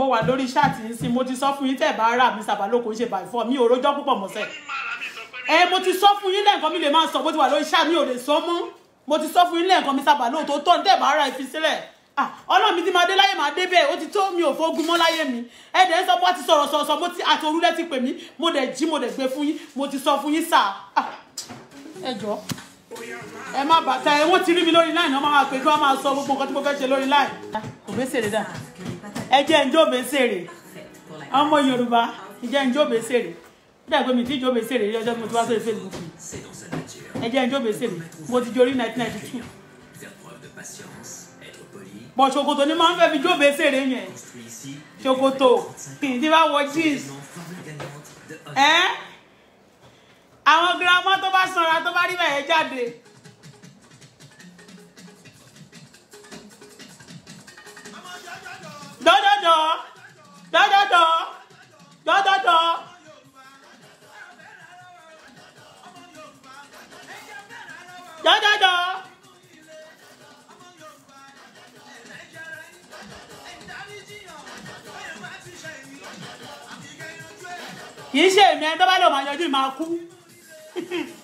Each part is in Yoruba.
mo wà lórí ṣáàtì yìí sí mo ti sọ fún yín tẹ́ ẹ̀ bá rà mí sàbálò kò ń ṣe by four mi ò rojọ́ púpọ̀ mọ́ sẹ́ ẹ mo ti sọ fún yín lẹ́ẹ̀kan mi lè máa sọ mo ti wà lórí ṣáàtì mi ò lè sọ mọ́ mo ti sọ fún yín lẹ́ẹ̀kan mi sàbálò tó tọ́ ní tẹ́ ẹ̀ bá rà ìfi sílẹ̀ ah, ọlọ́run mi ti máa dé láyé máa dé bẹ́ẹ̀ ó ti tó mi ò fógun mọ́ láyé mi ẹ̀dẹ̀ ń sọ bó ti sọ̀rọ̀ sọ̀rọ̀ mo ti àti orúlẹ̀ ti pè mí mo dẹ̀ jí mo dẹ̀ gbé fún yín mo ti sọ fún yín sà ah, ẹ jọ ẹ má bàtà ẹ wọ́n ti rí mi lórí láì náà máa pè kí wọ́n máa sọ gbogbo nǹkan tí ẹ jẹ́ njóbe sèrè ọmọ Yorùbá ẹ jẹ́ njóbe sèrè ó dàgbé mi tí njóbe sèrè rí ọjọ́ tí mo ti wá sórí Facebook ẹ jẹ́ njóbe sèrè mo ti jorí 1992 bọ̀ ṣòkòtò ni máa ń fẹ́ fi jóbe sèrè yẹn ṣòkòtò tí bá wọ jeans ẹ́ àwọn girama tó bá sanra tó bá rí bẹ́ẹ̀ jáde. dọ́dọ̀dọ̀ dọ́dọ̀dọ̀ dọ́dọ̀dọ̀. dọ́dọ̀dọ̀. kì í ṣe èmi ẹni tó bá lò máa yanjú ìmáa kú.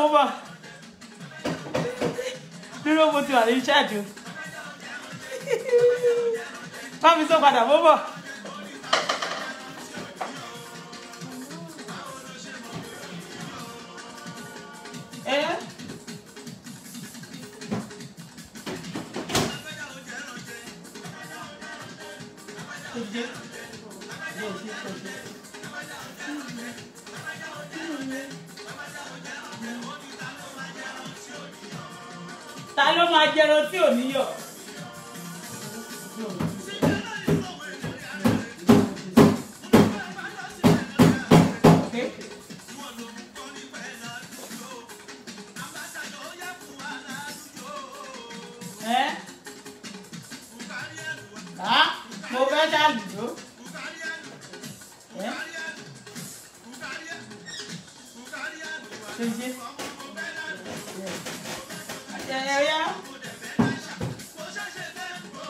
mo bọ̀ dúró mo ti wà ní ṣáàjù bá mi sọ padà mo bọ̀.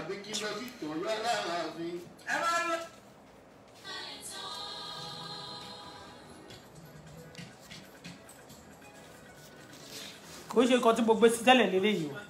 àbí kí lọ sí tòun aláàfin. ẹ bá lọ. kò ṣe nǹkan tí mo gbé sí tẹ́lẹ̀ lélẹ́yìí o.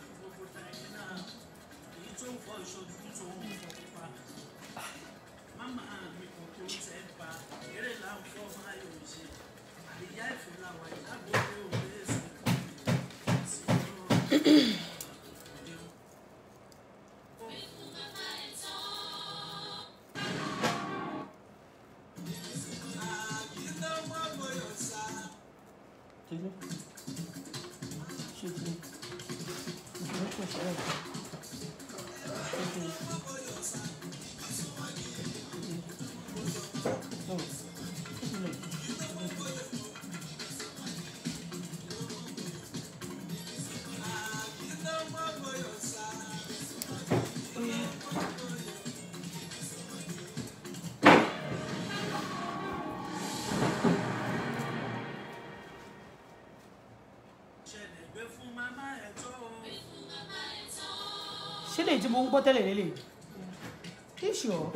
gbọ́ tẹ́lẹ̀ lélẹ̀ tíṣù ọ́.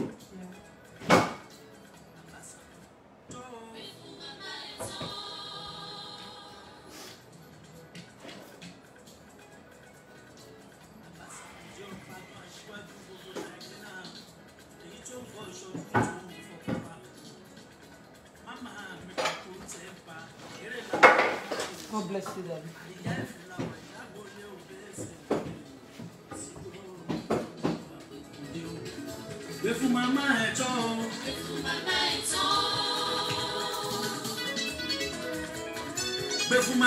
God bless you, Daddy.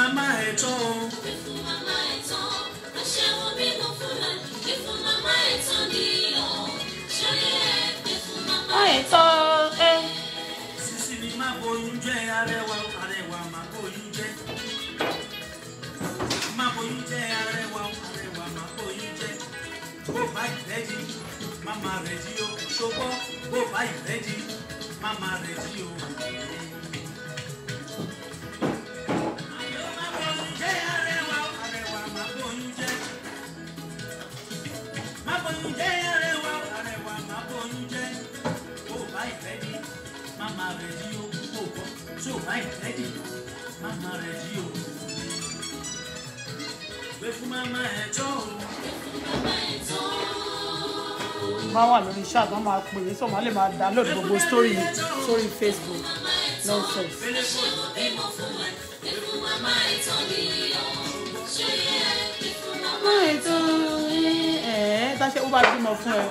Mama, ẹ̀ tán o. ẹ̀ Sisi ni má boyún jẹ́ arẹwà arẹwà má boyún jẹ́. Má boyún jẹ́ arẹwà arẹwà má boyún jẹ́. Bó bá ìfẹ́ di, màmá rẹ̀ di o. Ṣogbọ́ bó bá ìfẹ́ di, màmá rẹ̀ di o. màmá ẹjọ́ o. màmá ẹjọ́ o. máa wà lórí chat wọn máa pè é sọ wọn lè máa download gbogbo story sórí Facebook nonsense. màmá ẹjọ́ ni ṣé yẹ ìfún màmá ẹjọ́ ẹ ẹ táṣẹ ó bá bímọ fún ẹ.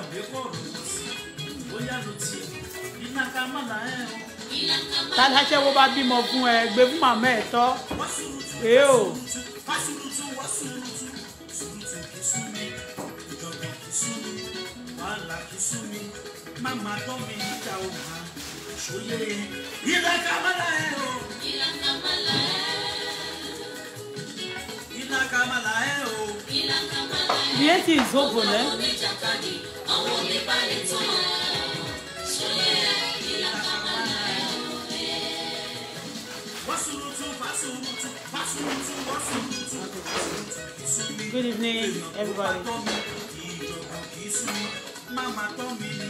táṣẹ wo bá bímọ fún ẹ gbé fún màmá ẹ tọ́ èé o. matomita uma shuye ila kamala eo oh. ila kamala eo oh. ila kamala eo oh. ila kamala eo yeti izobo ne owo mi pale to shuye ila kamala eo wasurutu wasurutu wasurutu wasurutu Good evening, everybody.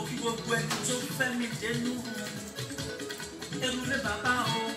mo kí gbogbo ẹni tó fẹ́ mi dénú ẹnu lé bàbá o.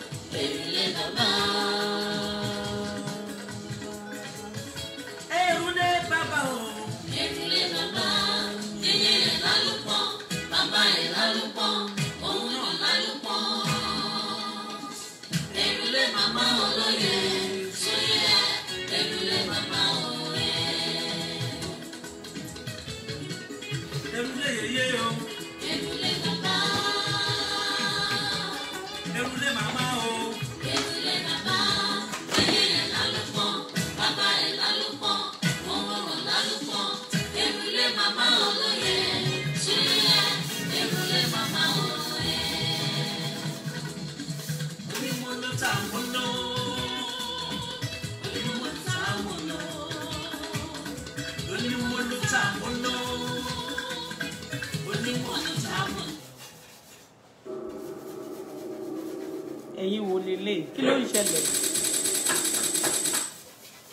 ṣẹlẹ̀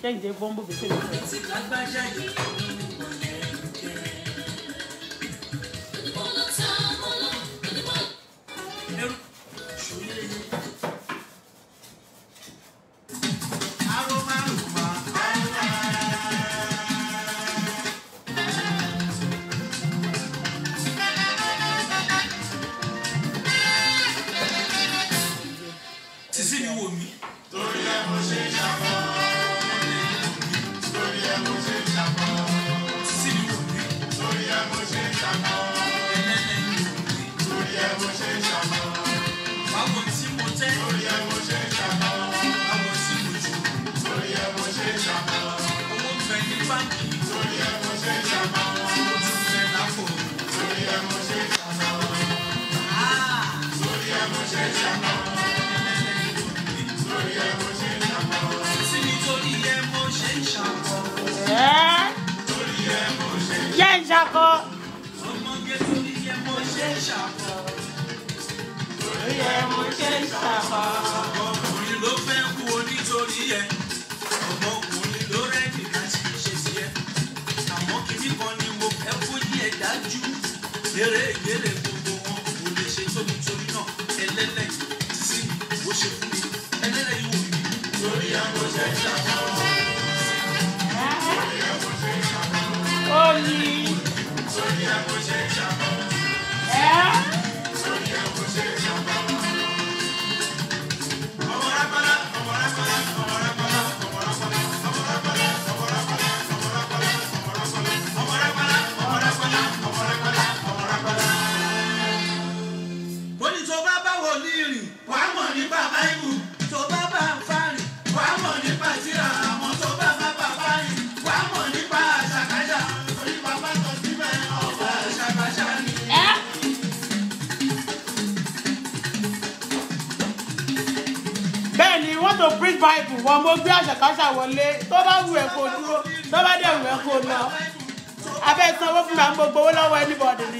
ṣẹ́yìn dé bọ́ńbò fi ṣẹlẹ̀. kó gbé àṣàkáṣà wọlé tó bá wù ẹ́ kó dúró tó bá dẹ̀ wù ẹ́ kó lọ abẹ́ sanwó fún mi à ń gbogbo owó lọ́wọ́ anybody ni.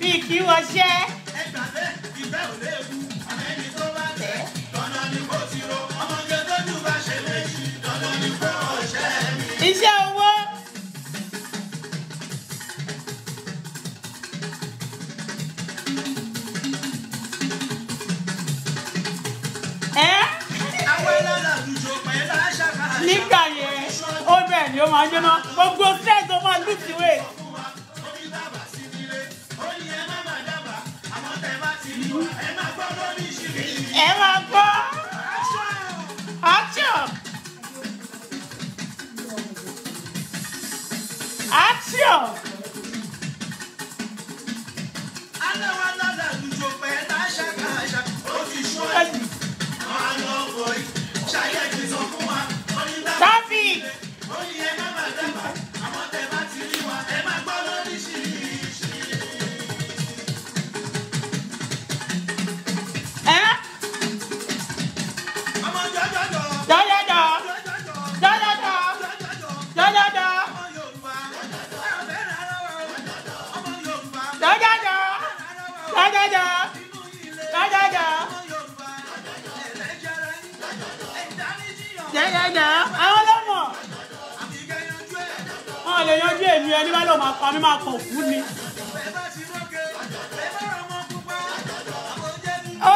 bí kí wọ́n ṣẹ́. ẹ gbà bẹ́ẹ̀ ìfẹ́ ò léwu àmẹ́ni tó bá tẹ̀ dandan ni kò ti ṣe iṣẹ́ owó. nígbà yẹn ó bẹ̀ ni ó máa jóná gbogbo sẹ́ẹ̀dì máa lùtìwé. ẹ máa gbọ́ action action. aláwa lọ́la lùjọ pẹ̀ láṣàkáṣà ó ti ṣó ẹ̀yìn máa lọ wọ̀ yìí ṣayẹ́ ti sọ kájájà kájájà jẹjẹjẹ àwọn lọ́mọ wọn lè yanjú èmi ẹni bá lọ́mọ apá mi máa pọ̀ fún ni. ó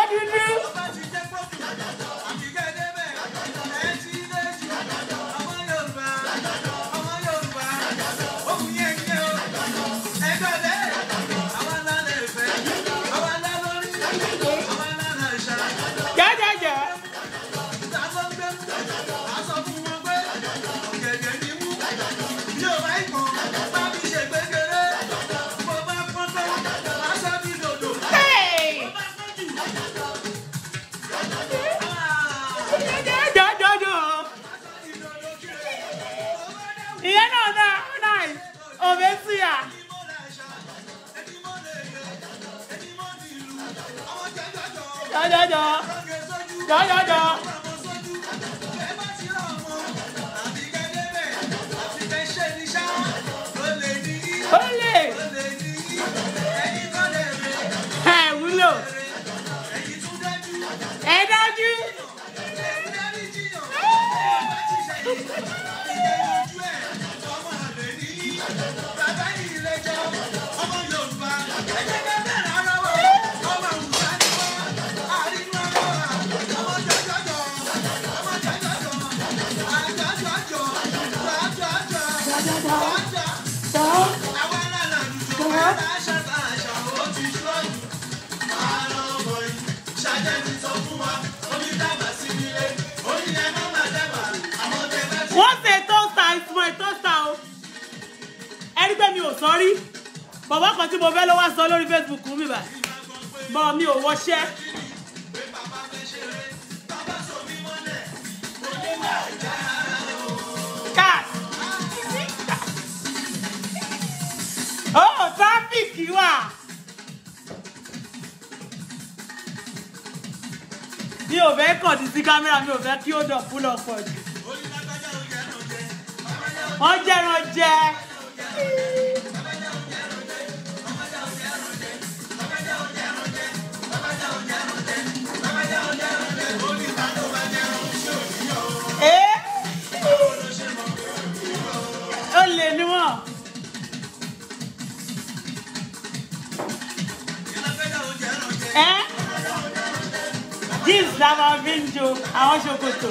jajaja jajaja. olè ẹ wúlò ò sọ rí bọ̀bọ̀ kan tí mo fẹ́ ló wá sọ lórí Facebook mi bá bọ́ mi ò wọṣẹ́. oh traffic wà. mi ò fẹ́ kàn sí sí kámẹ́rà mi ò fẹ́ kí ó dọ̀kú lọ pọ̀ jù. wọ́n jẹ́ran jẹ́. olè eh? ni wọn. ẹ eh? jeans la máa fi ń jo àwọn ṣòkòtò.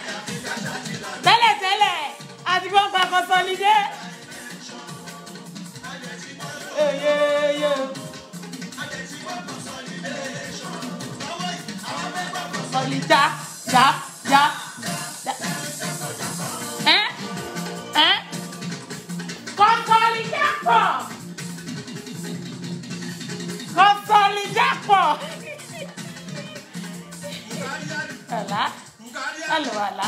gbọ́ pa kọ́sọ́lídé. Sọ̀lì já já já. Ẹ́ Ẹ́ kọ́sọ́lídé pọ̀. Kọ́sọ́lídé pọ̀. Àlá àlọ́ àlá.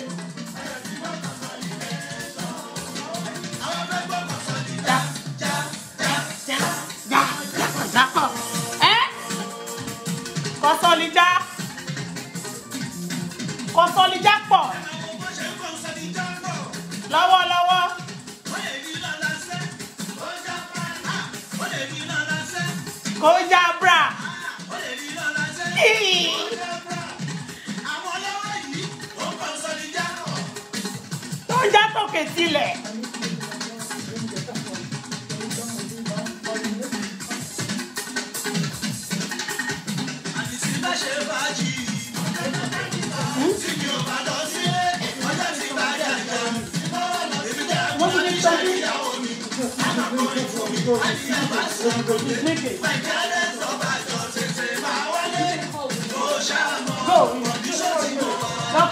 dápọ̀ ẹ́ kọ́sọ́líjà kọ́sọ́líjà pọ̀ lọ́wọ́lọ́wọ́. kọjá bra. tó já tòkè tilẹ̀. Okay,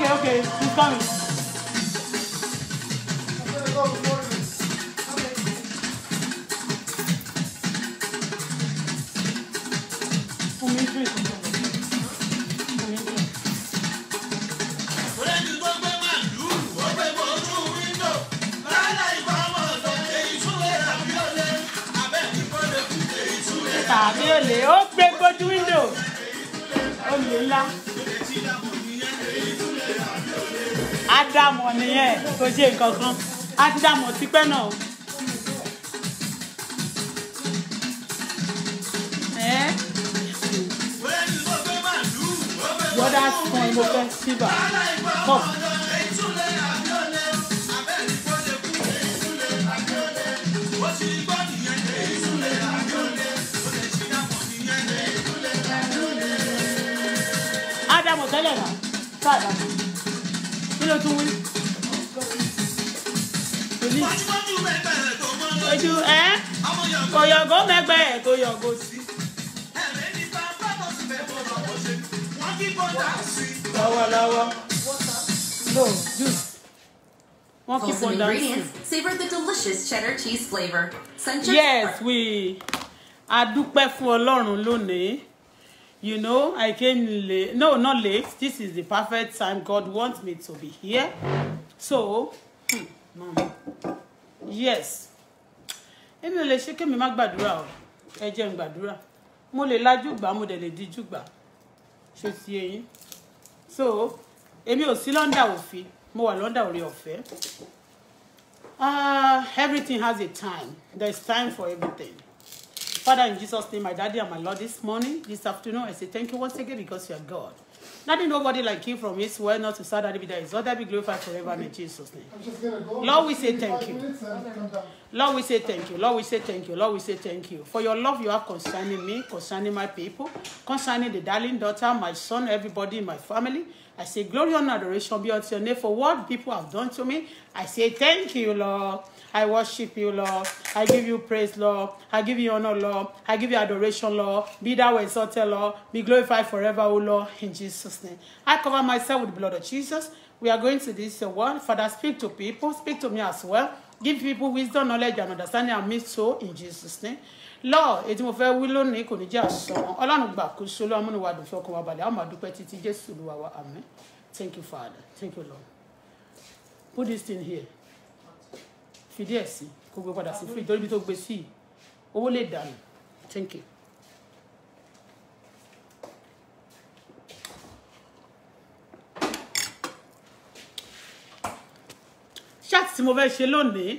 okay, he's coming. olè ó gbé gbójú wíńdò olè ńlá ádámọ̀ nìyẹn kò ṣe nǹkan kan ádámọ̀ tipẹ́ náà o. Wọ́n dá sùn ìmọ̀fẹ́ síbà kọ́ọ̀pù. dà mọ̀ tẹ́lẹ̀ náà ká kí ló tún wí. ojú ẹ kò yọgò mẹgbẹ ẹ kò yọgò sí. lọ́wọ́lọ́wọ́. no juice. Won't keep on ingredients savor the delicious cheddar cheese flavor. Sunshine yes, we. A dúpẹ́ fún Ọlọ́run lónìí you know i came late no not late this is the perfect time god wants me to be here so hmm, mom yes Emi ò lè ṣe kémi má gbàdúrà o ẹ jẹ́ n gbàdúrà mo lè lajú gbà mo dẹ̀ lè díjú gbà So ti eyín so emi o sí lọ́ndà òfin mo wà lọ́ndà orí ọ̀fẹ́ ah everything has a time there is time for everything Father, in Jesus' name, my daddy and my Lord, this morning, this afternoon, I say thank you once again because you are God. Nothing nobody like you from his word, not to sad that be there is other be glorified forever in Jesus' name. Go. Lord, we say thank you. Lord, we say thank you. Lord, we say thank you. Lord, we say thank you. For your love you have concerning me, concerning my people, concerning the darling daughter, my son, everybody in my family. I say glory and adoration be unto your name for what people have done to me. I say thank you, Lord. I worship you, Lord. I give you praise, Lord. I give you honor, Lord. I give you adoration, Lord. Be thou exalted, Lord. Be glorified forever, O Lord, in Jesus' name. I cover myself with the blood of Jesus. We are going to this word. Uh, Father, speak to people. Speak to me as well. Give people wisdom, knowledge, and understanding, and me so in Jesus' name. Lord, èyí tí mo fẹ́ wí lónìí kò ní jẹ́ àsán. Ọlọ́run gbàkóso lọ́wọ́ múniwá dùn fún ọkàn wa balẹ̀. A máa dúpẹ́ títí Jésù Olúwa wa. Amen. Thank you, Father. Thank you, Lord. Put this thing here fi díẹ̀ sí kó gbé padà sí fridge torí tó gbé sí owó lè dànù chat tí mo fẹ́ ṣe lónìí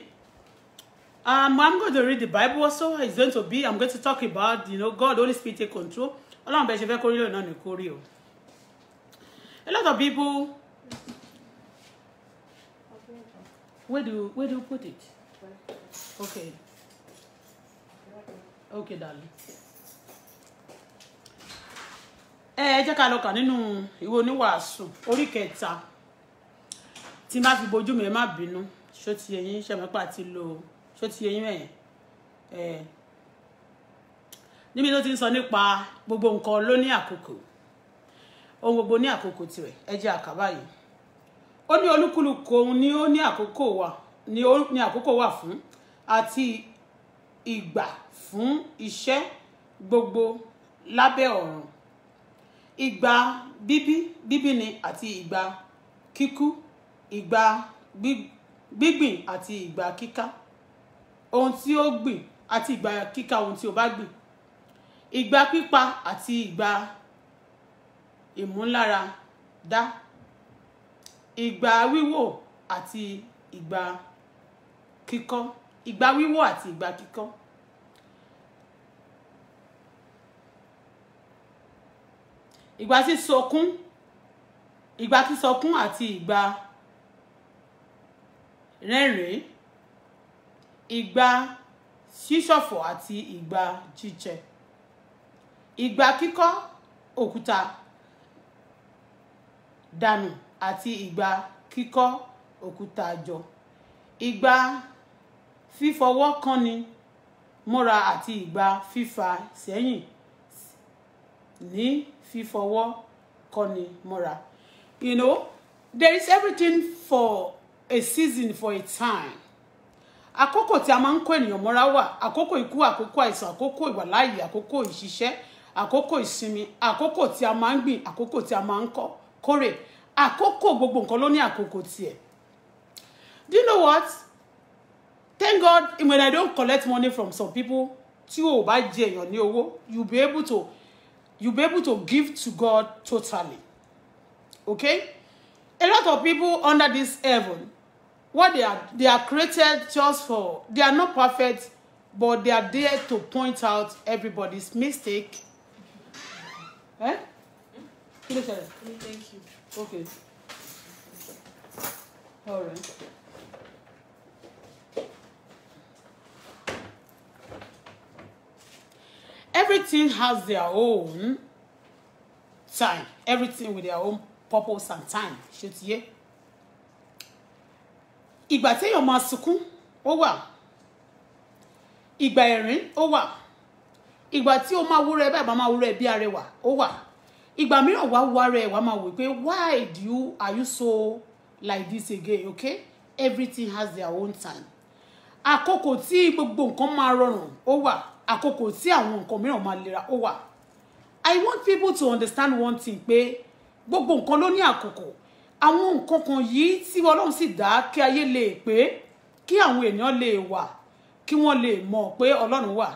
um, I'm going to read the Bible so it's going to be I'm going to talk about you know God Holy Spirit take control ọlọ́run bẹ́ẹ̀ ṣe fẹ́ kórìí lónìí kórìí o a lot of people. Where do you, where do you put it? Okay. Okay, darling. Ẹ jẹ́ ká lọ kà nínú ìwé oníwàásù orí kẹta tí n bá fi bojú mi má bínú ṣó ti eyín ṣẹ̀mọ́pà ti lo ṣó ti eyín ẹ̀yìn ẹ̀ níbi tó ti ń sọ nípa gbogbo nǹkan ló ní àkókò ohun gbogbo ní àkókò tiẹ̀ ẹ jẹ́ àkàbà yìí ó ní olúkúlùkù òun ni ó ní àkókò wà ni ó ní àkókò wà fún àti ìgbà fún iṣẹ́ gbogbo lábẹ́ ọ̀run ìgbà bíbí bíbí ni àti ìgbà kíkú ìgbà gbígbìn àti ìgbà kíká ohun tí ó gbìn àti ìgbà kíká ohun tí ó bá gbìn ìgbà pípa àti ìgbà ìmúláradá ìgbà wíwò àti ìgbà kíkọ́ ìgbà wíwò àti ìgbà kíkọ́. ìgbà sísọkún ìgbà sísọkún àti ìgbà rẹ́rìn-ín ìgbà ṣíṣọ̀fọ̀ àti ìgbà jíjẹ ìgbà kíkọ́ òkúta dànù àti ìgbà kíkọ́ òkúta jọ ìgbà fífọwọ́ kánni mọ́ra àti ìgbà fífà sẹ́yìn ní fífọwọ́ kánni mọ́ra you know there is everything for a season for a time àkókò tí a máa ń kó ènìyàn mọ́ra wà àkókò ikú àkókò àìsàn àkókò ìwàláàyè àkókò ìṣiṣẹ́ àkókò ìsinmi àkókò tí a máa ń gbìn àkókò tí a máa ń kórè àkókò gbogbo nǹkan ló ní àkókò tiẹ̀ do you know what thank God when I don't collect money from some people tí o bá jẹ èèyàn ní owó you be able to you be able to give to God totally okay a lot of people under this heaven what they are they are created just for they are not perfect but they are there to point out everybody's mistake. eh? Thank you. Okay. All right. Everything has their own time. Everything with their own purpose and time. Ṣé ti yé? Ìgbà téèyàn máa sunkún, ó wà. Ìgbà ẹ̀rín, ó wà. Ìgbà tí o ma wure bẹ́ẹ̀ máa máa wúrẹ́ bí ìgbà mìíràn wàá wo ara ẹ máa wò pé why do you are you so like this again okay everything has their own time àkókò tí gbogbo nǹkan máa rọrùn ó wà àkókò tí àwọn nǹkan mìíràn máa lera ó wà i want people to understand one thing pé gbogbo nǹkan ló ní àkókò àwọn nǹkan kan yìí tí ọlọ́run sì dá kí ayé lè pé kí àwọn èèyàn lè wà kí wọ́n lè mọ̀ pé ọlọ́run wà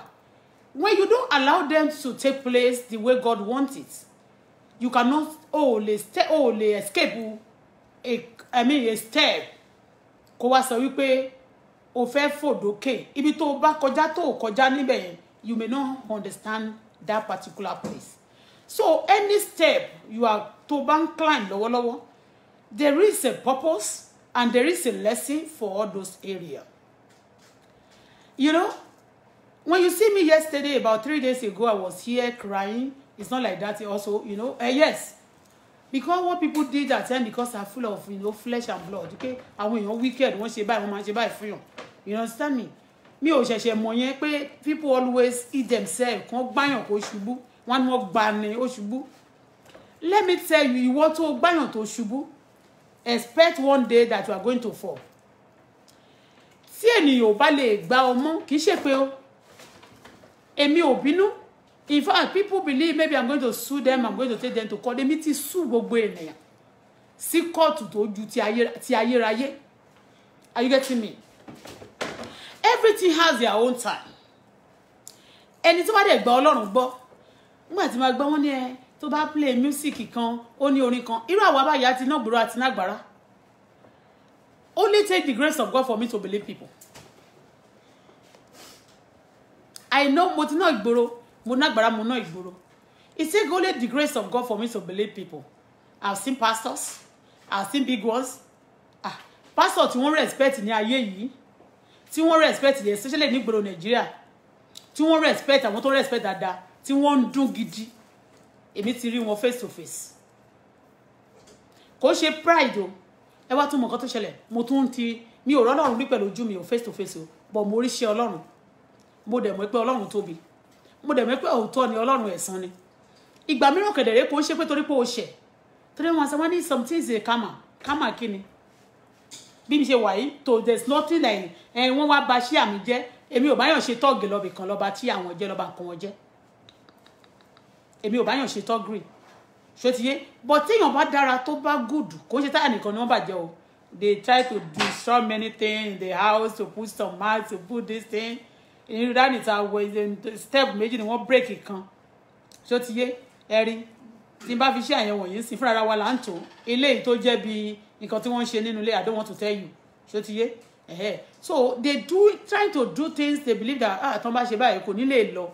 when you don't allow them to take place the way God wants it you cannot o lè o lè escape a i mean a step kó wá sọ wípé o fẹ́ fòdókè ibi tó o bá kọjá tó o you may not understand that particular place so any step you are to o bá ń climb there is a purpose and there is a lesson for all those area. you know when you see me yesterday about three days ago i was here crying it's not like that also you know uh, yes because what people did at time because are full of you know flesh and blood okay àwọn èèyàn wicked wọ́n ṣe buy, wọ́n máa ṣe buy fún yàn you understand me mi ò ṣẹ̀ṣẹ̀ mọ̀ yẹn pé people always eat themselves kan gbáyàn kó ṣubú wọ́n ní wọ́n gba ni ó ṣubú let me tell you ìwọ tó gbáyàn tó ṣubú expect one day that you are going to fall tí ènìyàn ò bá lè gba ọmọ kì í ṣe o èmi ò bínú in fact people believe maybe i'm going to sue them i'm going to take them to court èmi ti sue gbogbo ènìyàn sí court to do ti ayérayé are you getting me everything has their own time ẹni tí wọ́n dẹ̀ gba ọlọ́run gbọ́ nígbà tí wọ́n gbọ́ wọ́n ní ẹ tó bá play music kan ó ní orin kan irú àwa báyìí àti iná gbòòrò àti iná gbàrà only take the grace of God for me to believe people i know mo ti ná ìgboro mo nágbára mo ná ìgboro it only the grace of God for me to believe people I've seen pastors I've seen big ones ah pastor you wọ́n respect in your yìí You wọ́n respect in especially in ìgboro Nigeria. You wọ́n respect àwọn tó respect that tí wọ́n ń dún gidi èmi ti rí face to face kò ṣe pride o ẹ wá tún mọ nǹkan tó ṣẹlẹ̀ mo tún ti mi ò rọ́lọ́run rí pẹ̀lú ojú mi ò face to face o but mo rí ṣe ọlọ́run mo dẹ̀ mọ̀ pé to tóbi mo dẹ̀ mọ̀ pé òótọ́ ni ọlọ́run ẹ̀san ni ìgbà mìíràn kẹ̀dẹ̀rẹ́ kò ń ṣe pé torí pé o ṣẹ̀ torí wọn sọ wọn ní some things dey kama kama kí ni bí mi ṣe wà yìí to there is nothing like ẹ eh, wọn wá ba ṣí àmì jẹ èmi ò báyọ̀ ṣe tọ́ọ̀gì lọ́bì kan lọ́ba tí àwọn jẹ́ lọ́ba kan wọn jẹ́ èmi ò báyọ̀ ṣe tọ́ọ̀gì ṣé ti yé but téèyàn bá dára tó bá gùdù kò ń ṣe táyà nìkan ni wọ́n bàjẹ́ o they try to do so many things in the house to put some mouth to put this thing ìrírání ta wọ step méjì ni wọ́n break kan ṣó ti yé ẹ̀rí tí n bá fi ṣe àyẹ̀wò yìí sí fúnra wa là ń tò eléyìí tó jẹ́ bí nǹkan tí wọ́n ń ṣe nínú ilé I don't want to tell you ṣó ti yé ẹ̀hẹ́ so they do trying to do things they believe that ah tán bá ṣe báyìí kò ní lè lọ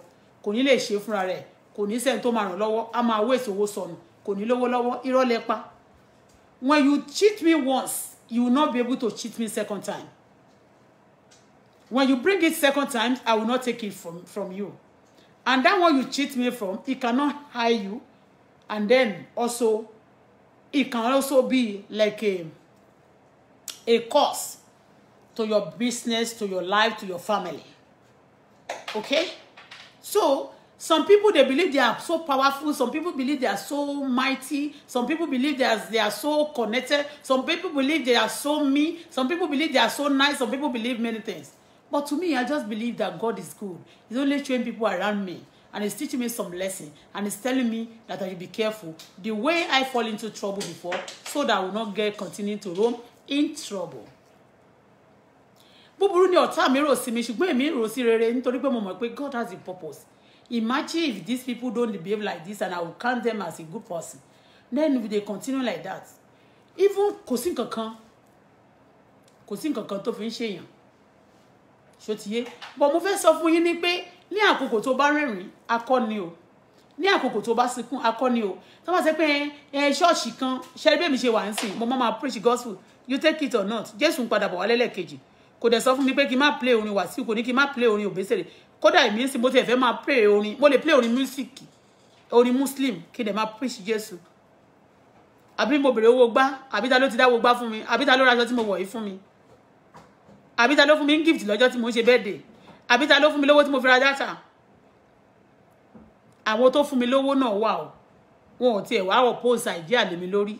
kò ní lè ṣe fúnra rẹ̀ kò ní sẹ́ni tó máa ràn lọ́wọ́ a máa wé ìṣòwò sọnù kò ní lówó lọ́wọ́ irọ́ lẹ́pa when you cheat me once you will not be able to cheat me second time When you bring it second time, I will not take it from, from you. And that one you cheat me from, it cannot hire you. And then also, it can also be like a, a cause to your business, to your life, to your family. Okay? So, some people, they believe they are so powerful. Some people believe they are so mighty. Some people believe they are, they are so connected. Some people believe they are so me. Some people believe they are so nice. Some people believe many things. But to me, I just believe that God is good. He's only showing people around me. And he's teaching me some lesson. And he's telling me that I should be careful. The way I fall into trouble before, so that I will not get continuing to roam in trouble. Buburu ni ọ̀tá mi rò sí mi, ṣùgbọ́n èmi rò sí rere nítorí pé mo mọ̀ God has a purpose. Imagine if these people don't behave like this and I will count them as a good person. Then if they continue like that, even kò sí nǹkan kan, kò sí nǹkan ṣòtìyé bọ̀ mo fẹ́ sọ fún yín ni pé ní àkókò tó bá rẹ́rìn akọni o ní àkókò tó bá sunkún akọni o tó bá ṣe pé ẹ ṣọ́ọ̀ṣì kan ṣẹ́rí bẹ́ẹ̀ mi ṣe wà ń sìn mo máa preach gospel you take it or not jésù ń padà bọ̀ wá lẹ́lẹ́kejì kò dẹ̀ sọ fún mi pé kí n má play orin wàsíù kò ní kí n má play orin òbésèrè kódà èmi ń sìn mo tiẹ̀ fẹ́ máa play orin mo lè play orin music orin muslim kí n dẹ̀ máa preach jésù àbí mo bèrè owó gbá àbí ta ló ti dáwó gbá fún mi àbí ta ló ra aṣọ tí mo wọ̀ yìí fún mi àbí ta ló fún mi ní gift lọ́jọ́ tí mo ń ṣe birthday àbí ta ló fún mi lówó tí mo fi ra data àwọn tó fún mi lówó náà wà o wọn ò tiẹ̀ wá oppose àìjíà lé mi lórí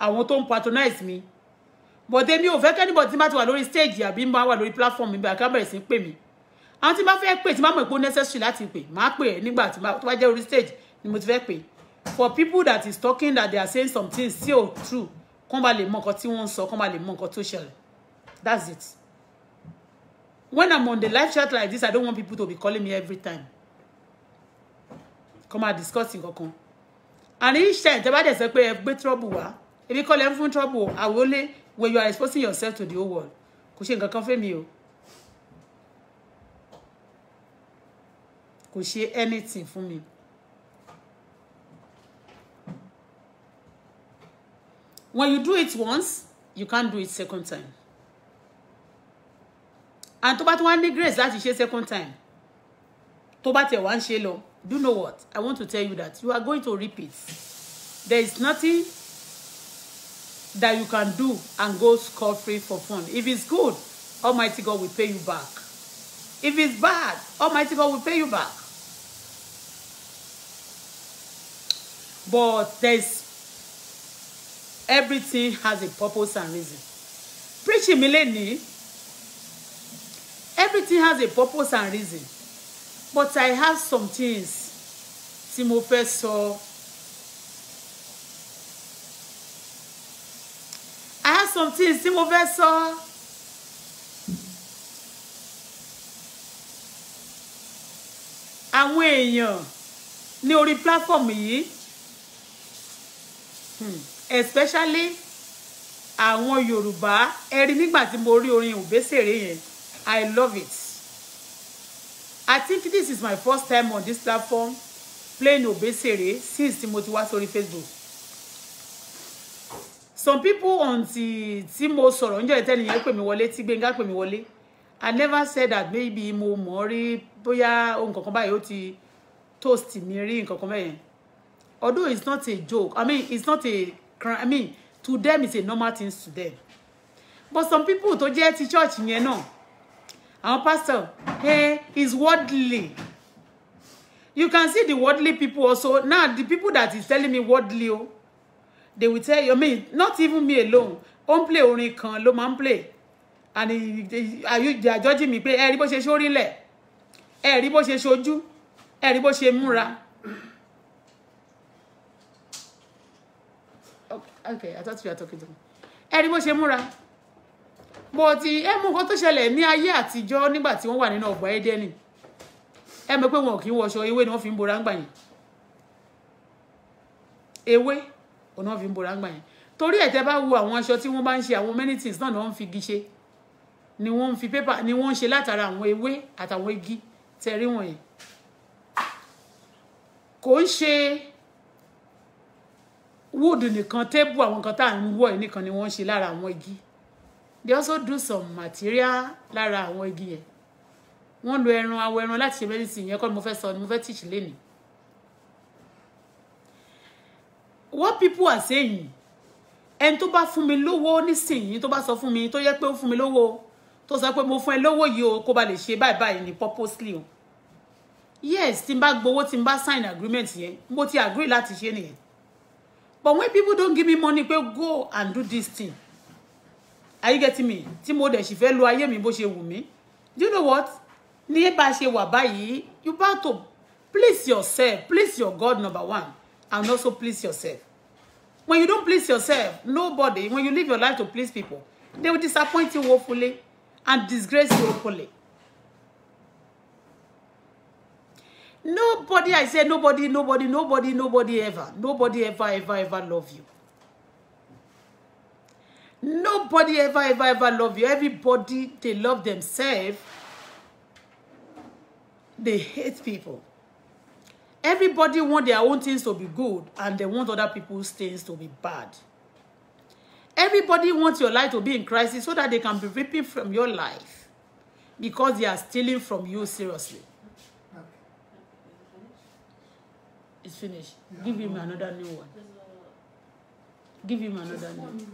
àwọn tó ń patronize mi bọ̀dé mi ò fẹ́ kẹ́nìbọ̀ tí n bá ti wà lórí stage àbí n bá wà lórí platform mi bí àkàbẹ̀rẹ̀ sí ń pè mí àwọn tí n bá fẹ́ pè tí n bá mọ̀ pé ó necessary láti pè máa pè ẹ́ nígbà tí n bá jẹ́ orí stage ni mo ti fẹ́ pè for people that is talking that they are saying something still true kán ba lè mọ nǹkan tí wọ́n ń sọ kán ba lè mọ nǹkan tó ṣẹlẹ̀ That's it. When I'm on the live chat like this, I don't want people to be calling me every time. Come out discussing kankan. And each time, tẹ́ bá dẹ̀ sọ pé ẹ trouble If you call them from trouble, I will only when you are exposing yourself to the whole world. Kò ṣe nǹkan kan fẹ́ mi o. anything for me. When you do it once, you can't do it second time and to bá tún wá ní grace láti ṣe second time tó bá tiẹ̀ wá ń ṣe lọ do you know what i want to tell you that you are going to repeat there is nothing that you can do and go score free for fun if it's good almighty god will pay you back if it's bad almighty god will pay you back but there's everything has a purpose and reason preaching mi lè ní everything has a purpose and reason but I have some things tí mo fẹ́ sọ. I have some things tí mo fẹ́ sọ. àwọn èèyàn ní orí platform yìí hmm. especially àwọn Yorùbá ẹ rí nígbà tí mo rí orin Òbésèré yẹn I love it. I think this is my first time on this platform playing Obesere since tí mo ti wá sórí Facebook. Some people on ti tí mo sọ̀rọ̀ níjọ́ ìtẹ́ni yẹn pè mí wọlé tí Gbénga pè mí wọlé. I never said that maybe mo mọ̀ boya, bóyá ohun kankan báyìí ó toast mi rí nǹkan Although it's not a joke, I mean it's not a crime, I mean to them it's a normal thing to them. But some people tó jẹ́ ti church yẹn náà. Our pastor eh, is worldly you can see the worldly people also now the people that is telling me worldly they will tell you I mean not even me alone ó ń play orin kan ló máa play and are you they are judging me play. Everybody rí bó ṣe sórí lẹ̀ ẹ rí bó ṣe ṣojú okay I thought you were talking to me Everybody rí bó but ẹ mú nǹkan tó ṣẹlẹ̀ ní ayé àtijọ́ nígbà tí wọ́n wà nínú ọgbà Édẹ́nì ẹ mọ̀ pé wọn kì í wọṣọ ewé ni wọ́n fi ń bora ń gbà yẹn ewé ọ̀nà wọ́n fi ń bora ń gbà yẹn torí ẹ̀ bá wo àwọn aṣọ tí wọ́n bá ń ṣe àwọn many things náà ni wọ́n fi igi ṣe ni wọ́n fi pépà ni wọ́n ń ṣe látara àwọn ewé àtàwọn igi tẹ̀rí wọ̀nyẹn kò ń ṣe wood nìkan tébù àwọn nǹkan tá à ń wọ̀ yìí nìkan ni wọ́n ṣe lára àwọn igi they also do some material lára àwọn igi yẹn wọ́n lo ẹran awọ ẹran láti ṣe medicine yẹn kọ́ ni mo fẹ́ sọ ni mo fẹ́ teach lẹ́nìí. what people are saying ẹni tó bá fún mi lówó nísìnyí tó bá sọ fún mi tó yẹ pé ó fún mi lówó tó sọ pé mo fún ẹ lówó yìí o kó ba lè ṣe báyìí báyìí ní purposely o yes tí n bá gbowó tí n bá sign agreement yẹn mo ti agree láti ṣe nìyẹn but when people don't give me money pé go and do this thing are you getting me tí mo dẹ̀ sì fẹ́ lo ayé mi bó ṣe wù mí do you know what ní bá a ṣe wà báyìí you bow to please yourself please your God number one and also please yourself when you don't please yourself nobody when you live your life to please people they will disappoint you woefully and disgrace you openly nobody i say nobody nobody nobody nobody ever nobody ever ever ever love you Nobody ever, ever, ever love you. Everybody, they love themselves. They hate people. Everybody want their own things to be good and they want other people's things to be bad. Everybody wants your life to be in crisis so that they can be ripping from your life because they are stealing from you seriously. It's finished. Yeah. Give him another new one. Give him another name.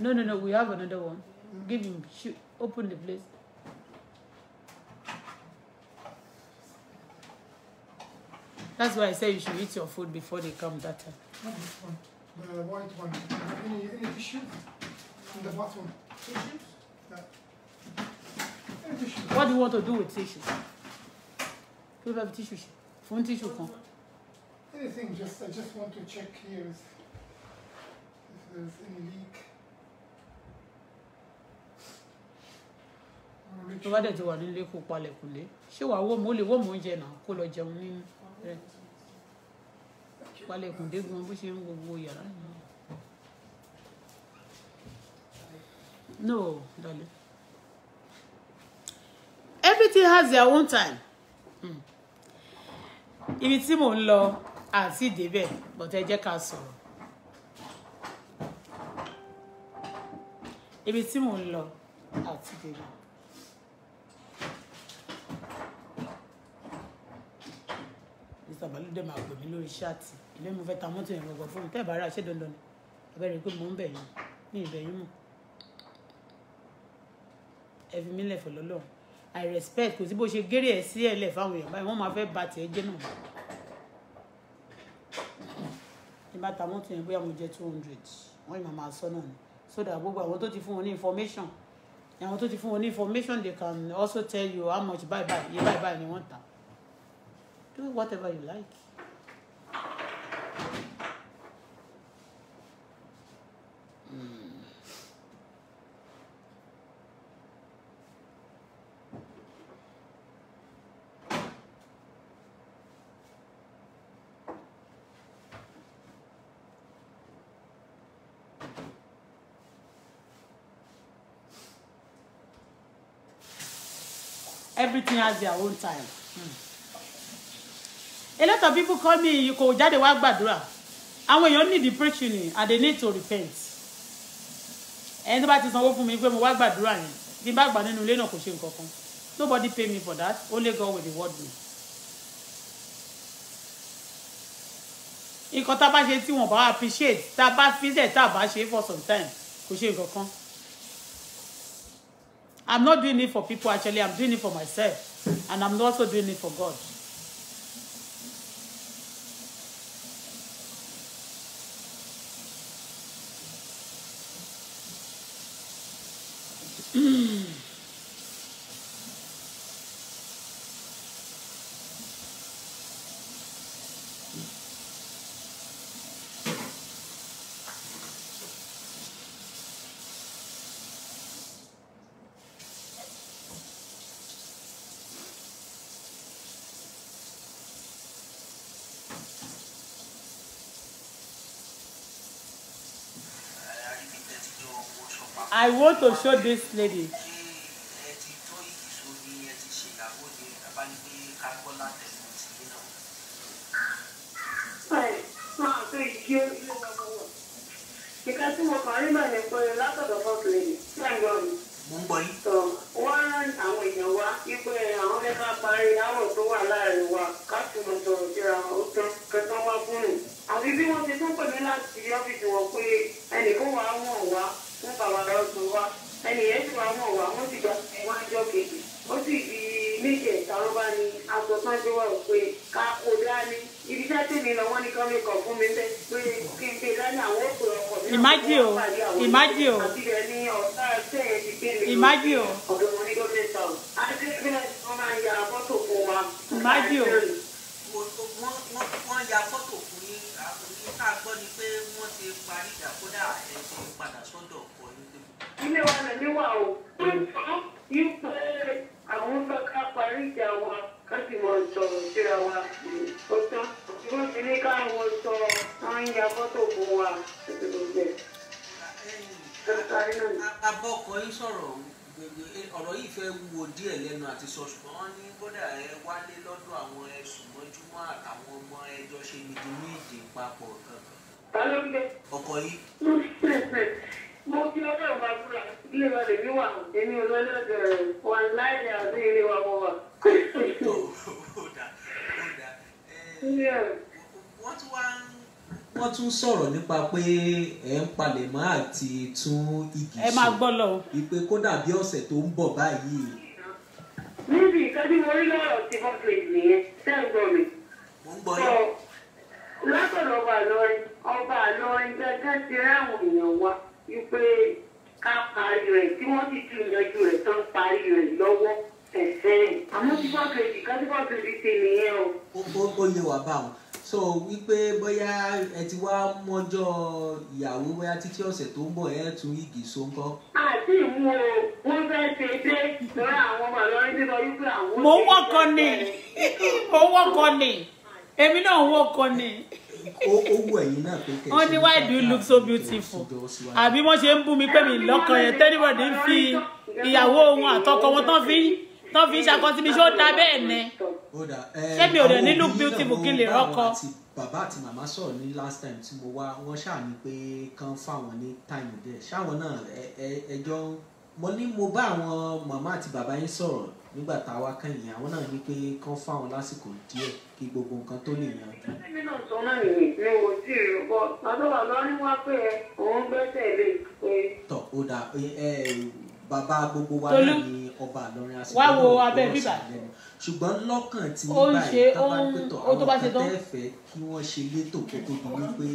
No, no, no. We have another one. Give him. Open the place. That's why I say you should eat your food before they come that time. Not this one. The white one. Any, any tissue in the bathroom? Tissues? Yeah. Any tissue. What do you want to do with tissues? Do you have tissue? Phone tissue? Anything, just, I just want to check here tó bá dẹ̀ ti wà nílé kó palẹ̀ kò lé ṣé wàá wọ́ mo lè wọ́ mo oúnjẹ náà kó lọ jẹun ní rẹ palẹ̀ kò dé gan bó ṣe ń gbogbo yàrá yìí. no darling everything has their own time hmm. ibi tí mò ń lọ àti ìdébẹ̀ bọ̀tẹ́ jẹ́ ká sọ̀rọ̀. ibi tí mò ń lọ àti bèrè. mr balùdẹ máa pè mí lórí ṣáàtì ilé mi fẹ́ ta mọ́tò yẹn gbọ̀ngàn fún mi tẹ́ ẹ̀ bá rà ṣé dandan ni abẹ́rẹ́ pé mò ń bẹ̀ yín ní ìbẹ̀ yín mọ̀ ẹ fi mí lẹ̀ lọ́lọ́run i respect kò sí bó ṣe géré ẹ̀ sí ẹ̀ lẹ̀ fáwọn èèyàn báyìí wọ́n máa fẹ́ ba tiẹ̀ jẹ́ náà ní bá ta mọ́tò yẹn bóyá mo jẹ́ two hundred wọ́n yìí máa máa sọ náà ni so that gbogbo àwọn tó ti fún wọn ní information àwọn tó ti fún wọn ní information they can also tell you how much bye bye iye bye bye ni wọ́n tà do whatever you like. everything has their own time. Mm. A lot of people call me "You kò jáde wá And when you're in depression ni and they need to repent. Anybody tó bá ti sanwó fún mi pé mo wá gbàdúrà yẹn bí n bá gbà nínú nobody pay me for that only God will reward me. If tá a bá ṣe appreciate tá a bá fi lẹ̀ for some time kò ṣe I'm not doing it for people actually, I'm doing it for myself. And I'm also doing it for God. I want to show this lady gbọ́ lọ. ìpè kó dàbí ọ̀sẹ̀ tó ń bọ̀ báyìí. níbi ìtọ́jú mo rí lọ́rọ̀ tí wọ́n fi nìyẹn tẹ́ ń gbọ́ mi. mo ń gbọ́ yẹn. látọ̀dọ̀ ọba àlọ́rin ọba àlọ́rin gẹ́gẹ́ ti ráwọn èèyàn wa wípé ká parí rẹ̀ tí wọ́n sì tún yanjú rẹ̀ tán parí rẹ̀ lọ́wọ́ ẹ̀sẹ̀ àmọ́ tí wọ́n kejì ká tí wọ́n kejì ti nìyẹn o. ó yẹ wàá bá wọn so wípé bóyá ẹ ti wá mọ́jọ́ ìyàwó bóyá títí ọ̀sẹ̀ tó ń bọ̀ ẹ tún igi so ńkọ́. àti ìmú o wọn fẹ́ ṣe dé lọ́rọ̀ àwọn ọmọ lọ́rọ̀ nínú wípé àwọn. mo ń wọkọ ni mo ń wọkọ ni èmi náà ń wọkọ ni. ó wù ẹ̀yin náà pé kẹ́sì. wọ́n ní why do you look so beautiful àbí wọ́n ṣe ń bú mi pé mi lọ́kàn yẹn tẹ́lifọ̀dì ń fi ìyàwó wọn àtọkọ wọn tán fi tó fi ń ṣàkọsí mi ṣé ó da bẹ́ẹ̀ ni ṣé mi ò dẹ̀ ní look beautiful kí lè rọ́kọ. bàbá àti màmá sọ̀rọ̀ ní last time tí mo wá wọ́n ṣáà ní pé kán fáwọn ní time díẹ̀ ṣáwọn náà ẹjọ́ mo ní mo bá àwọn màmá àti bàbá yín sọ̀rọ̀ nígbà tá a wá kẹ́yìn àwọn náà ní pé kán fáwọn lásìkò díẹ̀ kí gbogbo nǹkan tó lè yanjú. ẹni náà sọ náà nìyí ni mo ti rí bọ́ àtọ́wà lọ́rí wá pé òun gbẹ́sẹ̀ lè pé. tọ́ ó dà ẹ ẹ bàbá gbogbo wa náà ni ọba àlọrin àsìkò náà ọ̀rọ̀ ṣàlẹ́nu ṣùgbọ́n lọ́kàn tí ní báyìí tábà pé tọ̀ àwọn kan tẹ́ fẹ́ kí wọ́n ṣe létò kó tó di wípé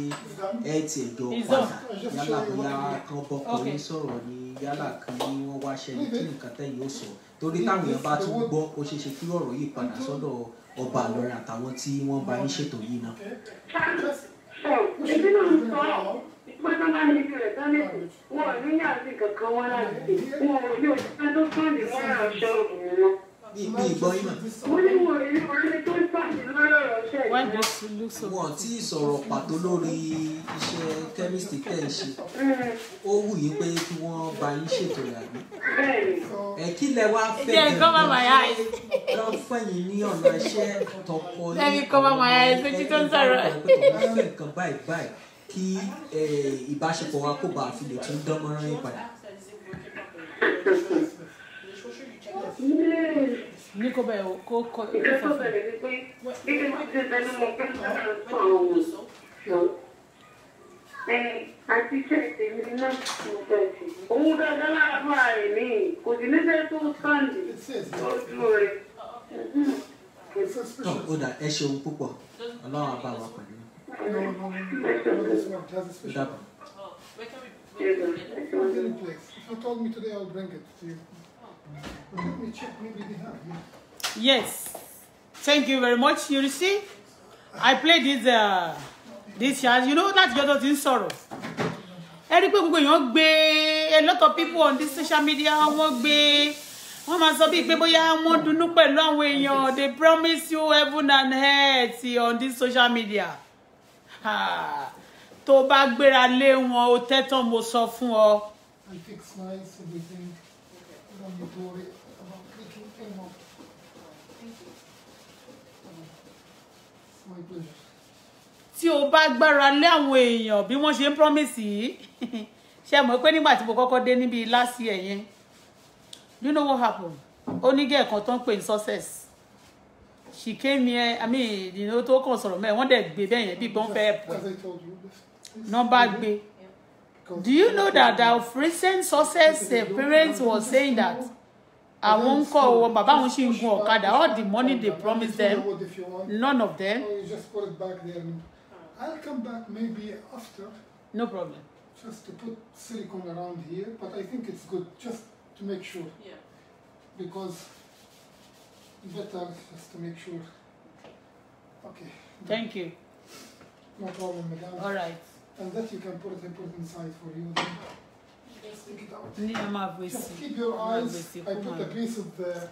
ẹ ti ẹ̀jọ̀ padà yálà bóyá kan bọ́kọ ní sọ̀rọ̀ ni yálà kan ní wọ́n wá ṣẹlẹ̀ kí nǹkan tẹ̀yìn ó sọ torí táwọn èèyàn bá tún gbọ́ ó ṣeé ṣe kí ọ̀rọ̀ yìí padà sọ́dọ̀ ọba àlọrin àtàwọn tí wọ́n bá ń ṣètò yìí náà pátá bá ní ibi rẹ̀ sáré wọn ò ní ní àti kankan wọn láti ṣe wọn ò ní òṣìṣẹ́ tó sáàdì wọn rà ọ̀ṣẹ́ obìnrin wọn. Mo ní wọ̀ ní orílẹ̀ tó ń pàṣẹ lọ́rọ̀ ọ̀ṣẹ́. Wọ́n ti sọ̀rọ̀ pàtó lórí iṣẹ́ kẹ́mísítì tẹ̀ ń ṣe. Ó wù yín pé kí wọ́n bá yín ṣètò ìyàgbé. Ẹ kí lẹ wá fẹ́ jẹ́ lọ fẹ̀yìn ní ọ̀nà iṣẹ́ tọkọ ní àwọn ọ̀nà ìpínlẹ̀ tó ń sọ̀rọ̀. Ẹ nǹkan báyìí báyìí kí ìbáṣepọ̀ wa kó bàa fi lè tún dán mọ́rán yín padà. ní kò bẹ̀rẹ̀ kó kọ́ ìfẹ́ fún mi. ìfẹ́ fún mi ti bẹnu mọ pé mo máa ń sọ òun àti ṣèṣe mi náà mo fẹ́ ṣe. òun dandan lára fún kò sí níṣẹ́ tó sáǹdì lójú rẹ̀. ó dà ẹ ṣeun púpọ̀ ọlọ́run á wa pẹ̀lú. That one. Oh, where can we? Where can we place? If you told me today, I'll bring it to you. Well, let me check. Maybe they have. Yeah. Yes. Thank you very much. You see, I play this uh, this jazz. You know that you're not in sorrow. ẹ rí pé be a lot of people on this social media wọ́n gbé wọ́n máa sọ bíi pé bóyá wọ́n dunnú pẹ̀lú àwọn èèyàn they promise you heaven and earth on this social media tó bá gbéra lé wọn o tẹ́tàn mo sọ fún ọ. I fix lines everything don't need to worry about making payment. My pleasure. tí o bá gbára lé àwọn èèyàn bí wọ́n ṣe ń promise yìí ṣe mọ̀ pé nígbà tí mo kọ́kọ́ dé níbi last year you know what happen ó ní gẹ̀ẹ́kan tó ń pè ní success she came here i mean you know tó kàn sọ̀rọ̀ mẹ́rin wọ́n dẹ̀ gbé be yẹn bí gbọ́n fẹ́ pẹ́ nọ́mbà gbé do you know that our recent sources, the parents were saying that àwọn ń kọ́ wọn bàbá àwọn sì ń gun ọ̀kadà all the money they promised them none of them. Oh, I'll come back maybe after. No problem. Just to put silicone around here, but I think it's good just to make sure. Yeah. Because better just to make sure. Okay. Thank you. No problem, madam. All right. And that you can put it and put it inside for you. Then take it out. just keep your eyes. I put a piece of the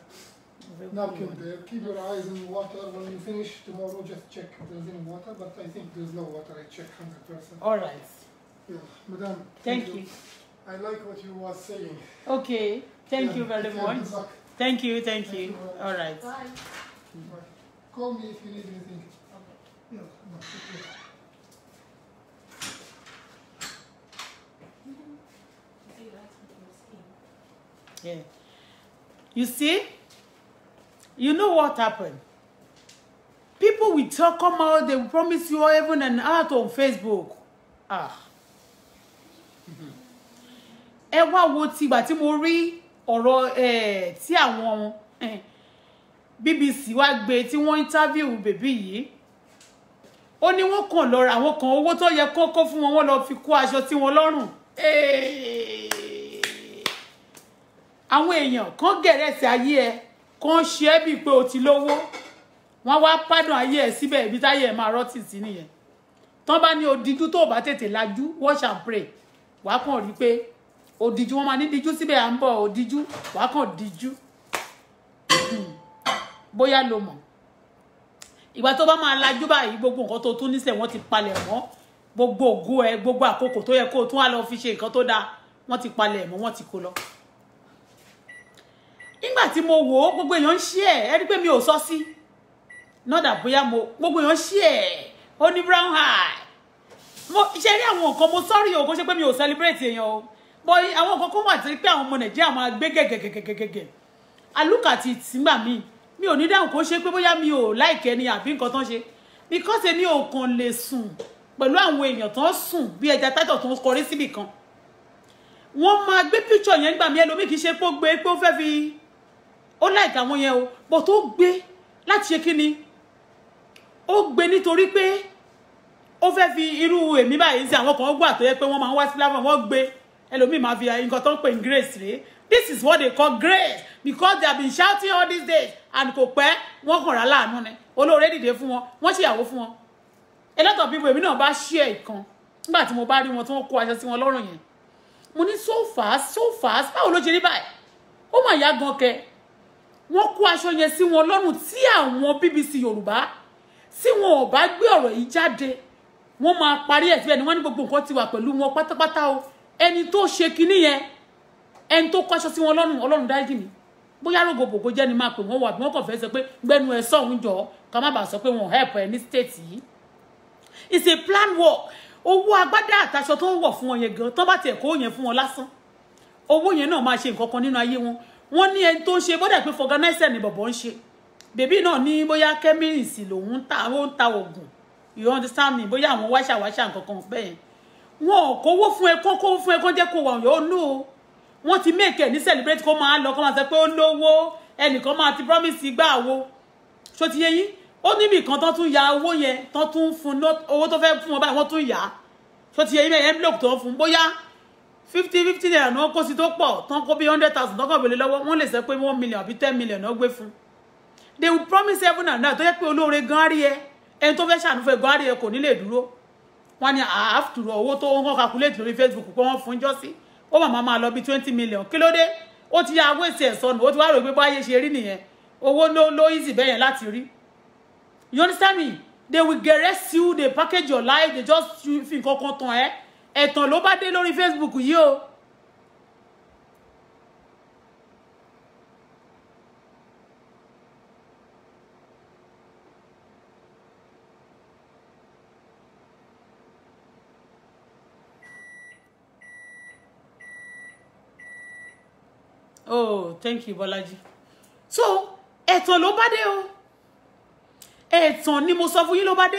napkin there. Keep your eyes in water. When you finish tomorrow, just check if there's any water. But I think there's no water. I check 100%. All right. Yeah, madam. Thank, thank you. you. I like what you were saying. Okay. Thank yeah, you very much. Thank you, thank, thank you. you. All right. Bye. Mm. Call me if you need anything. Okay. Yeah, You see? You know what happened? People will talk, come out, they will promise you even and earth on Facebook. Ah. Ẹ wá wo tìgbà tí mo ọ̀rọ̀ eh, tí àwọn eh, BBC wá gbé tí wọ́n interview bèbí yìí ó ní wọ́n kàn lọ ra àwọn kan owó tó yẹ kókó fún wọn wọ́n lọ fi kó aṣọ tí wọ́n lọ́rùn eh! àwọn èèyàn kan gẹ̀rẹ́sì ayé ẹ kan ṣe é bíi pé o ti lówó wọ́n wá pádùn ayé ẹ síbẹ̀ ibi táyé ẹ máa rọ́tì sí nìyẹn tán bá ní odigun tó o bá tètè lajú wash and pray wàá kàn rí pé òdìjú wọn máa ní díjú síbẹ̀ à ń bọ̀ òdìjú wàá kàn díjú bóyá lo mọ̀ ìgbà tó bá máa lajú báyìí gbogbo nǹkan tó tún níṣẹ́ wọ́n ti palẹ̀ mọ́ gbogbo ògo ẹ gbogbo àkókò tó yẹ kó o tún wá lọ fi ṣe nǹkan tó dáa wọ́n ti palẹ̀ mọ́ wọ́n ti kó lọ. nígbà tí mo wò ó gbogbo èèyàn ń ṣí ẹ̀ ẹ rí pé mi ò sọ sí nọ́dà bóyá mo gbogbo èèyàn ṣí ẹ̀ ó ní brown eye mo ṣe rí àwọn nǹkan mo sọ́rí o kó ṣe pé mi ò celebrate èèyàn o bọ àwọn kọ̀ọ̀kan wà tí pé àwọn ọmọ nàìjíríà máa gbé gẹ̀gẹ̀gẹ̀gẹ̀gẹ̀ alúkàtì tìǹgbà mi mi ò ní dáhùn kó ṣe pé bóyá mi ò láìkẹ́ ni àbí nǹkan tán ṣe because èmi ò kàn lè sùn pẹ̀lú àwọn èèyàn tán sùn bí ẹja tátọ̀ tó ń kọrí síbì kan wọ́n máa gbé picture yẹn nígbà mi ẹlòmíì kì í ṣe pé ó gbé pé ó fẹ́ fi ó láìka àwọn yẹn o bọ̀ tó gbé láti ṣe kí ni ó gbé nítorí pé ó fẹ́ fi irú èmi báyìí sí àwọn kan ó gbà tó yẹ pé wọ́n máa ń wá sí láwọn Hello, máa fi nǹkan tó ń pè grace rèé this is what they call grace because they have been shouting all these days and kò pẹ́ wọ́n kàn rà láàánú ni olóore dìde fún wọn wọ́n ṣèyàwó fún wọn a lot of people èmi náà about share it. kan nígbà tí mo bá rí wọn tí wọ́n kó aṣọ so fast so fast How ló ṣe rí báyìí ó mà yá gan kẹ wọ́n kó aṣọ yẹn sí wọn lọ́rùn tí àwọn BBC Yorùbá tí wọn ò bá gbé ọ̀rọ̀ yìí jáde wọ́n máa parí ẹ̀ síbẹ̀ ni wọ́n ní gbogbo nǹkan ti wà pẹ̀lú wọn pátápátá ẹni tó ṣe kinní yẹn ẹni tó kọ́ṣọ́ sí wọn lọ́rùn ọlọ́run dáríjì mi bóyá rògbòbògbò jẹ́ ni máa pè wọ́n wà bí wọ́n kàn fẹ́ sọ pé gbẹ́nu ẹ̀ sọ̀hún jọ ká má bàa sọ pé wọ́n help ẹ ní state yìí it's a plan work owó agbádá àtàṣọ tó ń wọ̀ fún wọn yẹn gan tó bá tiẹ̀ kó yẹn fún wọn lásán owó yẹn náà máa ṣe nǹkan kan nínú ayé wọn wọ́n ní ẹni tó ń ṣe bọ́dà pé fọganáísẹ̀ ni bọ̀bọ̀ ń ṣe bèbí náà ní bóyá kẹ́mírìsì lòun ta òògùn you understand me bóyá àwọn wáṣàwáṣà nǹkan kan bẹ́ẹ̀ wọn ò kówó fún ẹ kó kówó fún ẹ kó jẹ́ kó wà yóò nù o wọ́n ti make ẹ̀ ní celebrate kó máa lọ kó máa sọ pé ó lówó ẹnìkan máa ti promise gbà wo ṣó ti yé yín ó níbi kan tó tún ya owó yẹn tó tún fún owó tó fẹ́ fún wọn báyìí wọ́n tún yà á ṣó ti yé yín bẹ́ẹ̀ envelope tó ń fún bóyá fifty fifty naira ni wọ́n kó sí tó pọ̀ tán kó bí hundred thousand tán kàn wọlé lọ́wọ́ wọ́n lè sọ pé one million àbí ten million náà gbé fún they will promise heaven and earth tó yẹ pé olóore gan rí ẹ ẹni tó fẹ́ ṣàánú fẹ́ gan rí ẹ kò ní lè dúró wọ́n ní after ah, owó tó wọ́n calculate lórí facebook pé wọ́n fún jọ́sí ó màmá máa lọ bí twenty million kí ló dé ó ti yá wéṣẹ̀ sọnù ó ti wá rò pé báyé ṣe rí nìyẹn owó ló ló easy bẹ́yẹn láti rí you understand me they will arrest you they package your life they just fi nǹkan kan tàn ẹ́ ẹ̀tàn ló bá dé lórí facebook yìí o. oh thank you Bolaji. so ẹ̀tàn ló bá dé o ẹ̀tàn ni mo sọ fún yín ló bá dé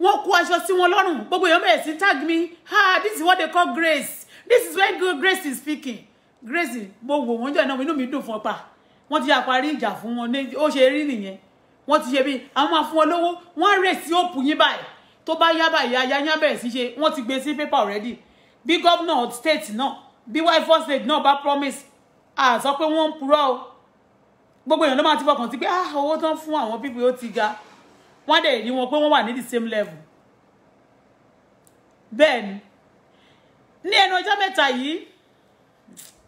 wọ́n kó aṣọ sí wọn lọ́rùn gbogbo èèyàn bẹ̀rẹ̀ sí tag me. Ha! this is what they call grace this is when grace is speaking grace mo wò wọ́n jọ ìnáwó inú mi dùn fún ọ pa wọ́n ti yà parí ìjà fún wọn ó ṣe rí nìyẹn wọ́n ti ṣe bí àwọn máa fún wọn lówó wọ́n á rè sí òpù yín báyìí tó bá yá báyìí ayá yá bẹ̀rẹ̀ sí ṣe wọ́n ti gbé sí pépà already bí gómìnà state náà bí wáyé first aid náà bá promise a sọ pé wọ́n ń purọ́ o gbogbo èèyàn ló máa ti fọkàn sí pé ah owó tán fún àwọn people ó ti ga wọ́n dẹ̀ rí wọn pé wọ́n wà ní the same level bẹ́ẹ̀ ni ní ẹnu ọjọ́ mẹ́ta yìí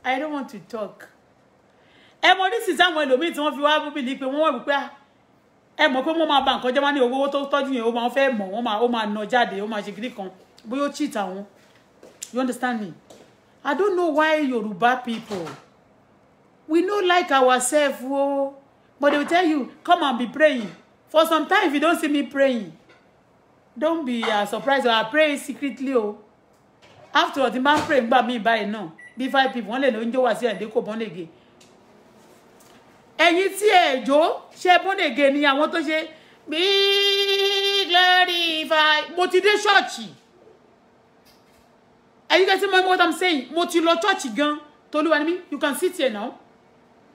i don't want to talk ẹ mọ oríṣi sáwọn ẹlòmíì tí wọ́n fi wá bíbí ni pé wọ́n wọ̀ wípé ah, ẹ mọ̀ pé wọ́n máa ba nǹkan jẹ́ máa ní owó tó tọ́jú yẹn ó máa fẹ́ mọ̀ wọ́n máa ó máa nà jáde ó máa ṣe gidi kan bóyá ó cheat àwọn you understand me I don't know why Yoruba people, we know like ourselves, oh, but they will tell you, come and be praying. For some time, if you don't see me praying, don't be uh, surprised. I pray secretly, oh. Afterwards, the man praying by me by now. Bí five people, one lè lọ ń jó and sí ẹ̀dẹ́ born again. And you see, Joe, she born again I want to say, be glorified. Mo ti dé ṣọ́ọ̀ṣì. Are you getting my, what I'm saying? Mo ti lọ church gan. Toluwa ni mi, you can sit here now.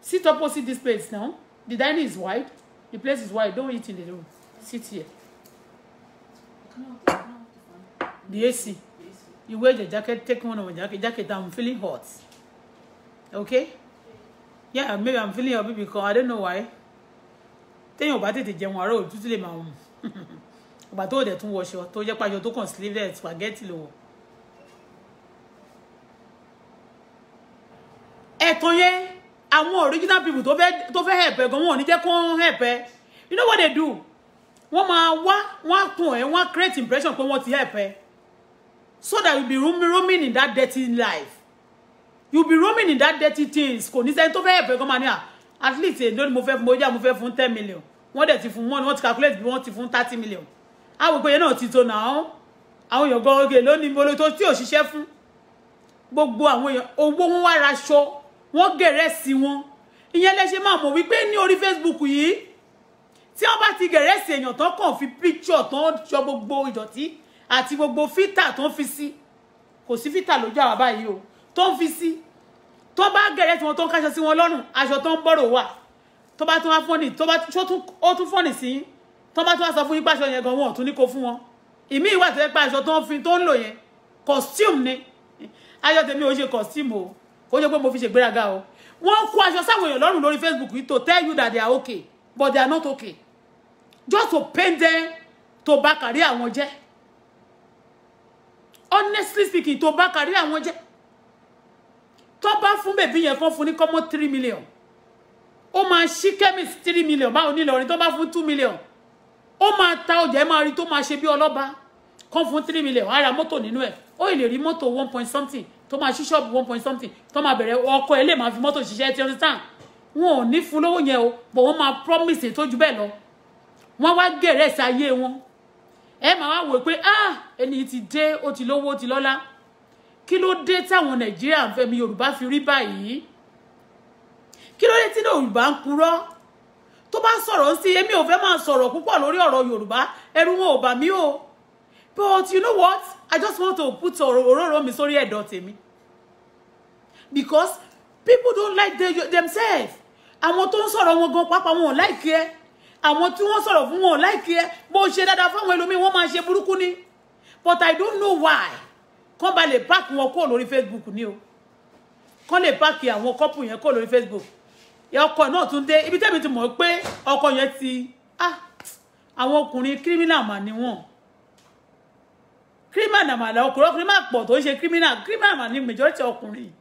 Sit opposite this place now. The dining is wide. The place is wide. Don't eat in the room. Sit here. The AC. You wear your jacket, take one of my jacket. Jacket, I'm feeling hot. Okay? Yeah, maybe I'm feeling hot because I don't know why. Téèyàn bá tètè jẹun àárọ̀ òtútù lè máa mú. Ọ̀gbà tó dẹ̀ tún wọṣọ tó jẹ́ pàjọ tó kàn sleeveless spaghetti lò wọ̀. ẹ̀tàn yẹn àwọn original people tó fẹ́ tó help ẹ̀ gan wọn ò ní jẹ́ kó ń help you know what they do wọ́n máa wá wọ́n á tún ẹ̀ wọ́n á create impression pé wọ́n ti help so that you be roaming roaming in that dirty life you be roaming in that dirty things kò ní sẹ́ni tó fẹ́ help ẹ̀ gan máa à ah, at least èyí ló ní mo fẹ́ mo yá mo fẹ́ fún ten million wọ́n dẹ̀ ti fún one wọ́n ti calculate bí wọ́n ti fún thirty million àwọn ìpè yẹn náà ti tó náà àwọn èèyàn gan oge lónìí mo lè tó tí ò ṣiṣẹ́ fún gbogbo àwọn èèyàn owó wọn wá raṣọ wọ́n gẹ̀rẹ́ sí wọn ìyẹn lẹ ṣe máa mọ̀ wípé ní orí Facebook yìí tí wọ́n bá ti gẹ̀rẹ́ sí èèyàn tán kàn fi picture tán jọ gbogbo ìdọ̀tí àti gbogbo fítà tán fi sí kò sí fítà lójú àwa báyìí o tó ń fi sí tó bá gẹ̀rẹ́ tí wọ́n tó ń káṣọ sí wọn lọ́rùn aṣọ tó ń bọ̀rọ̀ wà tó bá tún wá fọ́nì tó bá ó tún fọ́nì sí tó bá tún wá sọ fún yín pàṣọ yẹn gan wọn ò tún ní kó fún wọn ìmí ìwà tó yẹ pé aṣọ tó ń fi tó ń lò yẹn costume ni ayọ̀ tèmi ò ṣe costume o kó jẹ́ pé mo fi ṣe gbéraga o wọ́n kó aṣọ sáwọn èèyàn lọ́rùn lórí Facebook yìí to tell you that they are okay but they are not okay just to paint them to ba kárí àwọn jẹ́ honestly speaking to ba kárí àwọn jẹ́ tó bá fún bèbí yẹn fún fún ní kọ́mọ́ three million ó máa ṣí chemist three million báwo nílò orin tó bá fún two million ó máa ta ọjà ẹ máa rí tó máa ṣe bí ọlọ́ba kan fún three million ara mọ́tò nínú ẹ̀ ó lè rí mọ́tò one point something tó máa ṣí ṣọ́ọ̀bù one point something tó máa bẹ̀rẹ̀ ọkọ ẹ̀ lè máa fi mọ́tò ṣiṣẹ́ ti ọdún tán wọn ò ní fún lówó yẹn o but wọ́n máa promise tó ju bẹ́ẹ̀ lọ wọ́n wá gẹ̀rẹ́ sí ayé wọn ẹ máa wá wò pé ah ẹni tí dé ó ti lówó ó ti lọ́lá kí ló dé táwọn nàìjíríà ń fẹ́ mi yorùbá fi rí báyìí kí ló dé tí yorùbá ń purọ́ tó bá sọ̀rọ̀ sí èmi ò fẹ́ máa sọ̀rọ̀ púpọ̀ lórí ọ̀rọ̀ yorùbá ẹ̀rù wọn ò bà mí o but you know what i just want to put ororo mi sórí ẹ̀dọ̀ tèmi because people don't like they, themselves àwọn tó ń sọ̀rọ̀ wọn gan pápá wọn ò láìkí ẹ àwọn tí wọ́n sọ̀rọ̀ fún wọn ò láìkí ẹ bó ṣe dáadáa fáwọn ẹlòmíín wọ́n máa ṣe burúkú ni but i don't know why kán ba lè páàkì wọn kúrò lórí facebook ni o kán lè páàkì àwọn kọ́pù yẹn kúrò lórí facebook ọkọ náà tún dé ibi tẹ́mi ti mọ̀ pé ọkọ yẹn ti ah àwọn ọkùnrin kírímínà mà ni wọ́n kírímínà mà làwọn ọkùnrin ọkùnrin má pọ̀ tó ń ṣe kírímínà kírímínà mà ni majority ọkùnrin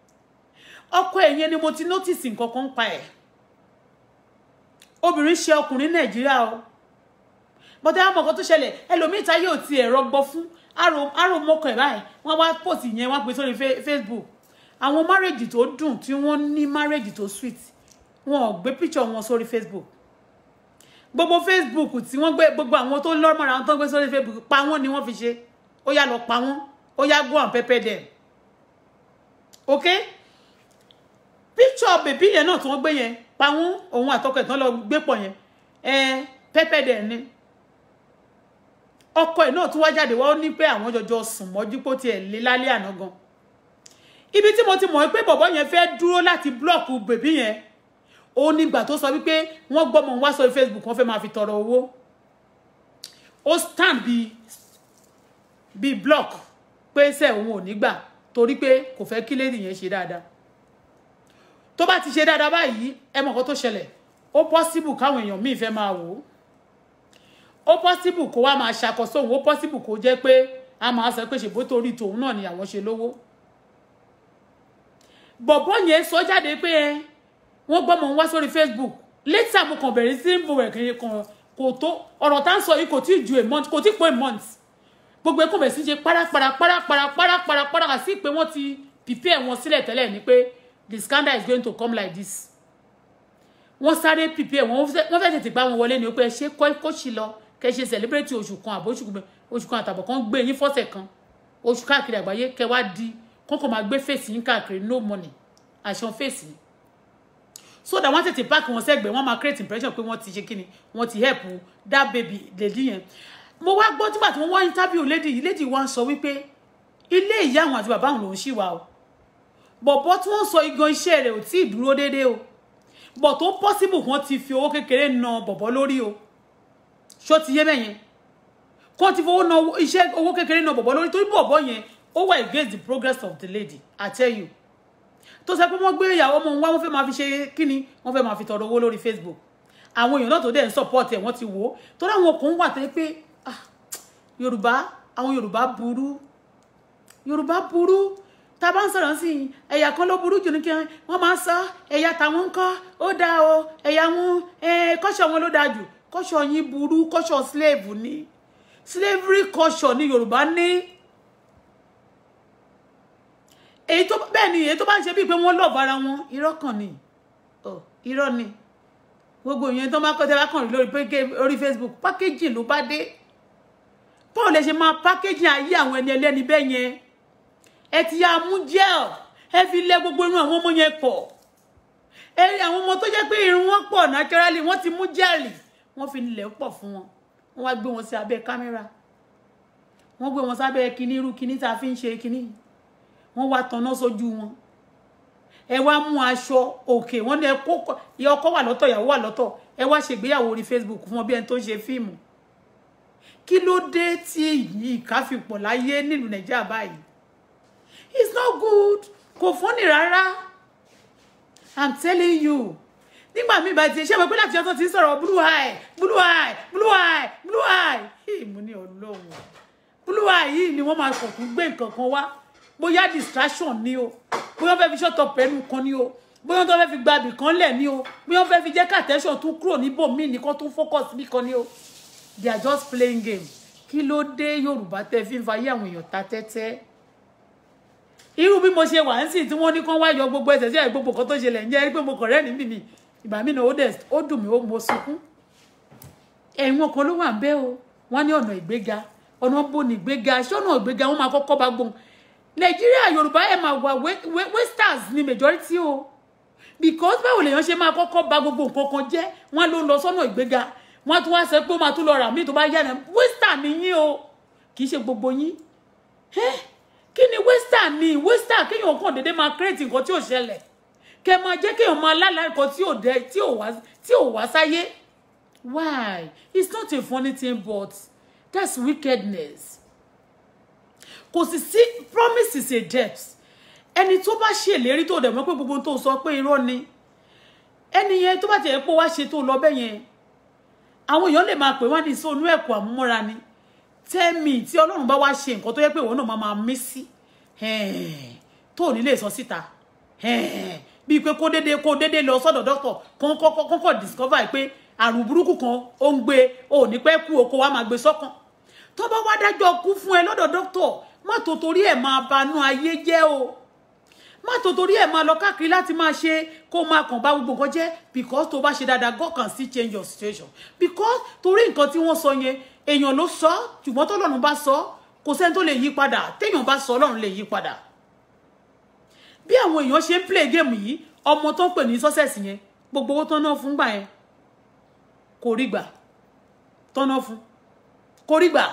ọkọ ẹ̀ yẹn ni mo ti notice nǹkan kan pa ẹ̀ obìnrin ṣe ọkùnrin nàìjíríà o bọ́tẹ́ àwọn ọkọ̀ tó ṣẹlẹ̀ ẹlòmíì táyé ò ti ẹ̀rọ gbọ́ fún arò mọ́kọ̀ ẹ̀ báyìí wọ́n wá post yẹn wá pè sórí facebook àwọn márèjì tó dùn tí wọ́n ní márèjì tó sweet wọn ò gbé picture wọn sórí facebook gbogbo facebook tí wọ́n gbé gbogbo àwọn tó lọ́mọ́ra wọn tó gbé sórí facebook pa wọ́n ni wọ́n fi ṣe ó yá lọ pa wọ́n ó yá go and pepper them okay picture bèbí yẹn náà tí wọ́n gbé yẹn pa wọ́n òun àtọkọ ẹ̀ tán lọ gbé pọ̀ yẹn ẹ pẹ́pẹ́ dẹ̀ ni ọkọ ẹ̀ náà tún wá jáde wá ó ní pé àwọn jọjọ sùn mọ́jú pé ó tiẹ̀ lé lálẹ́ àná gan ibi tí mo ti mọ̀ pé bọ̀bọ̀ yẹn fẹ́ dúró láti blọ́ọ̀kù bèbí yẹn ó nígbà tó sọ wípé wọ́n gbọ́mọ wá sórí Facebook wọ́n fẹ́ máa fi tọrọ owó ó stand bíi bíi block pé sẹ́ òun ò ní gbà torí pé kò fẹ́ kí lady ṣe dáadáa tó bá ti ṣe dáadáa báyìí ẹ mọ̀ nǹkan tó ṣẹlẹ̀ ó possible káwọn èèyàn míì fẹ́ máa wò ó ó kó wá máa ṣàkóso ó possible kó jẹ́ pé a máa sọ pé ṣèbó torí tòun náà ni àwọn ṣe lówó bọ̀bọ́ yẹn sọ jáde pé wọ́n gbọ́mọ wá sórí Facebook létà mo kàn bẹ̀rẹ̀ sí ń bo ẹ̀kẹ́yẹ kan kò tó ọ̀rọ̀ tá ń sọ yìí kò tí ì ju a month kò tí ì pé a month gbogbo ẹ̀kọ́ bẹ̀rẹ̀ sí ń ṣe párapàrapàrapàrapàrapàrapàrà sí pé wọ́n ti pìpẹ́ wọn sílẹ̀ tẹ́lẹ̀ ni pé the scandal is going to come like this wọ́n sáré prepare wọ́n fẹ́ tètè gbá wọn wọlé ni ó pé ẹ ṣe kọ́ọ̀ṣì lọ kẹ ṣe celebrate oṣù kan àbọ̀ oṣù kan àtàbọ̀ kan gbé yín fọ́sẹ̀ kan oṣù káàkiri àgbáyé kẹ wá di kọ́kọ́ máa face, fèsì yín káàkiri no money àṣàn fèsì so that wanted to pack wọn sẹ́gbẹ̀ẹ́ wọ́n máa create impression pé wọ́n ti ṣe kíni wọ́n ti help that baby lady yẹn mo wá gbọ́ nígbà tí wọ́n wá interview lady lady wa ń sọ wípé ilé ìyá àwọn àti bàbá àwọn lòún ṣì wà o bọ̀bọ̀ tí wọ́n sọ igan iṣẹ́ rẹ̀ ò tí ì dúró déédéé o bọ̀ tó possible wọ́n ti fi owó kékeré na bọ̀bọ̀ lórí o ṣó ti yé mẹ́yẹn kó ti fowó na iṣẹ́ owó kékeré na bọ̀bọ̀ lórí torí bọ̀bọ̀ yẹn ó wà against the progress of the lady I tell you tó sọ pé wọ́n gbé ìyàwó ọmọ wa wọ́n fẹ́ máa fi ṣe kíni wọ́n fẹ́ máa fi tọrọ owó lórí Facebook àwọn èèyàn náà tó dẹ̀ ń support ẹ̀ wọ́n ti wò ó torí àwọn ọkùnrin wà tẹ́ pé ah, yorùbá àwọn yorùbá burú yorùbá burú tá a bá ń sọ̀rọ̀ sí i ẹ̀yà kan ló burú jù ní kí wọ́n máa sọ ẹ̀yà tàwọn ń kọ́ ó dáa o ẹ̀yà wọn kọ́ṣọ̀ wọn ló dáa jù kọ́ṣọ̀ yín burú kọ́ṣọ̀ slave ni slavery kọ́ṣọ̀ ni Yorùbá ní èyí tó bẹ́ẹ̀ ni èyí tó bá ń ṣe bíi pé wọ́n lọ́ọ̀bù ara wọn irọ́ kan ni irọ́ ni gbogbo ìyẹn tó máa kọ́ tẹ́lá kàn lórí orí Facebook packaging ló bá dé báwo lè ṣe máa packaging ayé àwọn ẹni ẹlẹ́ni bẹ́ẹ̀ yẹn ẹ ti yá mú gel ẹ fi lẹ gbogbo inú àwọn ọmọ yẹn pọ̀ ẹ àwọn ọmọ tó jẹ́ pé irun wọn pọ̀ naturally wọ́n ti mú gel wọ́n fi lẹ̀ pọ̀ fún wọn wọ́n wá gbé wọn sí abẹ́ kámẹ́rà wọ́n gbé wọn sábẹ́ kinní irú kinní tá a fi ń ṣe kinní wọ́n wá tanná sójú wọn ẹ wá mú aṣọ òkè wọ́n ní ẹ kó ìyá ọkọ wà lọ́tọ̀ ìyàwó wà lọ́tọ̀ ẹ wá ṣègbéyàwó orí Facebook fún wọn bí ẹni tó ń ṣe fíìmù kí ló dé tí ìyí ìkáfipọ̀ láyé nílùú nàìjíríà báyìí it's not good kò fúnni rárá i'm telling you nígbà míì bá ti ṣe mọ̀ pé láti ọjọ́ ti ń sọ̀rọ̀ blue eye blue eye blue eye blue eye yìí mú ní ọlọ́run blue eye yìí ni wọ́n máa kọ̀ọ̀kún gbé nǹkan kan wá bóyá distraction ni o bóyá wọ́n fẹ́ fi ṣọ́tọ̀ pẹ̀lú kan ni o bóyá wọ́n tó fẹ́ fi gba ibì kan lẹ̀ ni o bóyá wọ́n fẹ́ fi jẹ́ kàtẹ́sọ̀ tún kúrò níbò míì nìkan tún focus bí kan ni o they are just playing game kí ló dé yorùbá tẹ fi ń fa ayé àwọn èèyàn ta tẹ́tẹ́ irú bí mo ṣe wà ń sìn tí wọ́n ní kán wá yọ gbogbo ẹsẹ̀ sí àyè gbogbo kan tó ṣẹlẹ̀ ń jẹ́ rí pé mo kọ̀rẹ́ níbí mi ìgbà mi náà ó dùn mí ó mo sunkún ẹ̀wọ̀n kan ló wà ń bẹ́ o wọ́n ní ọ̀nà ìgbéga ọ̀nà bò ní ìgbéga ṣé ọ̀nà ìgbéga wọ́n máa kọ́kọ́ bá gbọ́n nàìjíríà yorùbá ẹ̀ máa wà westers ni majority o because báwo lèèyàn ṣe máa kọ́kọ́ bá gbogbo nǹkan kan jẹ́ wọ́n ló ń lọ sọ́nà ìgbéga wọ́n tún wá sọ pé ó máa tún lọ rà míì tó bá yá náà western ni yín o kì í ṣe gbogbo yín. Hey! kí ni western ni western kéèyàn kàn déédéé máa create nǹkan tí ò ṣẹlẹ̀ kẹ máa jẹ́ kéèyàn máa lálàá nǹkan tí ò dé tí ò wá tí ò wá sáyé why it's not a funny thing but that's wickedness kò sì sí promise is a debt ẹni tó bá ṣèlérí tó dẹ̀ mọ́ pé gbogbo tó sọ pé irọ́ ni ẹni yẹn tó bá tiẹ̀ pé wá ṣe tó lọ bẹ́ẹ̀ yẹn àwọn èèyàn lè máa pè wá ní ìsọnù ẹ̀kọ́ àmúmọ́ra ni. So, tẹ́mi tí ọlọ́run bá wá ṣe nǹkan tó yẹ pé òun náà máa máa mí sí tó ní lè sọ síta bíi pé kó dédé kó dédé lọ sọ́dọ̀ dọ́kítọ̀ kọ́ńkọ́ discover pé àrùn burúkú kan ó ń gbé o ní pẹ́ kú o kó wá máa gbé sọ́kàn tó bá wá dájọ́ kú fún ẹ lọ́dọ̀ dọ́kítọ̀ má tó torí ẹ̀ máa banú ayé jẹ́ o má tó torí ẹ̀ máa lọ káàkiri láti máa ṣe kó máa kàn bá gbogbo nǹkan jẹ́ because tó bá ṣe dáadáa God can still change your situation because torí nǹkan tí wọ́n sọ yẹn èèyàn ló sọ ṣùgbọ́n tọ́lọ́run bá sọ kò sẹ́ni tó lè yí padà téèyàn bá sọ ọlọ́run lè yí padà bí àwọn èèyàn ṣe ń play game yìí ọmọ tó ń pè ní success yẹn gbogbo owó tó ná fún gbà yẹn kò rí gbà tó ná fún kò rí gbà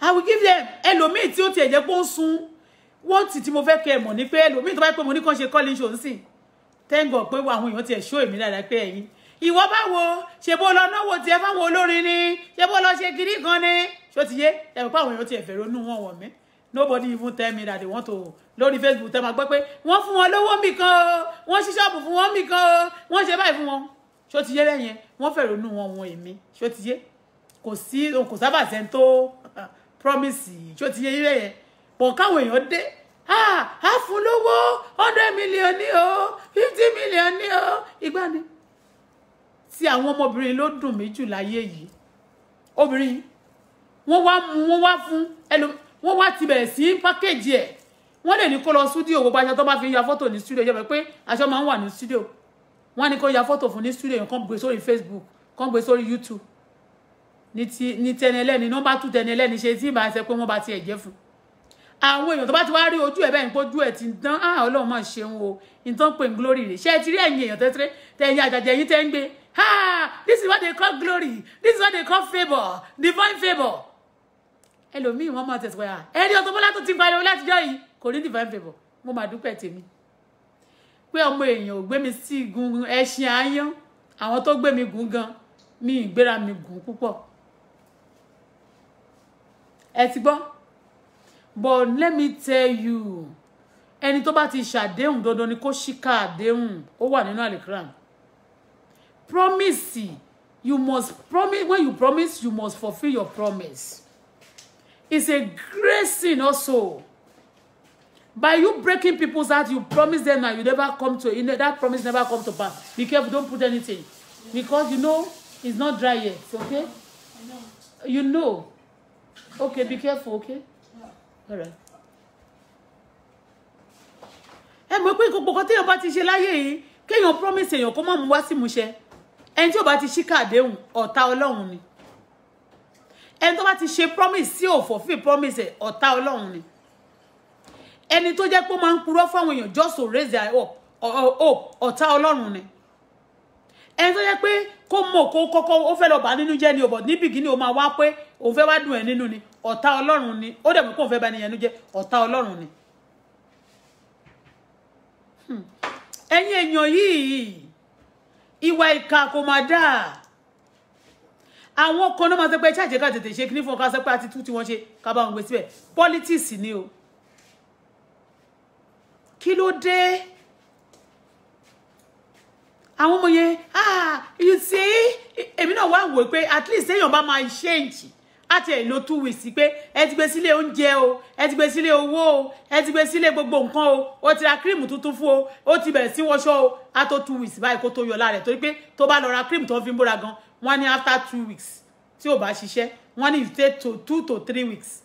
i will give them ẹlòmíì tí ó tiẹ̀ jẹ́ pé ó ń sun wọ́n ti tí mo fẹ́ kẹ́ ẹ̀ mọ̀ ní pé ẹlòmíì tó bá pẹ́ mo ní kàn ṣe calling show ń thank God pé àwọn èèyàn tiẹ̀ show èmi dáadáa pé ẹ̀yin ìwọ wo, ṣe bó lọ náwó tiẹ̀ fáwọn olórin ni ṣe bó lọ ṣe kiri gan ni ṣó ti yé ẹ̀rù pàwọn èèyàn ti ẹ̀fẹ̀ ronú wọn wọ̀ mí nobody even tell me that they want to lórí facebook tẹ́ máa gbọ́ pé wọ́n fún wọn lówó mi kan o wọ́n ṣí ṣọ́ọ̀bù fún wọn mi kan o wọ́n ṣe báyìí fún wọn ṣó ti yé lẹ́yìn wọ́n fẹ̀ ronú wọn wọn èmi ṣó ti yé kò sí kò sábà sẹ́ni tó promise ṣó ti yé yín lẹ́yìn pọ̀ káwọn èèyàn dé ah á lówó hundred million ní o fifty million ní o igba ni ti àwọn ọmọbìnrin ló dùn mí jù láyé yìí obìnrin wọ́n wá mú wọ́n wá fún ẹlòmí wọ́n wá ti bẹ̀rẹ̀ sí pákéjì ẹ̀ wọ́n lè ní kó lọ súdíò gbogbo aṣọ tó bá fi ya fọ́tò ní súdíò yẹ́pẹ́ pé aṣọ máa ń wà ní súdíò wọ́n á kó ya fọ́tò fún ní súdíò yẹn kàn gbé sórí Facebook kàn gbé sórí YouTube ní ti ní tẹni ẹlẹ́ni nọ́mbà tún tẹni ẹlẹ́ni ṣe tí ìbáṣẹ pé wọ́n bá tiẹ̀ jẹ́ fún àwọn èèyàn tó bá ti wá rí ojú ẹ̀ bẹ́ẹ̀ ni pójú ẹ̀ ti ń dán Ọlọ́run máa ṣeun o ìtàn pé ń glory rè ṣé ẹ ti rí ẹ̀yìn èèyàn tẹ́tẹ́rẹ́ tẹ̀yìn àjàjẹ́ yín tẹ́ ń gbé ah this is what they call glory this is what they call favor, divine favour ẹlòmíì wọn máa tẹsán wáyà ẹni Auto Bola tó ti pariwo látijọ́ yìí kò calling divine favour mo máa dúpẹ́ tèmi pé ọmọ èèyàn ò gbé mi see gun ẹṣin ayán àwọn tó gbé mi gùn gan mi ìgbéra mi gùn púpọ̀ ẹ ti gbọ́ but let me tell you Any to bá ti ṣàdéhùn dandan ni shika deun. àdéhùn ó wà nínú àlìkran promise you must promise when you promise you must fulfill your promise it's a great sin also by you breaking people's heart you promise them and you never come to you that promise never come to pass be careful don't put anything because you know it's not dry yet okay you know okay be careful okay yeah. all right ẹ mọ̀ pé gbogbo kan téèyàn bá ti ṣe láyé yìí kéèyàn promise èèyàn kó má mú wá sí ìmúṣẹ ẹni tí ò bá ti ṣíkà àdéhùn ọ̀tá ọlọ́run ni ẹni tó bá ti ṣe promise sí ò fulfill promise ẹ̀ ọ̀tá ọlọ́run ni ẹni tó jẹ́ pé ó máa ń purọ́ fáwọn èèyàn just to raise their hope ọ̀tá ọlọ́run ni ẹni tó jẹ́ pé kó mọ̀ kó kọ́kọ́ ó fẹ́ lọ bà nínú jẹ́ ni ò bọ̀ ní bìgínì ó máa wá pé òun fẹ́ wá dùn ẹ̀ nínú ni ọ̀tá ọlọ́run ni ó dẹ̀ mú kóun fẹ́ bà nìyẹn nínú jẹ́ ọ̀tá ọlọ́run ni hmm. ẹ̀yin èèyàn yìí ìwà ìka kò máa dáa àwọn kan náà máa sọ pé ṣáàjẹ́ ká tètè ṣe kí ní fún ọkà sọ àti tú tí wọ́n ṣe ká bá gbé síbẹ̀ politics ni o kí ló dé àwọn ọmọ yẹn ah you see èmi náà wá wò pé at least èèyàn bá máa ṣéǹjì àti ẹ̀ ló two weeks pé ẹ ti gbé sílé oúnjẹ o ẹ ti gbé sílé owó o ẹ ti gbé sílé gbogbo nǹkan o ó ti ra cream tuntun fún o ó ti bẹ̀rẹ̀ sí wọṣọ o á tó two weeks báyìí kó tó yọ lára ẹ̀ torí pé tó bá lọ ra cream tó fi ń bóra gan wọ́n ní after two weeks tí ò bá ṣiṣẹ́ wọ́n ní ìfẹ́ to two to three weeks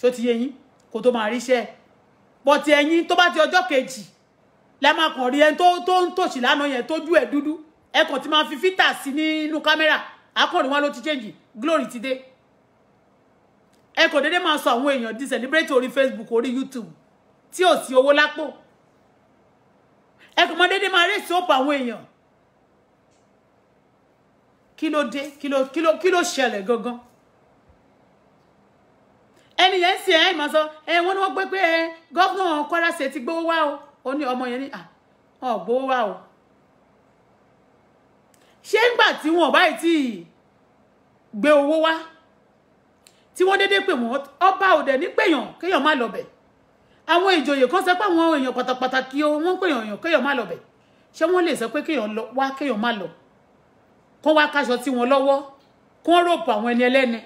ṣó ti yé yín kó tó máa ríṣẹ́ bọ̀tì ẹ̀yìn tó bá ti ọjọ́ kejì lẹ́ máa kàn rí ẹni tó tó ń tòṣì lánàá yẹn tójú ẹ̀ dúdú ẹ kàn ti máa fi fítà sí nínú kámẹ́rà akọ̀rin ló ti change glory ti dé ẹ kò dédé máa sọ àwọn èèyàn di celebrate orí Facebook orí YouTube tí ò sí owó lápò ẹ kò mọ dédé máa rèsì òpò àwọn èèyàn kí ló dé kí ló kí ló kí ló ṣẹlẹ̀ gangan ẹni yẹn ń sìn ẹ́ ìmọ̀ sọ ẹ wọ́n ní wọ́n gbé pé ẹ gọ́fúnà Kwara ṣe ti gbówó wá o ó ní ọmọ yẹn ní à wọn wá o ṣé ńgbà tí wọn báyìí tí gbé owó wá tí wọ́n déédéé pè wọ́n ọba òdẹ ní pèyàn kéèyàn má lọ bẹ̀ àwọn ìjòyè kan sọ pé àwọn èèyàn pàtàkì o wọ́n pèyàn èèyàn kéèyàn má lọ bẹ̀ ṣé wọ́n lè sọ pé kéèyàn lọ wá kéèyàn má lọ kó wá kaṣọ tí wọ́n lọ́wọ́ kó ròpò àwọn ẹni ẹlẹ́ni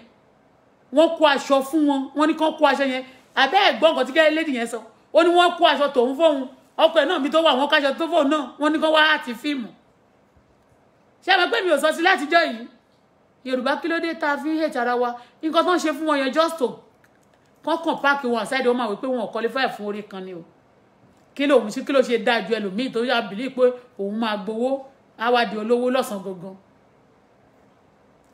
wọ́n kó aṣọ fún wọn wọ́n ní kán kó aṣọ yẹn àbẹ́ ẹ̀gbọ́n nǹkan tí kẹ́lẹ́ lédìí yẹn sọ ó ní wọ́n kó aṣọ tòun fóun ọkọ ẹ̀ náà mi tó wà wọ́n kaṣọ tó fóun náà wọ́n ní kán wá àti fíìmù ṣé àmọ́ pé mi ò sọ sí látijọ́ yìí yorùbá kí ló dé tá a fi ń hẹ̀tì ara wa nǹkan tó ń ṣe fún wọn yẹn just to kọ́kàn páàkì wọn àṣàìdè wọn máa wí pé wọn ò qualify fún orí kan ni o kí lòun sí kí ló ṣe dáa ju ẹlòmíì tó yà bìlí pé òun máa gbowó á wá di olówó lọ́sàn-án gangan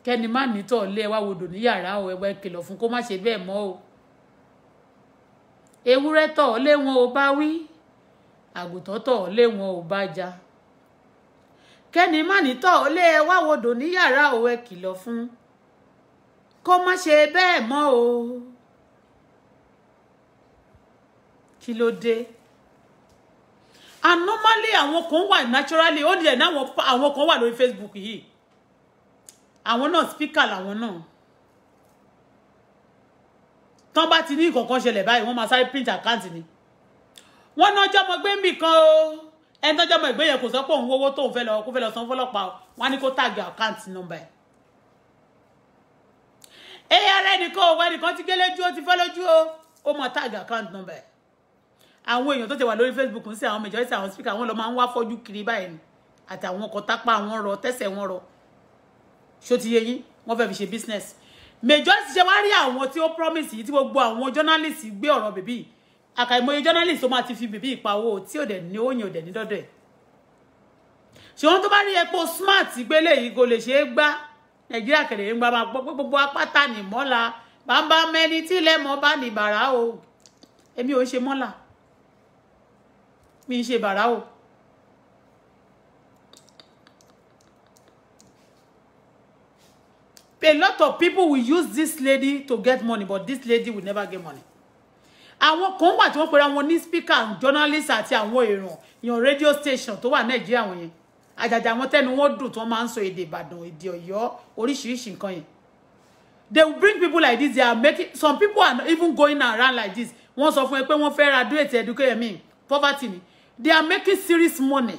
kẹ́ni má nítọ̀ lé ẹ wá wodò ní yàrá o ẹwà ìkìlọ̀ fún kó má ṣe bẹ́ẹ̀ mọ́ o ewúrẹ́ tọ̀ lé wọn ò bá wí àgùntàn tọ̀ lé wọn ò bá Ja kẹ́ni má ní tọ́ ó lé ẹ e wá wodò ní yàrá o ẹ kìlọ̀ fún kó má ṣe bẹ́ẹ̀ mọ́ o kí ló dé and normally àwọn kan wà naturally ó dẹ̀ náà àwọn kan wà lórí Facebook yìí àwọn náà speaker làwọn náà tán bá ti ní ìkọ̀kan ṣẹlẹ̀ báyìí wọ́n máa sáré print account ni wọ́n náà jọmọ gbé ń bì kan o ẹni tó jọmọ ìgbé yẹn kò sọ pé òun owó tóun fẹ́ lọ kó fẹ́ lọ san fọ́lọ́pàá wọn á ní kó tàgé àkáǹtì nọ́mbà ẹ̀. ẹyẹ ara ẹnìkan òun ẹnìkan ti gé lójú ó ti fẹ́ lójú ó ó mọ tàgé àkáǹtì nọ́mbà ẹ̀. àwọn èèyàn tó ti wà lórí Facebook ń sí àwọn majority àwọn speaker wọn lọ máa ń wá fọ́jú kiri báyìí ni àtàwọn ọkọ̀ tápá wọn rọ tẹ́sẹ̀ wọn rọ ṣó ti yẹ yín wọ́n fẹ́ fi ṣe business majority ṣe wá rí àwọn tí ó promise yìí tí gbogbo àwọn journalist gbé ọ̀rọ̀ bèbí yìí àkàìmọye journalist tó máa ti fi bèbí ìpawó tí ò dẹ̀ ní òyìn ò dẹ̀ ní dọ́dọ̀ ẹ̀ ṣùgbọ́n tó bá rí epo smart gbélé yìí kò lè ṣe é gbá nàìjíríà kẹlẹ̀ ń gbà máa gbọ́ pé gbogbo apáta ní mọ́la bàbá mẹ́ni tí ilẹ̀ mọ́ bá ní bàrà o èmi ò ń ṣe mọ́la mi ń ṣe bàrà o. A lot of people will use this lady to get money but this lady will never get money àwọn kan wà tí wọ́n pera wọn ní speaker journalist àti àwọn èèyàn yan radio station tó wà nàìjíríà wọn yẹn àjàjà wọn tẹnu wọn dùn tí wọ́n máa ń sọ èdè ìbàdàn èdè ọ̀yọ́ oríṣiríṣi nǹkan yẹn they will bring people like this they are making some people are even going around like this wọ́n sọ fún ẹ pé wọ́n fẹ́ graduate education mi poverty ni they are making serious money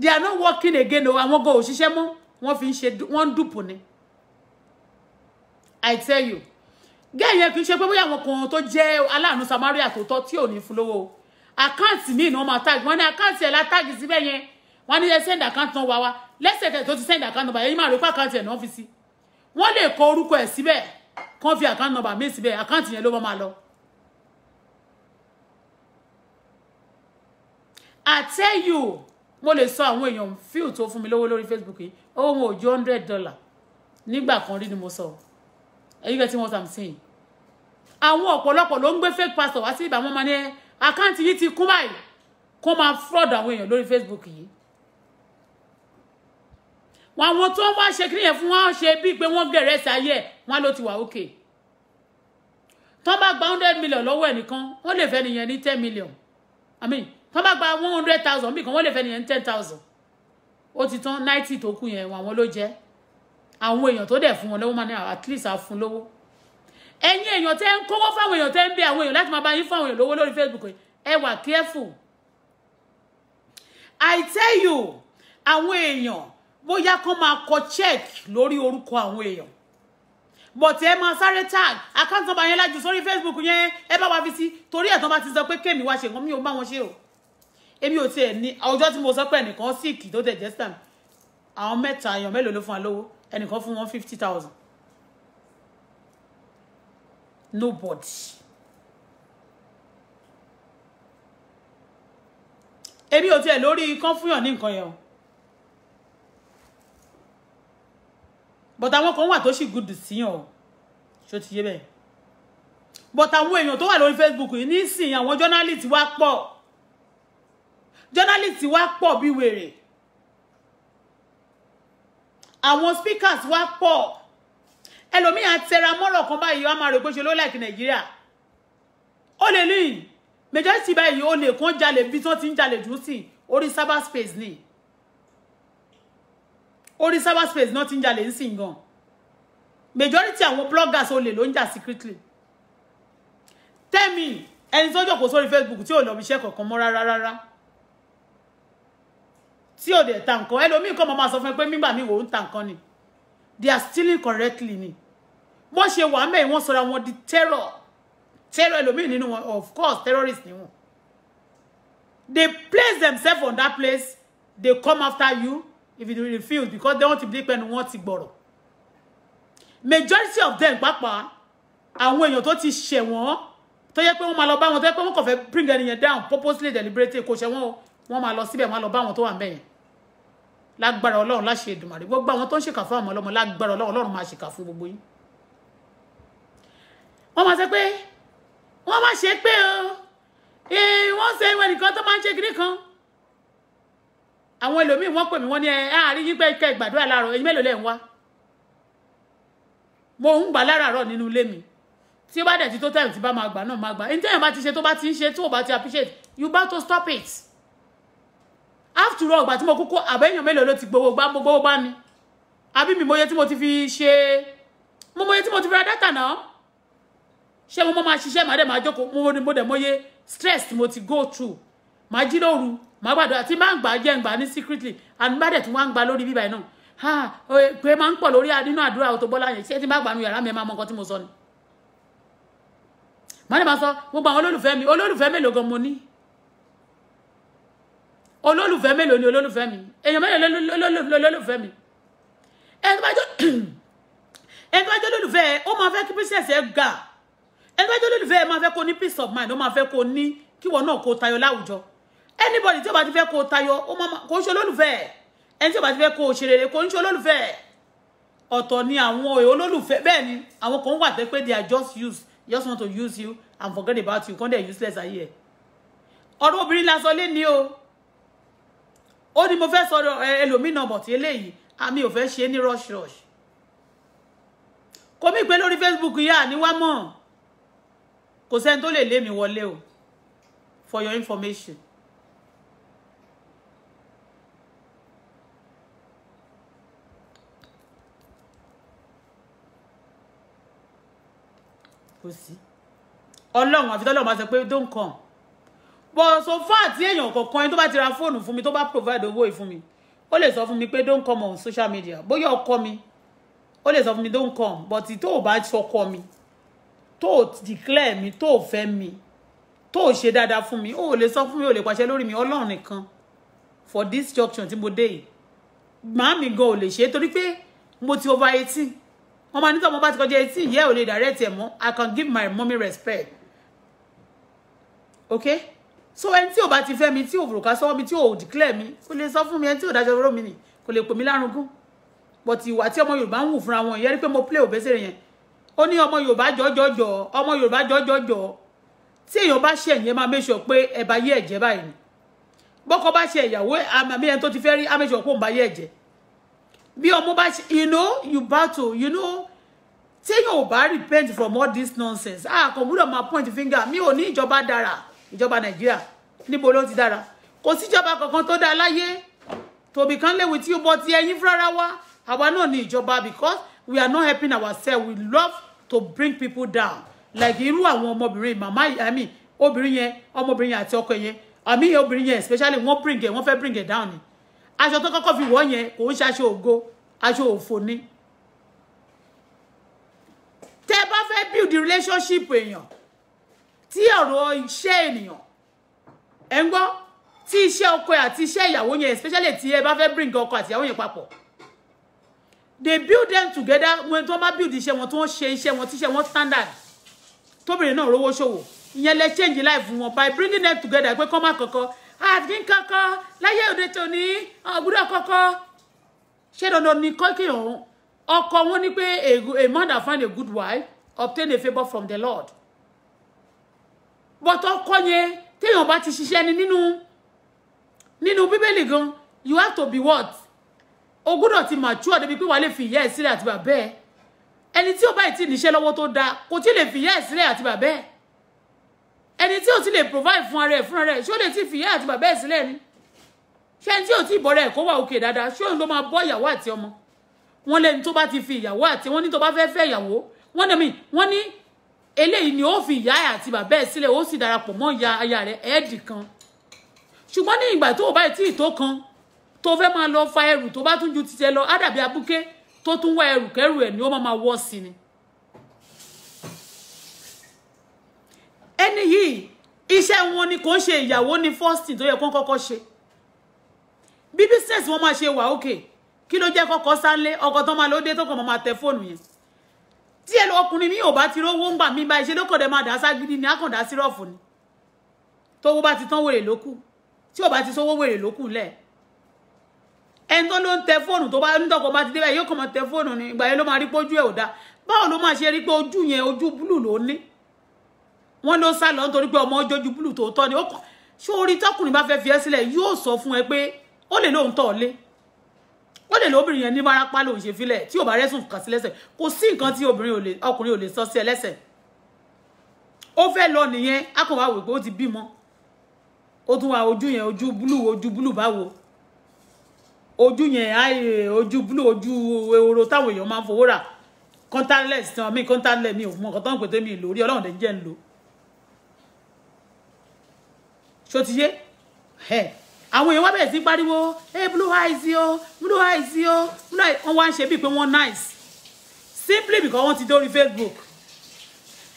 they are not working again o àwọn gan òṣìṣẹ́ mọ́ wọ́n fi ń ṣe wọ́n ń dùpọ̀ ni i tell you gẹ́ẹ̀ yẹn kì í ṣe pé bóyá àwọn kan tó jẹ́ aláàánú samaria tó tọ́ tí ò ní fún lówó àkáǹtì míì ni wọ́n máa tag wọ́n ní àkáǹtì ẹ̀ la tag síbẹ̀ yẹn wọ́n ní send account náà wá wá lẹ́sẹ̀kẹ̀ tó ti send account number yẹn máa rí pé àkáǹtì ẹ̀ náà fi sí wọ́n lè kọ orúkọ ẹ̀ síbẹ̀ kán fi account number míì síbẹ̀ àkáǹtì yẹn ló máa lọ. I tell you mo lè sọ àwọn èèyàn fíù tó fún mi lówó lórí Facebook yìí owó wọn ò hundred dollar nígbà kan rí ni mo sọ are you getting what i'm saying àwọn ọ̀pọ̀lọpọ̀ ló ń gbé fake pastor wá sí ibà wọn máa ní àkáǹtì yìí ti kún báyìí kó máa fraud àwọn èèyàn lórí facebook yìí wọn àwọn tó ń wá ṣe kí nìyẹn fún wọn ṣe bíi pé wọn gẹ̀rẹ́ sí ayé ẹ̀ wọn ló ti wà òkè tó bá gba hundred million lọ́wọ́ ẹnìkan wọ́n lè fẹ́ nìyẹn ní ten million i mean tó bá gba one hundred thousand bíi kan wọ́n lè fẹ́ nìyẹn ní ten thousand ó ti tán ninety tó kù yẹn wọn àwọn ló jẹ́ àwọn èèyàn tó dẹ̀ fún wọn lọ́wọ́ máa ní at least á fún lówó ẹ̀yin èèyàn tẹ́ ń kówó fáwọn èèyàn tẹ́ ń bẹ àwọn èèyàn láti máa bá yín fún àwọn èèyàn lówó lórí Facebook ẹ wà careful I tell you àwọn èèyàn bóyá kán máa kọ check lórí orúkọ àwọn èèyàn but ẹ máa sáré tag account number yẹn lájú sórí Facebook yẹn ẹ bá wa fi sí torí ẹ̀ tán bá ti sọ pé kémi wá ṣe nǹkan mi ò bá wọn ṣe o èmi ò tiẹ̀ ní ọjọ́ tí mo sọ pé ẹnìkan síìkì tó tẹ̀ jẹ́ sàn àwọn mẹ́ta èèyàn mélòó ló fún wa lówó ẹnìkan fún wọn fifty thousand nobody èmi ò tiẹ̀ lórí kán fúnyàn ní nǹkan yẹn o but àwọn kan wà tó sì gùdù síyàn o ṣó ti yé bẹ́ẹ̀ but àwọn èèyàn tó wà lórí Facebook yìí nísìnyí àwọn journalist wa pọ̀ journalist wa pọ̀ bí wèrè àwọn speakers wa pọ̀ ẹlòmíì àtẹra mọ́rọ̀ kan báyìí wọ́n máa rò pé ṣe ló like nàìjíríà ó lè ní majority báyìí ó lè kàn jalè bí wọ́n ti ń jalè jù sí orí cyber space ni orí cyber space náà ti ń jalè ń sìn gan majority àwọn bloggers ó lè ló ń jà secretly tell me ẹni tó jókòó sórí facebook tí ò lọ fi iṣẹ́ kankan mọ́ rárá rárá tí ò dẹ̀ ta nǹkan ẹlòmíì kọ́ mọ́ máa sọ fún ẹ pé nígbà míì wò ń ta nǹkan ni they are stealing correctly ni wọ́n ṣe wà mẹ́rin wọ́n sọra wọn di terror terror ẹlòmíì nínú wọn of course terrorists ni wọn they place themselves on that place they come after you if you refuse because they want to believe pẹ̀lú wọn ti gbọ̀rọ̀ majority of them pàápàá àwọn èèyàn tó ti ṣẹ̀ wọ́n tó yẹ pé wọ́n máa lọ bá wọn tó yẹ pé wọ́n kàn fẹ́ bring ẹnìyẹn down purposely deliberately kò ṣẹ̀ wọ́n o wọ́n máa lọ síbẹ̀ wọ́n á lọ bá wọn tó wà ń bẹ̀yẹn lágbára ọlọ́run láṣẹ Èdùmàrè gbogbo àwọn tó ń ṣèkà fún àwọn ọlọ́mọ lágbára ọlọ́run ọlọ́run máa ṣèkà fún gbogbo yín wọ́n máa sọ pé wọ́n máa ṣe pé o wọ́n ṣe ìwé nìkan tó máa ń ṣe kiri kan àwọn ẹlòmíì wọ́n pè mí wọ́n ní ẹ àárín yín pé kẹ́ ẹ gbàdúrà láàárọ̀ ẹ̀yin mélòó lẹ́ ń wá mo ń gbà láràárọ̀ nínú ilé mi tí ó bá dẹ̀ ti tó tẹ̀yìn tí bá máa gbà náà máa gbà ní tẹ̀yìn you bá stop it after all ìgbà tí mo kúkú àbẹ́yàn mélòó ló ti gbowó gbá mo gbowó gbá ni àbí mi mọye tí mo ti fi ṣe mo mọye tí mo ti fi ra dátà náà ṣé mo mọ máa ṣiṣẹ́ màá dẹ̀ máa jókòó mo mo dẹ̀ mọye stress tí mo ti go through màá jí lóru màá gbàdúrà tí máa ń gbà jẹ́ secretly and bá dẹ̀ tí wọ́n á ń gbà lórí bíbá náà ha pé máa ń pọ̀ lórí nínú àdúrà Auto Bola yẹn ṣé tí bá gbà nu yàrá mi ẹ máa mọ nǹkan tí mo sọ ni. màá dẹ̀ máa sọ gbogbo àwọn olólùfẹ́ mi olólùfẹ́ mélòó gan mo ní olólùfẹ́ mélòó ni olólùfẹ́ mi èèyàn mélòó ni olólùfẹ́ mi ẹni tó bá jọ ẹni tó bá jọ olólùfẹ́ ẹ ó máa fẹ́ kí princess ẹ ga ẹni tó bá jọ olólùfẹ́ ẹ máa fẹ́ kó ní peace of mind ó máa fẹ́ kó ní kíwọ náà kó tayọ láwùjọ anybody tí ó bá ti fẹ́ kó tayọ ó máa kó ṣe olólùfẹ́ ẹni tí ó bá ti fẹ́ kó ṣe rere kó ń ṣe olólùfẹ́ ọ̀tọ̀ ni àwọn olólùfẹ́ bẹ́ẹ̀ ni àwọn kan wà tẹ́ pé they are just use, just want to use you and forget about you kọ́ndẹ̀ useless ayé ẹ̀ ọ̀rọ̀ obìnrin lásán lé ní o ó ní mo fẹ́ sọ ẹlòmínà bọ̀ tí eléyìí àmì ò fẹ́ ṣe ní rush rush kò mí pé lórí Facebook yá ni wá mọ̀ kò sẹ́ni tó lè lé mi wọlé o for your information. kò sí ọlọ́run àfi tọ́lọ́run bá sọ pé don't come but so far tí èèyàn kọ̀ọ̀kan ẹni tó bá ti ra fóònù fún mi tó bá provide owó yìí fún mi ó lè sọ fún mi pé don't come on social media bóyá ọkọ mi ó lè sọ fún mi don't come but tó o bá sọkọ mi tó o declare mi tó o fẹ́ mi tó o ṣe dáadáa fún mi ó lè sọ fún mi ó lè pàṣẹ lórí mi ọlọ́run nìkan for this junction tí mo dé yìí màámi gan ò lè ṣe é torí pé mo ti over eighteen wọn máa ní tí ọmọ bá ti kọjá eighteen yẹ ò lè direct ẹ mọ́ I can give my mommy respect okay so ẹni tí ò bá ti fẹ́ mi tí ò òrùka sọ́wọ́ mi tí ò declare mi kò lè sọ fún mi ẹni tí ò dájọ́ rọ́ mi nì kò lè pè mí lárugún but ìwà tí ọmọ Yorùbá ń wù fúnra wọn ìyẹn rí pé mo play òbẹ́sẹ̀ yẹn ó ní ọmọ Yorùbá jọjọjọ ọmọ Yorùbá jọjọjọ tí èèyàn bá ṣe ẹ̀yìn ẹ máa make sure pé ẹ bá yé ẹ̀jẹ̀ báyìí ni bọ́kọ bá ṣe ìyàwó àmàmí ẹni tó ti fẹ́ rí á make sure pé òun bá yé ẹ̀jẹ̀ bí ọmọ bá ṣe you know you battle you know téèyàn ò bá repent from all this nonsense ah kò gbúdọ̀ máa point finger mi ò ní ìjọba dára ìjọba nàìjíríà níbo ló ti dára kò síjọba kankan tó dáa láyé to be can with you but ẹ̀yin fúnra wa àwa náà ni ìjọba because we are not helping ourselves we love to bring people down like irú àwọn ọmọbìnrin màmá i mean obìnrin yẹn ọmọbìnrin yẹn àti ọkọ yẹn i mean obìnrin yẹn especially wọ́n bring it wọ́n fẹ́ bring it down ni aṣọ tó kọ́kọ́ fi wọ̀ yẹn kò ń ṣaṣọ ògo aṣọ òfò ni tẹ́ bá fẹ́ build the relationship èèyàn tí ọ̀rọ̀ iṣẹ́ ènìyàn ẹ̀ ń gbọ́ tí iṣẹ́ ọkọ àti iṣẹ́ ìyàwó yẹn especially tí ẹ bá fẹ́ bring ọkọ àti ìyàwó yẹn papọ̀ they build them together when tó bá build iṣẹ́ wọn tó ń ṣe iṣẹ́ wọn tíṣẹ́ wọn standard tóbìnrin náà rówó ṣòwò ìyẹn lè change life wọn by bringing them together pé kọ́ má kọ́kọ́ àti kankan láyé òde tòní ọ̀gbúdọ̀ kọ́kọ́ ṣé dandan ni kọ́kìyàn ọkọ wọn ni pé a man that find a good wife obtain a favour from the Lord bọ́tọ̀ kọ́ yẹn téèyàn bá ti ṣiṣẹ́ ni nínú nínú bíbélì gan you have to be what o gbúdọ̀ ti mature débi pé wàá lè fi ìyá ẹ̀ sílẹ̀ àti bàbá ẹ̀ ẹni tí ó bá ti níṣẹ́ lọ́wọ́ tó dáa kò tí lè fi ìyá ẹ̀ sílẹ̀ àti bàbá ẹ̀ ẹni tí ò ti lè provide fún ara ẹ̀ fúnra rẹ̀ ṣé ó lè ti fi ìyá àti bàbá ẹ̀ sílẹ̀ ni ṣé ẹni tí ò ti bọ̀rẹ̀ ẹ̀kọ́ wà òkè dáadáa ṣé òun ló máa bọ́ ìyàwó àti ọmọ wọn lẹni tó bá ti fi ìyàwó àti wọn ní tó bá fẹ́ fẹ́ ìyàwó wọn ní eléyìí ni ó fi ìyá ẹ̀ àti bàbá ẹ̀ sílẹ̀ ó sì darapọ̀ mọ́ ìyá aya rẹ̀ ẹ̀ẹ́dì kan ṣùgbọ́n ní ìgbà tó o bá tí ì tó kan tó fẹ́ máa lọ fa ẹrù tó bá tún ju títẹ lọ á dàbí abúké tó tún wá ẹrù kẹrù ẹ̀ ni ó máa máa wọ́ sí ni. ẹni yìí iṣẹ́ wọn ni kò ń ṣe ìyàwó ni first thing tó yẹ kó kọ́kọ́ ṣe bí business wọn máa ṣe wà ókè kí ló jẹ́ kọ́kọ́ sálé ọkọ̀ tó máa lóde tó kàn máa tẹ fóònù yẹn tí ẹ lọ ọkùnrin mi ò ba ti rówó ń gbà mí bá ìṣe lókàn dẹ máa dà ságídí ni àkàndá sírọ̀fù ni tówó bá ti tán wèrè lókù tí ò bá ti sówó wèrè lókù lẹ̀ ẹni tó ló ń tẹ fóònù tó bá nítọ̀kọ̀ bá ti débẹ̀ yóò kàn máa tẹ fóònù ni ìgbà yẹn ló máa rí pé ojú ẹ̀ ò dáa báwo ló máa ṣe rí pé ojú yẹn ojú búlù ló ní wọ́n ló sá lọ nítorí pé ọmọ ọjọ́ ojú búlù tó tọ́ ni ó kàn ṣé orí tọkùnrin bá fi ẹ́ sílẹ̀ yóò sọ fún ẹ pé ó lè lóun tọ̀ ó lè lóbìnrin yẹn ní márápá lòun ṣe filẹ̀ tí ò bá rẹ́sùn kàn sí lẹ́sẹ̀ kò sí nǹkan tí obìnrin ọkùnrin ò lè sọ sí ẹ lẹ́sẹ̀ ó fẹ́ lọ nìyẹn á kàn wá wò pé ó ti bímọ ó tún wá ojú yẹn ojú blue ojú blue báwo ojú yẹn àyè ojú blue ojú ehoro táwọn èèyàn máa ń fowó rà contactless tí wọn mi contactless mi ò mọ nǹkan tó ń pè tó mi lórí ọlọ́run dẹ̀ ń jẹ́ ń lò ṣó ti yé àwọn èèyàn wá bẹ̀rẹ̀ sí pariwo hey blue eyes o blue eyes yo. blue eyes wọ́n wá ń ṣe bíi pé wọ́n nice simply because wọ́n ti dórí Facebook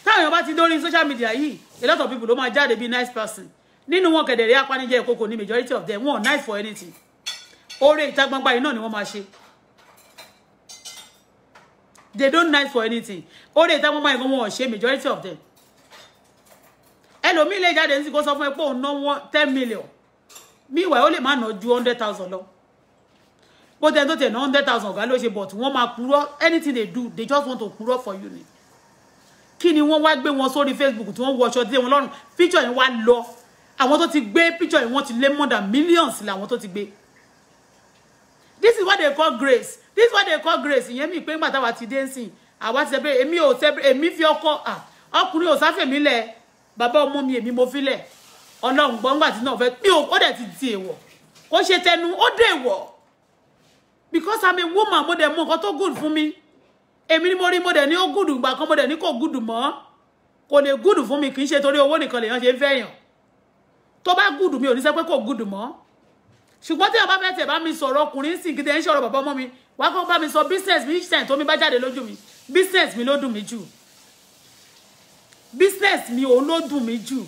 táwọn èèyàn bá ti dórí social media yìí a lot of people ló máa jáde bíi nice person nínú wọn kẹ̀dẹ̀rẹ́ apanijẹ́ ìkókò ní majority of them wọn nice for anything oore ìta gbangba yìí náà ni wọ́n máa ṣe they don't nice for anything oore ìta gbangba yìí gan wọn ò ṣe majority of them ẹlòmíì lè jáde ní kó sọ fún ẹ pé òun ná wọn ten million meanwhile ó lè má ná ju hundred thousand lọ bó tẹ́ tó tẹ̀ ná hundred thousand ọ̀gá ló ṣe but wọ́n máa purọ́ anything they do they just want to purọ́ for you ni kí ni wọ́n wá gbé wọn sórí facebook tí wọ́n wọ aṣọ dé wọn lọ́rùn picture yẹn wá lọ àwọn tó ti gbé picture yẹn wọ́n ti lé more than millions làwọn tó ti gbé this is what they call grace this is what they call grace ìyẹn mi pé ńgbà táwa ti dé ń sìn àwa ti sẹ́pẹ́ èmi ò sẹ́pẹ́ èmi fi ọkọ ọkùnrin ò sáfẹ̀mí lẹ̀ bàbá ọmọ mi èmi mo fi lẹ̀ ọlọ́run gbọ́ngbà tí náà fẹ́ mi ò ó dẹ̀ ti di èèwọ̀ ó ṣe tẹnu ó dé èèwọ̀ because i'm a woman mo dẹ̀ mọ nǹkan tó good fún mi èmi ni mo rí mo dẹ̀ ní ó gùdù gbà kan mo dẹ̀ ní kò gùdù mọ́ kò lè gùdù fún mi kì í ṣe torí owó nìkan lèèyàn ṣe ń fẹ́yàn tó bá gùdù mi ò ní sẹ́ pé kò gùdù mọ́ ṣùgbọ́n tí ọba fẹ́ẹ́ tẹ̀ bá mi sọ̀rọ̀ ọkùnrin sì kìdẹ̀ ń ṣọ̀rọ̀ bàbá ọmọ mi wá kó bá mi sọ business mi ṣẹ̀ tó mi bá jáde lójú mi business mi ló dùn mí jù business mi òun ló dùn mí jù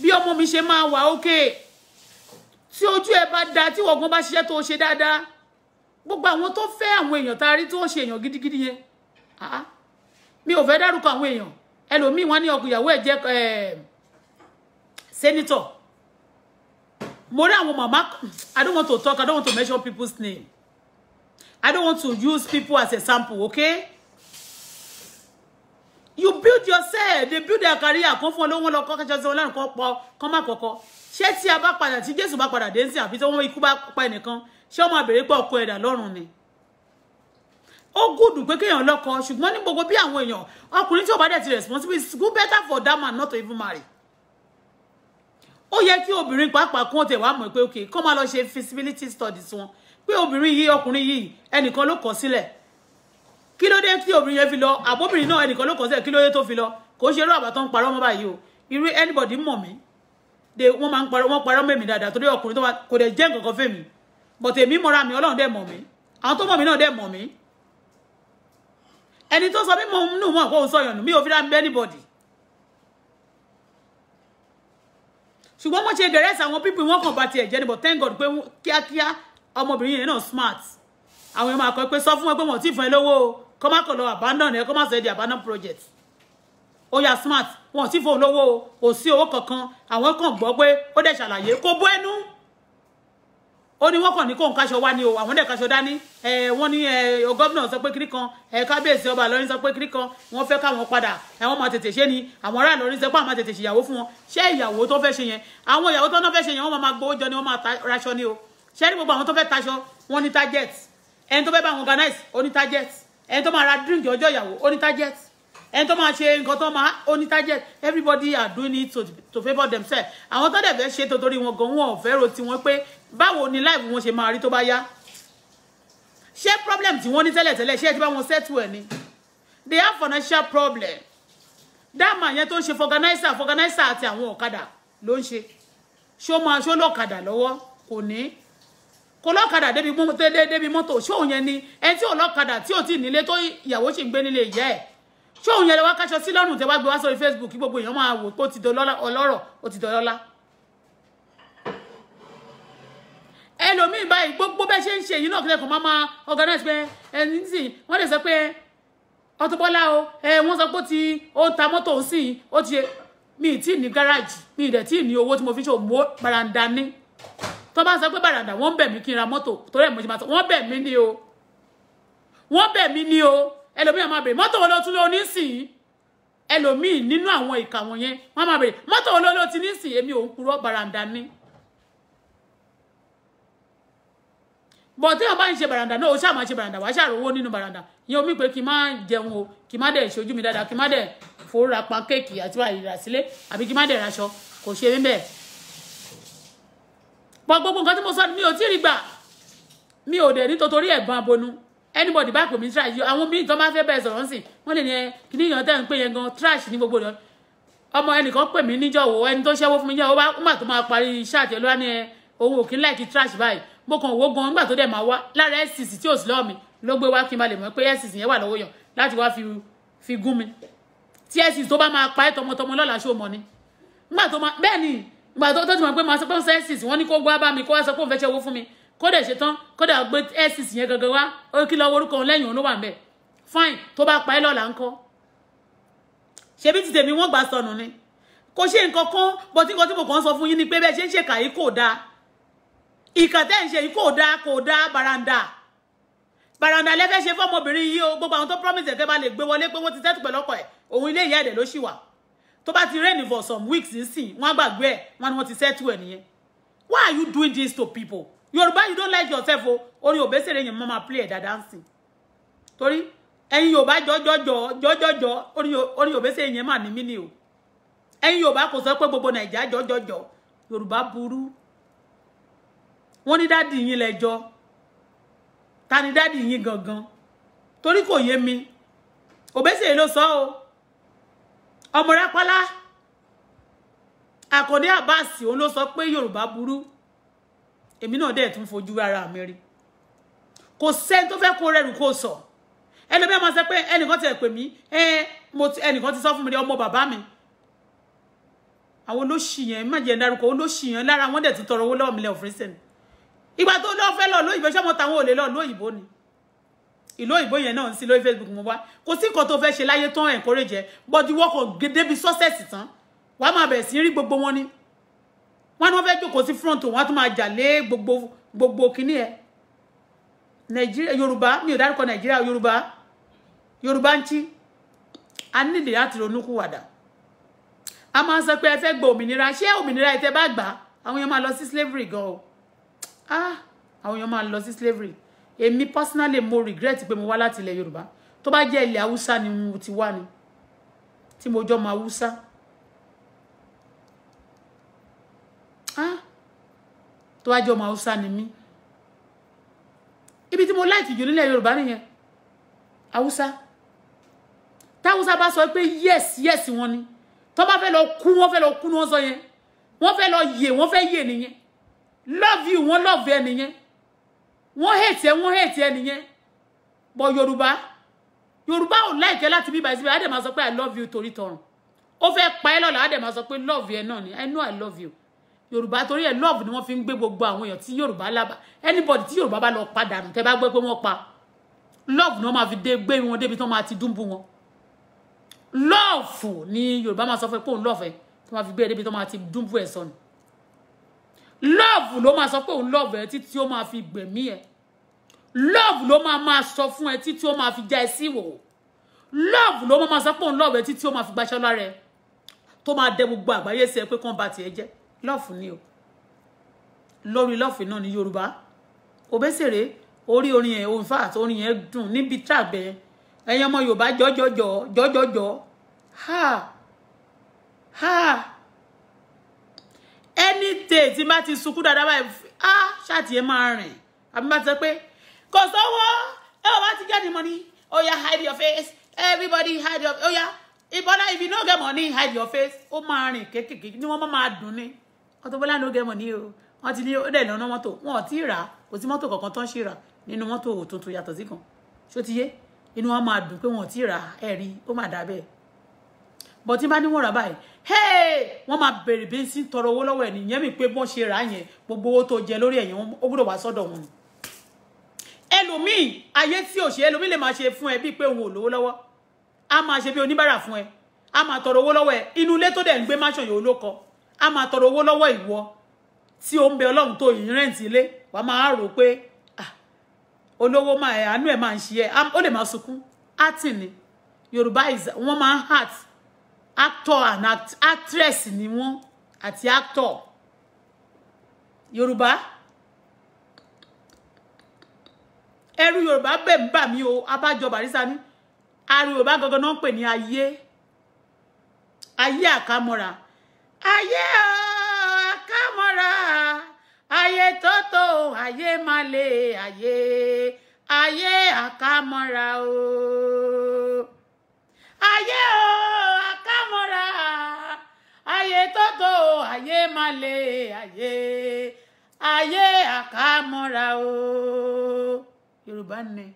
bí ọmọ mi ṣe máa wà ókè tí ojú ẹ bá da tí ọgbọ́n bá ṣiṣẹ́ tó ṣe dáadáa gbogbo àwọn tó fẹ́ àwọn èèyàn tá a rí tí wọ́n ṣe èèyàn gidigidi yẹn mi ò fẹ́ dárúkọ àwọn èèyàn ẹlòmíì wọn ní ọkùnrin ìyàwó ẹ̀ jẹ́ sẹ́nitọ̀ mo rí àwọn màmá I don't want to talk I don't want to mention people's name I don't want to use people as a sample okay you build yourself they build their career kan fún olówó lọ kọ́ kẹjọ sí ọlọ́run kan pọ̀ kan má kọ̀kọ́ ṣé tí a bá padà tí jésù bá padà dé ń sìn àfi tí wọ́n ikú bá pa ẹnìkan ṣé ọmọ àbèrè pọ̀ ọkọ ẹ̀dà lọ́rùn ni ó gùdù pé kéèyàn lọ́kọ ṣùgbọ́n ní gbogbo bí àwọn èèyàn ọkùnrin tí ò bá dẹ̀ ti responsible it's good better for that man not to even marry ó yẹ kí obìnrin pàápàá kún ọ̀tẹ̀ wàá mọ̀ pé ok kó máa lọ ṣe feasibility studies wọn pé obìnrin yìí ọkùnrin yìí ẹnìkan ló kọ̀ sílẹ̀ kí ló dé tí obìnrin yẹn fi lọ àbóbìnrin náà ẹnìkan ló kàn sẹ kí ló dé tó fi lọ kò ṣe irú àbá tó ń parọ́ mọ́ báyìí o irú anybody mọ̀ mí de wọ́n máa ń parọ́ wọ́n parọ́ mẹ́mi dáadáa torí ọkùnrin tó wà kò dẹ̀ jẹ́ nǹkan fẹ́mi but èmi mọ́ra mi ọlọ́run dẹ̀ mọ̀ mí àwọn tó mọ̀ mí náà dẹ̀ mọ̀ mí ẹni tó sọ mí mọ̀ nù mọ̀ kó o sọ yànnù mi ò fi dá mi anybody ṣùgbọ́n wọ́n ṣe dẹ̀rẹ́sì àwọn pípì wọ́n kàn bá tiẹ̀ jẹ́ níbọ̀ thank God pé kíákíá ọmọbìnrin yẹn náà smart àwọn èèyàn máa kọ pé sọ fún wọn pé wọ́n ti fún ẹ lówó o kọ́ má kọ̀ lọ abandon ẹ̀ kọ́ má sọ di abandon project ó yá smart wọn ò sí fóun lówó o kò sí owó kankan àwọn kan gbọ́ pé ó dẹ̀ ṣàlàyé kó bó ẹnu ó ní wọ́n kàn ní kó ń kaṣọ wá ní o àwọn dẹ̀ kaṣọ dání ẹ wọ́n ní ẹ gómìnà sọ pé kiri kan ẹ kábíyèsí ọba àlọ́rin sọ pé kiri kan wọ́n fẹ́ káwọn padà àwọn máa tètè ṣe ni àwọn ará àlọ́rin sọ pé àwọn máa tètè ṣèyàwó fún wọn ṣé ìyàwó tó fẹ́ ṣe yẹn àwọn ìyàwó tó fẹ́ ṣe yẹn wọ́n máa gbowó jọ ni wọ́n máa raṣọ ni o ṣé ní gbogbo àwọn tó fẹ́ taṣọ wọ́n ní target ẹni tó fẹ́ bá wọn organize ó ní target ẹni tó máa ra drink ọjọ́ ìyàwó ó ní target ẹni tó máa ṣe nǹkan tó máa ó ní target everybody are doing it to, to favour themselves àwọn tó dẹ̀ fẹ́ ṣe tòtórí wọn gan wọn ò fẹ́ ro tiwọn pé báwo ni life wọn ṣe máa rí tó bá yá ṣé problem tí wọ́n ní tẹ́lẹ̀tẹ́lẹ̀ ṣé ẹ ti bá wọn settle ẹ̀ ni they have financial problem dáàmà yẹn tó ń ṣe fọganáísà fọganáísà àti àwọn ọ̀kadà ló ń ṣe ṣó máa ṣó lọ́kadà lọ́wọ́ kò ní kò lọ́kadà débi mọ́tò ṣóun yẹn ni ẹni tí ò lọ́kadà tí ò tí nílé tó ìyàwó sì ń gbé nílé ìyá ẹ̀ ṣóun yẹn lè wá sí lọ́rùn tẹ́ gbé wá sórí Facebook kí gbogbo èèyàn máa wò pé ó ti dọlọ́rọ̀ ó ti dọlọ́lá. ẹlòmíì báyìí gbogbo bẹ́ẹ̀ ṣe ń ṣe èyí náà kílẹ̀ kan máa máa organize pé ẹni tí wọ́n lè sọ pé Auto o ẹ wọ́n sọ pé ó ti ó ta mọ́tò ó ó ti mi ì tí ì ní gáràjì mi ì dẹ̀ tí ì ní owó tí mo fi ṣe òmò baranda tó bá sọ pé bàràdà wọ́n bẹ̀ mí kí n ra mọ́tò torí ẹ̀ mo ṣe máa sọ wọ́n bẹ̀ mí ni o wọ́n bẹ̀ mí ni o ẹlòmíràn máa bèrè mọ́tò wo ló tún lọ nísìnyí ẹlòmíì nínú àwọn ìka wọn yẹn wọ́n máa bèrè mọ́tò wo ló ló ti nísìnyí èmi ò ń purọ́ bàràǹdà ni. bọ̀ tí wọ́n bá ń ṣe bàràǹdà náà o ṣáà máa ṣe bàràǹdà wàá ṣàrò owó nínú bàràǹdà ìyẹn omi pé kí n má jẹun o kí n má dẹ̀ ṣojú mi dáadáa kí n má dẹ̀ fòórà pankéèkì àti wàá ìrà sílé àbí kí n má dẹ̀ raṣọ kò ṣe mí bẹ́ẹ̀ pọ gbogbo nǹkan tí mo sọ ni mi ò tí ì rí gbà mi ò dẹ̀ ní torí ẹ̀gbọ́n abonú anybody bá pè mí trash àwọn míì tó máa fẹ́ bẹ̀rẹ̀ sọ̀rọ̀ ńsìn wọ́n lè ní ẹ kí ni ìyàn tẹ́ ń pè yẹn gan trash ní gbogbo ìyàn ọmọ ẹnìkan pè mí níjọ̀wọ́ ẹni tó ṣẹ́wó fún mi jẹ́ ọba nígbà tó máa parí iṣẹ́ àti ọlọ́wà ni ẹ owó òkín láìkí trash báyìí mo kàn wó gan nígbà tó dẹ̀ máa wá lára ncc tí ò sí lọ́wọ́ mi ló gbé wá kí n bá lè mọ̀ pé ncc yẹn wà lọ́wọ́ yàn láti wá fi gún mi tí ncc tó bá máa pa ẹ́ tọmọtọmọ lọ́la ṣó mọ ni nígbà tó máa bẹ́ẹ̀ ni gbà tó tó ti mọ̀ pé màá sọ pé òun sẹ́ ẹ́sìs wọ́n ní kó gbá bá mi kó wá sọ pé òun fẹ́ ṣe owó fún mi kódà ṣe tán kódà gbé ẹ́sìs yẹn gangan wá ó kí lọ orúkọ òun lẹ́yìn òun ló wà ń fine tó bá pa ẹ́ lọ́la ńkọ́ ṣebí ti tèmi wọ́n gbà sọnù ni kò ṣe nǹkan kan bọ́tí nǹkan tí mo kàn sọ fún yín ni pé bẹ́ẹ̀ ṣe ń ṣèkà yìí kò dáa ìkà tẹ́ ń ṣe yìí kò dáa kò dáa baranda baranda lẹ́fẹ́ ṣe fọ́mọbìnrin yìí o gbogbo àwọn tó promise ẹ̀kẹ́ bá lè gbé wọlé pé wọ́n ti tẹ́tù pẹ̀lọ́kọ̀ ẹ̀ òun ilé ìyá ẹ̀dẹ̀ ló ṣì wà To bá ti rain for some weeks nísìn wọ́n gbàgbé ẹ̀ wọ́n ni wọ́n ti settle ẹ̀ nìyẹn why are you doing this to people yorùbá you don't like yourself o orin òbẹ́sẹ̀rẹ̀ yẹn mo mama play ẹ̀dá dancing torí ẹ̀yin yorùbá jọjọjọ jọjọjọ orin òbẹ́sẹ̀rẹ̀ yẹn mà ní mí ni o ẹ̀yin yorùbá kò sọ pé gbogbo nàìjíríà jọjọjọ yorùbá buru. wọ́n ní dáàdì yín lẹ́jọ́ ta ni dáàdì yín gangan torí kò yé mi òbẹ́sẹ̀rẹ̀ ló sọ o ọmọ rápálá àkàndé àbáàsì òun ló sọ pé yorùbá burú èmi náà dẹ̀ tún fojú ara mi rí kò sẹ́ni tó fẹ́ kó rẹrù kó sọ ẹlòmíràn máa sọ pé ẹnìkan ti ẹ̀ pè mí ẹnìkan ti sọ fún mi rí ọmọ bàbá mi àwọn olóṣì yẹn má jẹ́ dárúkọ olóṣì yẹn lára wọn dẹ̀ ti tọrọ owó lọ́wọ́ mi lẹ́wọ̀ fún ìsẹ̀ni ìgbà tó lọ́ọ́ fẹ́ lọ lóyìnbó ṣé ọmọ táwọn ò lè lọ lóyìnbó ni ìlú òyìnbó yẹn náà ń sí lórí facebook mo wá kò sí nǹkan tó fẹ́ ṣe láyé tán encourage ẹ but ìwọ kò débi success tán wàá máa bẹ̀rẹ̀ sí rí gbogbo wọn ni wọn ni wọn fẹ́ jókòó sí front wọn á tún máa jà lé gbogbo gbogbo kínní ẹ nàìjíríà yorùbá mi ò dárúkọ nàìjíríà yorùbá yorùbá ń chí a nílè láti ronúkúwàdà a máa sọ pé ẹ fẹ́ gba òmìnira ṣé òmìnira ẹ tẹ́ bá gbà àwọn èèyàn máa lọ sí slavery gan o ah àwọn èèyàn máa lọ sí slavery èmi personally mo regret pé mo wá láti ilẹ̀ yorùbá tó bá jẹ́ ilẹ̀ haúsá ni mo ti wá ni tí mo jọ́ mọ haúsá ah! tó bá jẹ́ ọmọ haúsá ni mí ibi tí mo láìkì jù nílẹ̀ yorùbá nìyẹn haúsá táwùsá bá sọ pé yes yes wọn ni tó bá fẹ́ lọ kú wọ́n fẹ́ lọ kú ni wọ́n sọ yẹn wọ́n fẹ́ lọ yè wọ́n fẹ́ yè nìyẹn love you wọ́n love ẹ nìyẹn wọ́n hate ẹ wọ́n hate ẹ nìyẹn bọ̀ yorùbá yorùbá ò láìkẹ́ láti bíbá ẹ síbi àdè máa sọ pé i love you torí tọrùn ó fẹ́ pa ẹ́ lọ́la àdè máa sọ pé love ẹ náà ni i know i love you yorùbá torí ẹ love ni wọ́n fi ń gbé gbogbo àwọn èèyàn tí yorùbá lába anybody tí yorùbá bá lọ padà nù tẹ́ bá gbé pé wọ́n pa love ni wọ́n máa fi dé gbé wọn débi tí wọ́n máa ti dúnbù wọn love ni yorùbá máa sọ fún ẹ pé òun love ẹ tí wọ́n máa fi gbé ẹ débi tí wọ́n máa ti dúnbù ẹ sọnù love ló máa sọ pé òun love ẹ títí ó máa fi gbẹ̀mí ẹ love ló máa máa sọ fún ẹ títí ó máa fi já ẹ síwò love ló máa máa sọ pé òun love ẹ títí ó máa fi gbaṣẹ́ lára ẹ tó máa dẹ gbogbo àgbáyé sí ẹ pé kán ba tiẹ̀ jẹ́ love ni o lórí love náà ní Yorùbá òbẹ́sẹ̀rẹ̀ orí orin yẹn in fact orin yẹn dùn níbi track bẹ́ẹ̀ ẹ̀yin ọmọ Yorùbá jọjọjọ jọjọjọ ha ha. Any anything tí bá ti sunkún dáadáa báyìí ah ṣáàtì ẹ máa rìn àbí bá ti sọ pé kò sówó ẹ ò bá ti get the money oh yeah hide your face everybody hide your oh yeah ìbọ́dá if you no get money hide your face ó máa rìn kékèké ni wọ́n máa dùn ni Auto Bola no get money o wọ́n ti ní ó dẹ̀ lọ́nà mọ́tò wọn ò tí ì rà kò sí mọ́tò kankan tán ṣì rà nínú mọ́tò tuntun yàtọ̀ sí kan ṣó ti yé inú wọn máa dùn pé wọn ò tí ì rà ẹ̀rí ó mà dà bẹ́ẹ̀ bọ̀ tí bá ní wọ́n rà wọ́n máa bèrè bí n sí tọrọ owó lọ́wọ́ ẹ̀ nìyẹn mi pé bọ́n ṣe rà á yẹn gbogbo owó tó jẹ lórí ẹ̀yìn ó gbọ́dọ̀ wá sọ́dọ̀ wọn. ẹlòmíì ayé tí ò ṣe ẹlòmíì lè máa ṣe fún ẹ bíi pé òun ò lówó lọ́wọ́ a máa ṣe bí oníbàárà fún ẹ a máa tọrọ owó lọ́wọ́ ẹ inú ilé tó dẹ̀ ń gbé máṣàn yòó ló kọ a máa tọrọ owó lọ́wọ́ ìwọ tí ó ń bẹ ọlọ́run tó yìí rẹ́ǹtì ilé wà á máa rò pé ah, olówó máa ẹ àánú ẹ máa ń ṣe ẹ ó lè máa sunkún átì ni yorùbá wọ́n máa ń hàtì actor and act actress ni wọ́n àti actor yorùbá ẹrú yorùbá bẹ̀ ń bà mí o abájọ barisa ní ari yorùbá gangan náà ń pè ní ayé ayé àkámọ́ra ayé o àkámọ́ra ayé tótó ayé má lè ayé ayé àkámọ́ra o ayé o. mọ́ra ayé tótó ayé má lè ayé ayé àkàmọ́ra o Yorùbá ni.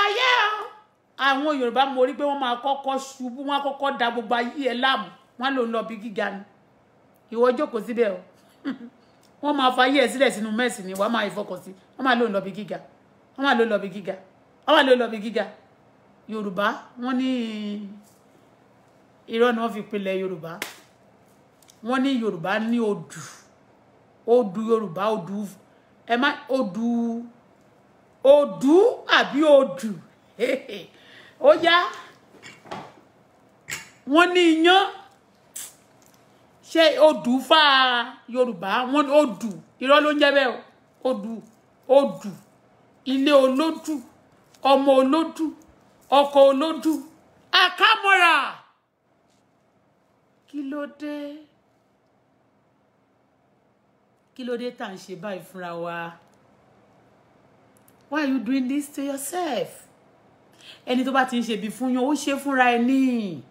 ayé àwọn Yorùbá mo rí pé wọ́n máa kọ́kọ́ ṣubú wọ́n á kọ́kọ́ da gbogbo ayé ẹ̀ láàmú wọ́n lò ń lọ bí gíga ni ìwọ jókòó síbẹ̀ o wọ́n máa fa ayé ẹ̀ sílẹ̀ sínú mẹ́sì ni máa ìfọkànsí wọ́n yorùbá wọ́n ní irọ́ ni wọ́n fi pilẹ̀ yorùbá wọ́n ní yorùbá ní odù odù yorùbá odù ẹ má odù odù àbí odù ó yá wọ́n ní iyán ṣé odù fa yorùbá wọ́n odù irọ́ ló ń jẹ́ bẹ́ẹ̀ odù odù ilé olódù ọmọ olódù ọkọ̀ olódù àkàmọ́ra kí ló dé kí ló dé tá à ń ṣe báyìí fúnra wa why are you doing this to yourself ẹni tó bá ti ń ṣe bí fún yàn ó ṣe fúnra ẹni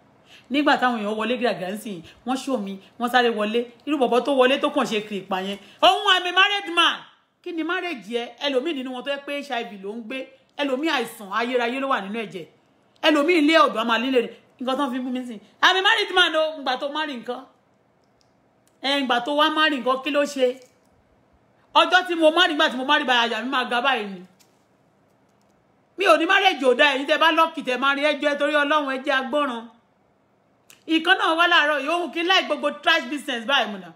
nígbà táwọn èèyàn wọlé gàgà ń sìn wọ́n ṣó mi wọ́n sáré wọlé irú bọ̀bọ̀ tó wọlé tó kàn ṣe kiri ìpà yẹn àmì married man kí ni marriage yẹ ẹlòmíì nínú wọn tó yẹ pé hiv ló ń gbé ẹlòmíì àìsàn ayérayé ló wà nínú ẹ̀jẹ̀ ẹlòmíì ilé ọ̀dọ́ àmà líle nǹkan tó ń fi bú mi sìn àmì married man o ìgbà tó marry nǹkan ìgbà tó wá marry nǹkan kí ló ṣe ọjọ́ tí mo marry nígbà tí mo marry báyà àyà mi máa ga báyìí ni mi ò ní marriage ò dá ẹ̀yin tẹ́ bá lọ́ọ̀kì tẹ́ máa rí ẹjọ́ torí ọlọ́run ẹjẹ́ agbọ́ràn ìkan náà wá láàárọ̀ yòówù kí láì gbogbo trash business báyìí mo nà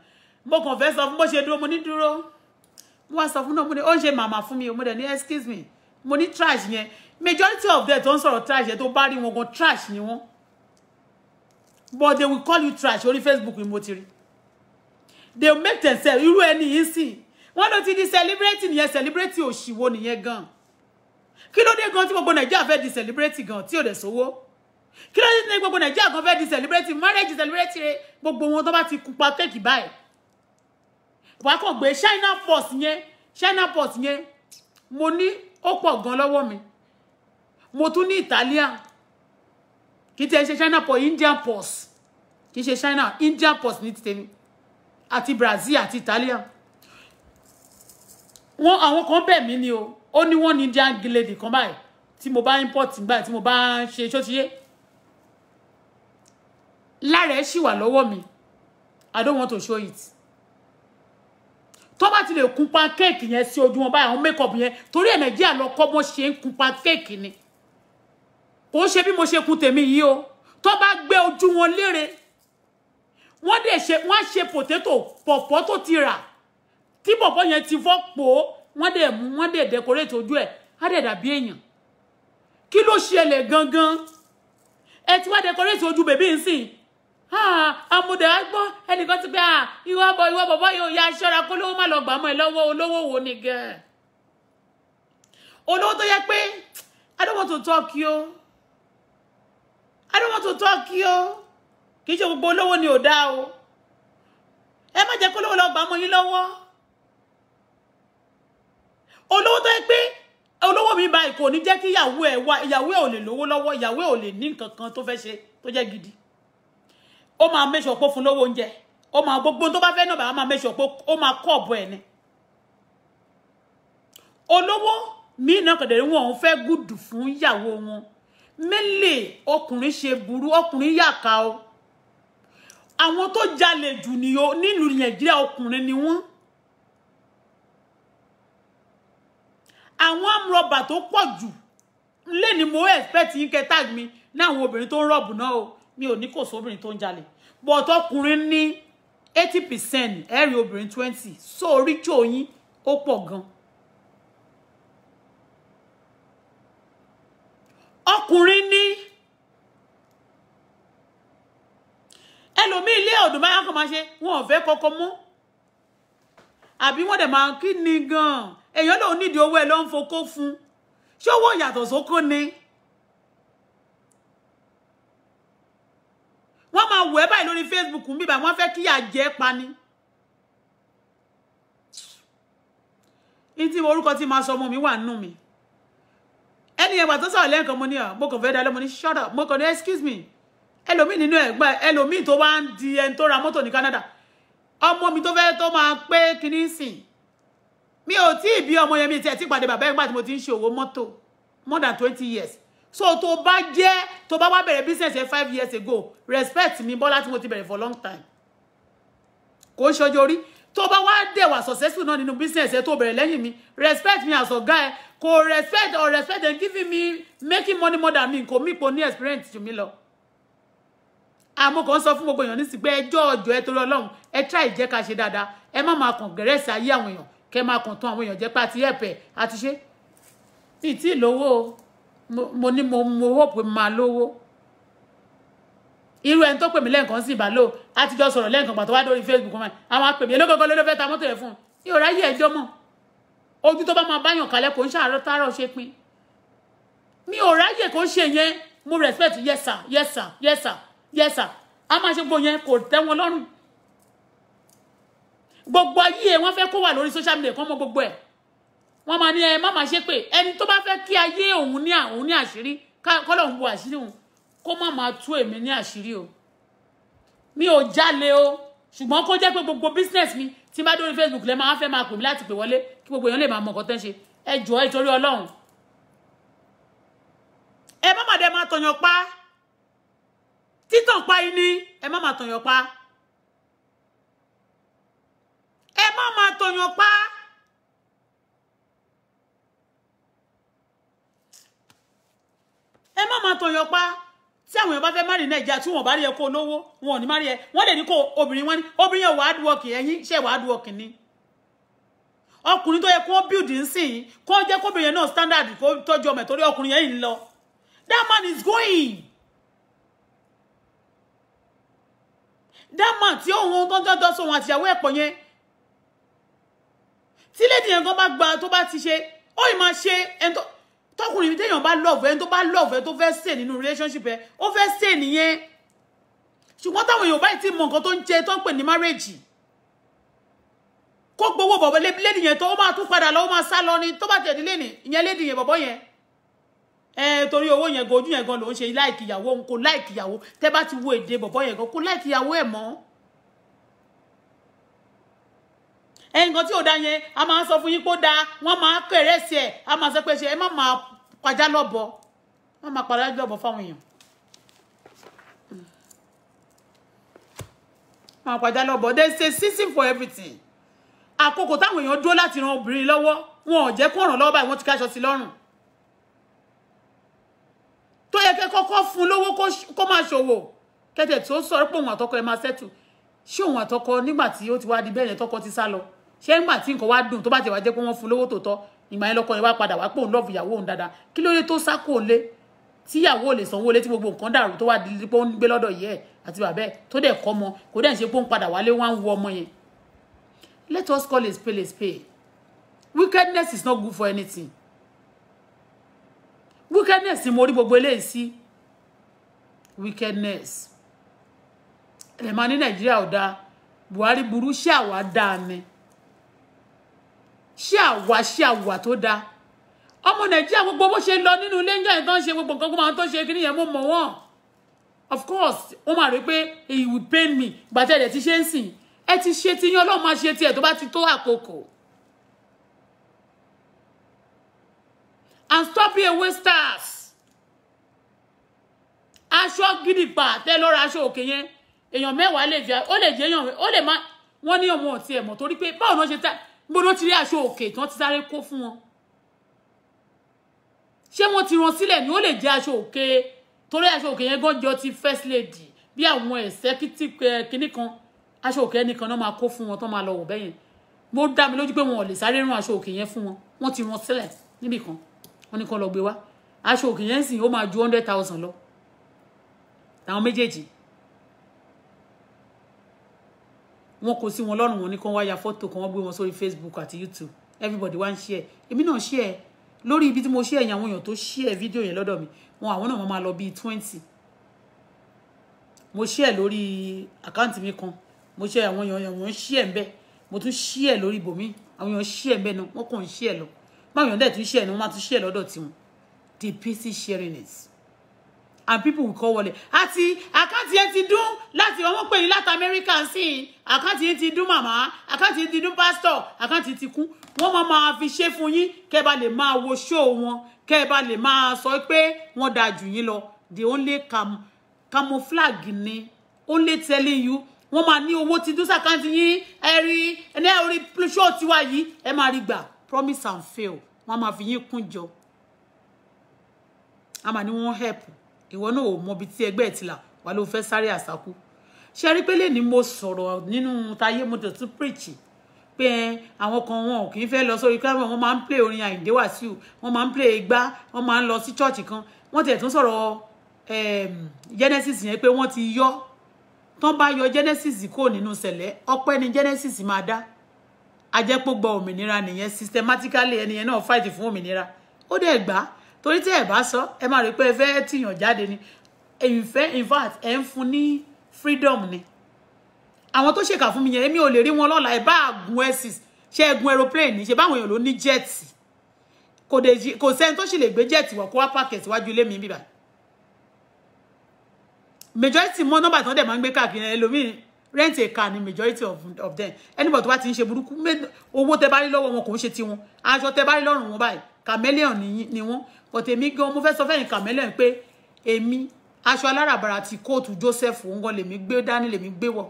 mo kàn fẹ́ sọ fún bó ṣe dúró mo ní dúró mo wá sọ fún náà mo ní ó ń ṣe màmá fún mi o mo dẹ̀ ní excuse me mo ní trash yẹn majority of them tó ń sọ̀rọ̀ trash yẹn tó bá rí wọn gan trash ni wọ́n but they will call you trash orí Facebook ni mo ti rí they will make themselves irú ẹni yìí sì wọ́n ló ti di celebrity nìyẹn celebrity òṣìwò nìyẹn gan kí ló dé gan tí gbogbo Nàìjíríà fẹ́ di celebrity gan tí ò dẹ̀ sówó kí ló dé tí gbogbo Nàìjíríà gan fẹ́ di celebrity marriage celebrity gbogbo wọn tó bá ti kúpa kéèkì báyìí wàá kàn gbé China post yẹn China post yẹn mo ní ó pọ̀ gan lọ́wọ́ mi mo tún ní italian kì í tẹ́ ṣe china pọ̀ indian pos kì í ṣe china indian pos ní ti tèmi àti brazil àti italian wọn àwọn kan bẹ̀ mí ni o ó ní wọ́n ní indian lady kan báyìí tí mo bá import báyìí tí mo bá ń ṣe ṣóṣiyé lára ẹ̀ ṣì wà lọ́wọ́ mi i don't want to show it tó bá ti lè kun pancake yẹn sí ojú wọn báyìí àwọn makeup yẹn torí ẹ̀ nàìjíríà lọ kọ́ bó ṣe ń kun pancake ni kò ṣe bí mo ṣe kun tèmi yìí o tó bá gbé ojú wọn lére wọ́n dẹ̀ ṣe wọ́n ṣe potato pọ̀pọ́ tó ti rà tí pọ̀pọ́ yẹn ti fọ́ pò ó wọ́n dẹ̀ mú wọ́n dẹ̀ decorate ojú ẹ̀ á dẹ̀ dàbí èèyàn kí ló ṣẹlẹ̀ gangan ẹ ti wá decorate ojú bèbí nsìn amúdẹ ẹnìkan ti pé ìwọ bọ ìwọ bọ̀bọ́ yóò ya aṣọra kó lówó má lọ gbà mọ́ ẹ lọ́wọ́ olówó wo ni gẹ́ olówó tó yẹ pé I don't want to talk you I don't want to talk you kì í ṣe gbogbo olówó ni ò dá o ẹ má jẹ́ kó lówó lọ gbà mọ́ yín lọ́wọ́ olówó tó yẹ pé olówó mi báyìí kò ní jẹ́ kí ìyàwó ẹ̀ wá ìyàwó ẹ̀ ò lè lówó lọ́wọ́ ìyàwó ẹ̀ ò lè ní nǹkan kan tó fẹ́ ṣe tó jẹ́ gidi ó máa make sure pé ó fún lówó oúnjẹ ó máa gbogbo tó bá fẹ́ náà bàbá máa make sure pé ó máa kọ́ ọ̀bọ ẹ̀ ni olówó míì náà kẹ̀dẹ̀ wọn òun fẹ́ gùdù fún ìyàwó wọn mélèé ọkùnrin ṣe burú ọkùnrin yàkà o àwọn tó jalè jù nílùú nàìjíríà ọkùnrin ni wọ́n àwọn amúrọ̀bà tó pọ̀ jù lẹ́ni mo expect yín kẹ́ tag mi ní àwọn obìnrin tó ń rọ̀bù náà o mi ò ní kò sóbìnrin tó ń jalè but ọkùnrin ní eighty percent ẹ̀rí obìnrin twenty so orí tí oyin ó pọ̀ gan. ọkùnrin ní ẹlòmíì ilé ọ̀dùnmọ́ yẹn kò máa ṣe wọn ò fẹ́ kọ́kọ́ mú àbí wọ́n dẹ̀ máa kí ni gan-an èèyàn lòun nídìí owó ẹ̀ ló ń fokó fún ṣé owó yàtọ̀ ni. wọ́n máa wẹ̀ báyìí lórí Facebook mi báyìí wọ́n fẹ́ kí àjẹ́ pani. ní tí orúkọ tí máa sọ ọmọ mi wà nù mí ẹni ẹgbà tó sọ̀rọ̀ lẹ́ẹ̀kan mo ní à ah, mo kàn fẹ́ da lọ́mọ ní shut mo kàn ní excuse me ẹlòmíì nínú ẹ̀gbọ́n ẹlòmíì tó wá ń di ẹni tó ra mọ́tò ní Canada ọmọ mi tó fẹ́ tó máa pé kinní sìn mi ò tí ì bí ọmọ yẹn mi tiẹ̀ ti pàdé bàbá ẹgbà tí mo ti ń ṣe mọ́tò more than twenty years so tó bá jẹ́ tó bá wá bẹ̀rẹ̀ business yẹn five years ago respect mi Bọ́lá tí mo ti bẹ̀rẹ̀ for long time kò ń ṣojú orí tó bá wá dẹ̀ wà successful náà nínú business yẹn tó bẹ̀rẹ̀ lẹ́yìn mi respect mi as ọ̀gá ẹ kò respect or respect and giving me making money more than me kò mí ipò ní experience jù mí lọ àmọ́ kàn sọ fún gbogbo èèyàn nísìsiyìí pé ẹjọ́ ọjọ́ ẹ torí Ọlọ́run ẹ try jẹ́ ká ṣe dáadáa ẹ má máa kàn gẹ̀rẹ́sì ayé àwọn èèyàn kẹ́ máa kàn tán àwọn èèyàn jẹ́ pé àti ẹ̀pẹ̀ àti ṣe mi ì o mo ní mo mo hope pé máa lówó irú ẹni tó pè mí lẹ́ǹkan sí ìbálò a ti jọ sọ̀rọ̀ lẹ́ǹkan wá lórí Facebook wọn àwọn apè mí elógógó ló fẹ́ ta mọ́tò rẹ̀ fún un ìhòòrá yìí ẹjọ́ mọ̀ ojú tó bá máa báyàn kalẹ̀ kò ń ṣàárọ̀ tààrọ̀ ṣe pin mi ò ráyè kò ń ṣe yẹn mo respect yes sir yes sir yes sir a máa ṣe gbogbo yẹn kò tẹ́ lọ́rùn gbogbo ayé wọn fẹ́ kó wà lórí social media kan mọ gbogbo ẹ̀ wọ́n máa ní ẹ má máa ṣe pé ẹni tó bá fẹ́ kí ayé òun ní òun ní àṣírí kọ́lọ̀ ń bu àṣírí òun kó má máa tú èmi ní àṣírí o mi ò jalè o ṣùgbọ́n kó jẹ́ pé gbogbo business mi tí bá dórí Facebook lẹ́ máa fẹ́ máa pè mí láti pè wọlé kí gbogbo èèyàn lè máa mọ nǹkan tẹ́ ń ṣe ẹ jọ ẹ torí Ọlọ́run ẹ má má dẹ máa tọyàn pa títàn pa yín ni ẹ má má tọyàn pa ẹ má má tọyàn pa. ẹ má máa tọyọ pa tí àwọn èèyàn bá fẹ́ márì nàìjíríà tí wọn bá rí ẹ kó lówó wọn ò ní márì ẹ wọn lè ní kó obìnrin wọn ní obìnrin yẹn wà á ẹyin ṣe wà á ni ọkùnrin tó yẹ kó build nsìn kó jẹ́ kóbìnrin yẹn náà standard kó tọ́jú ọmọ ẹ̀ ọkùnrin yẹn ń lọ that man is going that man tí òun dandandan sóhun àtìyàwó ẹ̀pọ̀ yẹn tí lady yẹn gan bá gba tó bá ti ṣe ó ì máa ṣe ẹni tó tọkùnrin téèyàn bá love ẹni tó bá love ẹ tó fẹ́ stay nínú relationship ẹ ó fẹ́ stay nìyẹn ṣùgbọ́n táwọn èèyàn báyìí ti mọ nǹkan tó ń jẹ tó ń pè ní márèèjì kó gbowó bọ̀bọ̀ lédi yẹn tó ó máa tún padà lọ ó máa sá lọ ni tó bá tẹ̀ nílé ni ìyẹn lédi yẹn bọ̀bọ̀ yẹn ẹ torí owó yẹn gan ojú yẹn gan ló ń ṣe láìkì ìyàwó òun kò láìkì ìyàwó tẹ bá ti wo èdè bọ̀bọ̀ yẹn gan kò láìkì ìyàwó ẹ̀ mọ́ ẹnìkan tí ò da yẹn a máa sọ fún yín kó da wọ́n máa kẹ̀rẹ́ sí ẹ̀ a máa sọ pé ṣe ẹ má máa pàjá lọ́bọ wọ́n máa pàjá lọ́bọ fáwọn èèyàn hmm. máa pàjá lọ́bọ they say season for everything àkókò táwọn èèyàn dúró láti ran obìnrin lọ́wọ́ wọn ò jẹ́ kó ràn lọ́wọ́ báyìí wọ́n ti káṣọ sí lọ́rùn tó yẹ kẹ́ kọ́kọ́ fún lówó kó máa ṣòwò kẹ́tẹ̀ tó sọ̀rọ̀ pé òun àtọkọ ẹ̀ máa ṣẹ́tù ṣé òun àtọkọ nígbà tí ó ti wá di bẹ́ẹ̀ yẹn tọkọ ti sá lọ ṣé nígbà tí nǹkan wá dùn tó bá ti wá jẹ́ pé wọ́n fún lówó tòótọ́ ìgbà yẹn lọ́kọ yẹn wá padà wá pé òun lọ́ọ̀bù ìyàwó òun dáadáa kí ló dé tó sá kó lé tí ìyàwó ò lè sanwó lé tí gbogbo nǹkan dàrú tó wà dídí pé ó ń gbé lọ́dọ̀ yẹ àti bàbẹ́ tó dẹ̀ kọ́ ọmọ kò dẹ̀ ń ṣe pé ó ń padà wálé wá ń wo ọmọ yẹn let us call a spade a spade wickedness is not good for anything wickedness ni mo rí gbogbo eléyìí sí wickedness ẹ̀rẹ̀ máa ní nàìjíríà ò dáa buhari burú ṣé àwa dáa ni ṣé àwa ṣé àwa tó dáa ọmọ nàìjíríà gbogbo bó ṣe lọ nínú ilé ńjà ìtàn ṣe gbogbo nǹkan máa tó ṣe kí nìyẹn mo mọ̀ wọ́n of course wọ́n máa rí pé èyí will pain me gbàtẹ́ ẹ̀ ti ṣe ń sìn ẹ ti ṣe ti yan ọlọ́run máa ṣe tiẹ̀ tó bá ti tó àkókò. and stop being wasters aṣọ gidi pa tẹ lọ́ra aṣọ òkè yẹn èèyàn mẹ́wàá lè jẹ́ ó lè jẹ́ èèyàn ó lè má wọ́n ní ọmọ ọ̀tí ẹ̀ mọ̀ torí pé báwo ni wọ́n ṣe ta gbọ́dọ̀ ti rí aṣọ òkè tí wọ́n ti sáré kó fún wọn ṣé wọ́n ti rán sílẹ̀ ni ó lè jẹ́ aṣọ òkè torí aṣọ òkè yẹn gọ́jọ́ ti first lady bí àwọn executive eh, kìnnì kan aṣọ òkè ẹnìkan náà máa kó fún wọn tó máa lọ wọ̀ bẹ́yẹn mo dá mi lójú pé wọn ò lè sáré rán aṣọ òkè yẹn fún wọn wọ́n ti rán sílẹ̀ níbì kan wọ́n ní kan lọ gbé wá aṣọ òkè yẹn sì ó máa ju hundred thousand lọ táwọn méjèèjì wọn kò sí wọn lọ́rùn wọn ní kí wọ́n wá ya fọ́tò kan wọ́n gbé wọn sórí facebook àti youtube everybody wá ń share èmi náà share lórí ibi tí mo share yẹn àwọn èèyàn tó share fídíò yẹn lọ́dọ̀ mi wọn àwọn náà wọ́n máa lọ bíi twenty mo share lórí àkáǹtì mi kan mo share àwọn èèyàn wọ́n share ń bẹ́ẹ̀ mo tún share lórí ibòmí àwọn èèyàn share ń bẹ́ẹ̀ náà wọ́n kàn ń share lọ báwọn èèyàn dẹ̀ tún share ni wọ́n máa tún share lọ́dọ̀ tiwọn the pc sharing is and people will call wọlé àti àkáǹtì yẹn ti dún láti ọmọ pè ní láti Amẹ́ríkà ń sìn àkáǹtì yẹn ti dún mama. àkáǹtì yẹn ti dún pásítọ̀ àkáǹtì yẹn ti kú wọ́n máa máa fi ṣe fún yín kẹ́ ẹ bá lè máa wo ṣóò wọn kẹ́ ẹ bá lè máa sọ pé wọ́n da jù yín lọ the only cam camouflage ni only telling you wọ́n máa ní owó ti dún sàkáǹtì yín ẹ rí ẹ ní orí ṣóò tiwa yìí ẹ máa rí promise and fail wọ́n máa fi yín kún jọ ni wọ́n help ìwọ náà ò mọbi tí ẹgbẹ́ ẹ̀ ti là wà ló fẹ́ sáré àsákú ṣe rí pé lẹ́ni mo sọ̀rọ̀ nínú tayé mo tẹ̀ tún pírìchì pé àwọn kan wọn ò kì í fẹ́ lọ sórí kílámù wọn máa ń play orin Àyìndé Wàsíù wọn máa ń play igbá wọn máa ń lọ sí chọ́ọ̀chì kan wọ́n tẹ̀ sọ̀rọ̀ Genesis yẹn pé wọ́n ti yọ tán bá yọ Genesis kò nínú sẹ̀lẹ̀ ọpẹ́ ni Genesis máa dá ajẹ́pọ̀ gba òmìnira nìyẹn systematically ẹni yẹn náà fight fún òmìnira ó dẹ̀ gbàá torí tí ẹ bá sọ ẹ máa rí pé ẹ fẹ́ tìyàn jáde ni ìfẹ́ in fact ẹ ń fún ní freedom ni àwọn tó ṣèkà fún mi yẹn èmi ò lè rí wọn lọ́la ẹ bá gun ẹsìs ṣe ẹ gun aeroplane ní ṣe báwọn èèyàn ló ní jẹ́ẹ̀tì kò dé kò sẹ́ni tó sì lè gbé jẹ́ẹ̀tì wọ̀ kó wá pàkẹ́tì wájú ilé mi bíbá majority mọ nọ́mbà tí wọ́n dẹ̀ máa ń gbé káàkiri ẹlòmíì rent a car ni majority of, of them anybody tó bá ti ń ṣe burúkú owó tẹ bá rí lọ́wọ́ wọn kò ń ṣe tiwọn aṣọ tẹ bá rí lọ́rùn wọn báyìí chameleon ni wọ́n but èmi gan mo fẹ́ sọ fẹ́yìn kàmẹ́lẹ̀ pé èmi aṣọ aláràbarà ti kóòtù Joseph ngan lèmi gbé dání lèmi gbé wọ̀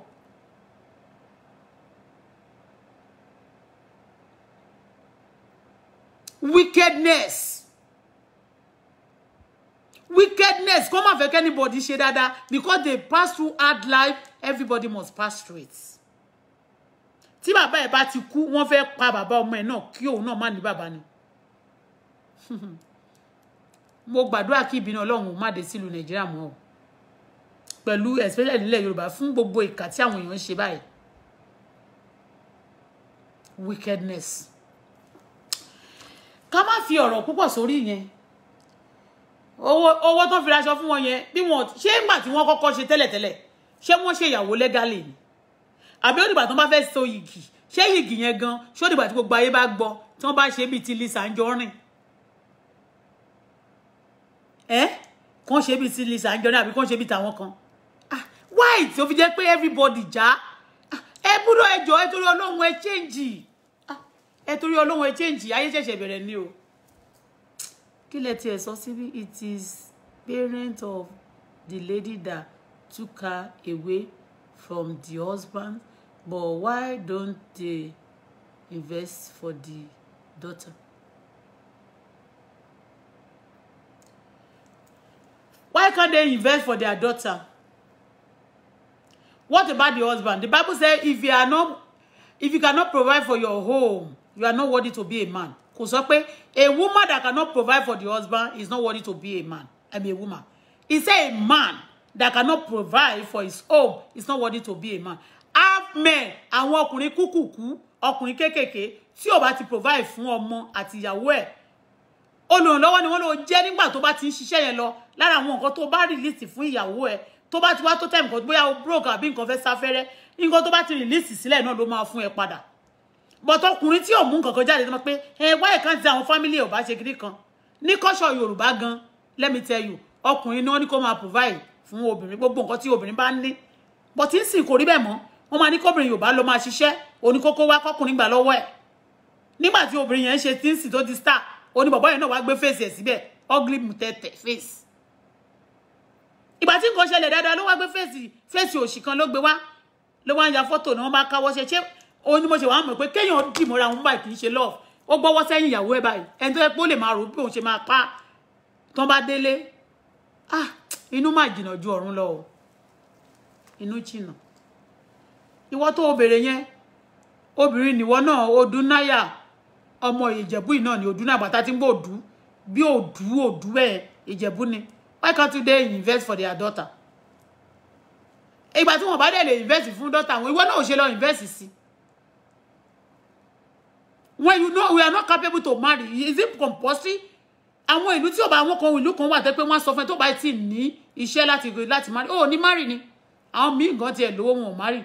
wickedness wickedness kó má fẹ́ kẹ́nibọ̀dì ṣe dáadáa because they pass through hard life everybody must pass through it tí bàbá ẹ̀ bá ti kú wọ́n fẹ́ pa bàbá ọmọ ẹ̀ náà kí òun náà má ní bàbá ni mo gbàdúrà kí ìbínú ọlọ́run má dé sílùú nàìjíríà mọ́ o pẹ̀lú especially nílẹ̀ yorùbá fún gbogbo ìkà tí àwọn èèyàn ń ṣe báyìí wickedness ká má fi ọ̀rọ̀ púpọ̀ sórí yẹn owó owó tó fi raṣọ fún wọn yẹn bí wọn ṣé ńgbà tí wọ́n kọ́kọ́ ṣe tẹ́lẹ̀tẹ́lẹ̀ ṣé wọ́n ṣe ìyàwó lẹ́gàlè ni àbí òdìgbà tó bá fẹ́ so yìgì ṣé yìgì yẹn gan ṣé òdìgbà tí gbogbo ayé bá gbọ́ tí wọ́n bá ṣe bíi ti Lisa Anjorin ẹ eh? kàn ṣe bíi ti Lisa Anjorin àbí kàn ṣe bíi tàwọn kan ah, why tí o fi jẹ́ pé everybody já ah, ẹ gbúdọ̀ ẹ jọ ẹ torí ọlọ́run ẹ change ah, ẹ torí ọlọ́run ẹ change ayé ṣẹ̀ṣẹ̀ bẹ̀rẹ̀ ni o kí lẹ tiẹ̀ sọ síbí it is parent of the lady that took her away from the husband but why don't they invest for the daughter Why can't they invest for their daughter? What about the husband? The Bible says if you are not if you cannot provide for your home, you are not worthy to be a man. Kusope, a woman that cannot provide for the husband is not worthy to be a man. I mean a woman. He said a man that cannot provide for his home is not worthy to be a man. Half men, àwọn ọkùnrin kuku ọkùnrin kékèké tí ò bá ti provide fún ọmọ àti ìyàwó ẹ̀ olùrànlọ́wọ́ ni wọ́n lọ jẹ́ nígbà tó bá ti ń ṣiṣẹ́ yẹn lọ lára àwọn nǹkan tó bá rìlíìsì fún ìyàwó ẹ tó bá ti wá tó tẹ̀mù kan bóyá o broke àbí nǹkan fẹ́ sáfẹ́rẹ́ nǹkan tó bá ti rìlíìsì sílẹ̀ náà ló máa fún ẹ padà bọ̀tọ̀ ọkùnrin tí ò mú nǹkan kan jáde tó máa pé ẹ wá ẹ̀kan ti àwọn fámílì ẹ̀ ò bá ṣe kiri kan ní kọ́ṣọ̀ yorùbá gan let me tell you ọkùnrin ni wọ́n ní kó máa provide fún obìnrin gbogbo nǹkan tí obìnrin bá ń ní bọ̀tí ń sìn kò rí bẹ́ẹ̀ mọ́ wọ́n máa ní kóbìnrin yorùbá lọ máa ṣiṣẹ́ oníkókó wá kọ́kùnrin gbà lọ́wọ́ ẹ̀ nígbà tí obìnrin yẹn ń ṣe tí ń sìn tó di star Oni ní bọ̀bọ́ yẹn náà wàá gbé fèsì ugly mutete face. Iba tin nǹkan ṣẹlẹ̀ dáadáa ló wa gbé face face òṣì kan ló gbé wá ló wá ń ya fọ́tò ni wọ́n bá káwọ́ ṣe oni òun ni mo ṣe wàá mọ̀ pé kéèyàn dì mọ́ra òun báyìí kì í ṣe love ó gbọ́wọ́ sẹ́yìn ìyàwó ẹ̀ báyìí ẹni tó yẹ pé ó lè máa rò bí òun ṣe máa pa tán bá délé ah inú má jìnnà ju ọ̀run lọ o inú jìnnà ìwọ tó obìnrin yẹn obìnrin nìwọ náà odún náyà ọmọ ìjẹ̀bú yìí náà ni òdú náà bàtà tí ń bọ̀ òdú bí òdú òdú ẹ̀ ìjẹ̀bú ni why can't you dey invest for their daughter ìgbà tí wọn bá dẹ̀ lè invest fún daughter wọn ìwọ náà ò ṣe lọ invest sí when you know we are not capable to marry is it compulsory àwọn ìlú tí ò bá àwọn kan ìlú kan wà tẹ́ pé wọ́n sọ fún ẹ tó bá ti ní iṣẹ́ láti láti marry Oh, ní marry ni àwọn míì gan tiẹ̀ lówó wọn ò marry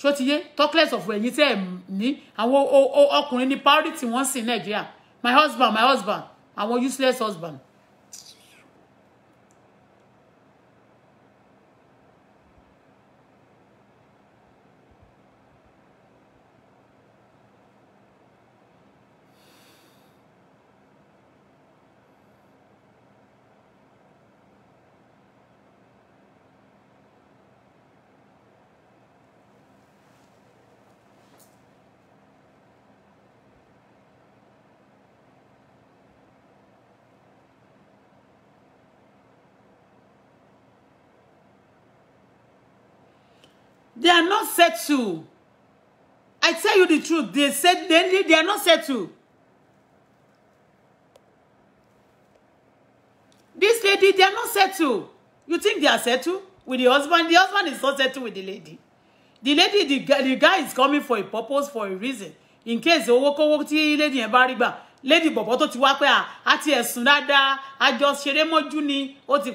ṣó ti yé talkless of ẹ̀yin tẹ́ ẹ̀ ní àwọn ọkùnrin ní priority wọ́n sì Nàìjíríà my husband my husband àwọn useless husband They are not settled. I tell you the truth. They said they, they are not settled. This lady, they are not settled. You think they are settled with the husband? The husband is not settled with the lady. The lady, the, the guy is coming for a purpose, for a reason. In case owó kówó tí lady yẹn bá lady boboto tó ti wá pé à ah, á ti ẹ̀sùn dáadáa, àjọ ṣeré mọ́jú ni, ó ti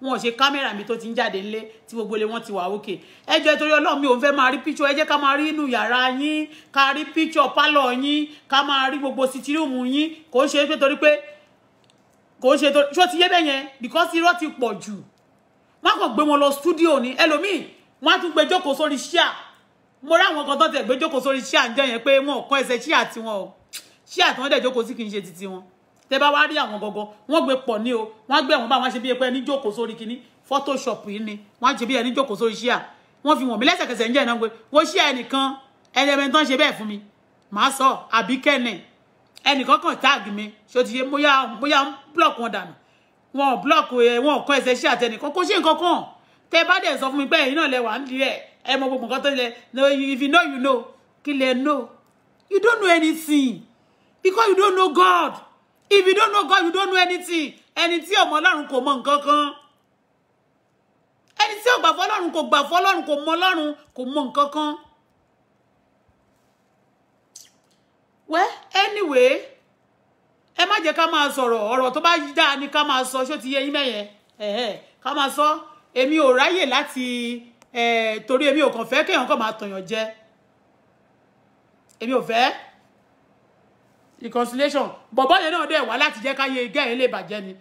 wọn ò ṣe kámẹ́rà mi tó ti ń jáde nílé tí gbogbo ilé wọn ti wà òkè ẹ jọ̀ọ́ torí Ọlọ́run mi ò ń fẹ́ máa rí píṣọ ẹ jẹ́ ká máa rí inú yàrá yín ká rí píṣọ pálọ̀ yín ká máa rí gbogbo sitiriumu yín kò ń ṣe pé torí pé kò ń ṣe torí ṣó ti yé bẹ́ẹ̀ yẹn because irọ́ ti pọ̀ jù wọn kàn gbé wọn lọ studio ni ẹlòmíì wọn á tún gbé jókòó sórí ṣíà mo ráwọn kan tó tẹ̀ gbé jókòó sórí ṣíà ń jẹ́ yẹn pé wọn ò kọ́ ẹsẹ̀ ṣíà tiwọn o ṣíà tí wọ́n dẹ̀ jókòó sí kì í ṣe titi wọn tẹ bá wá rí àwọn gọgọ wọn gbé pọ̀ ní o wọn gbé àwọn bá wọn ṣe bí ẹpẹ ní jókòó sórí kinní photoshop yìí ni wọn ṣe bí ẹni jókòó sórí ṣíà wọn fi wọn mi lẹ́sẹ̀kẹsẹ̀ ń jẹ ìnáwó pé wọn ṣíà ẹnìkan ẹlẹmẹ tán ṣe bẹ́ẹ̀ fún mi màá sọ àbí kẹnẹ ẹnìkan kan táàgì mi ṣó ti ṣe bóyá bóyá ń blọọkù wọn dànù wọn blọọkù ẹ wọn kọ ẹsẹ̀ ṣíà tẹnìkan kó ṣe nǹkan kan tẹ bá dẹ̀ sọ fún mi pé ẹ̀yin náà lẹ wà ń di ẹ mọ gbogbo nǹkan tó lẹ if you know you know kí lẹ know you don't know anything because you don't know God if you don't know God you don't know anything ẹni tí ọmọ Ọlọ́run kò mọ nǹkan kan ẹni tí ò gbà fọ́lọ́run kò gbà fọ́lọ́run kò mọ Ọlọ́run kò mọ nǹkan kan well anyway ẹ má jẹ́ ká máa sọ̀rọ̀ ọ̀rọ̀ tó bá dáa ni ká máa sọ ṣó ti yẹ yín mẹyẹ ká máa sọ èmi ò ráyè láti eh, torí èmi ò kàn fẹ́ kéèyàn kàn máa tọyàn jẹ èmi ò fẹ́ reconciliation bọ̀bọ́ yẹn náà dẹ̀ wá láti jẹ́ káyé igá ẹ̀ lè bàjẹ́ ni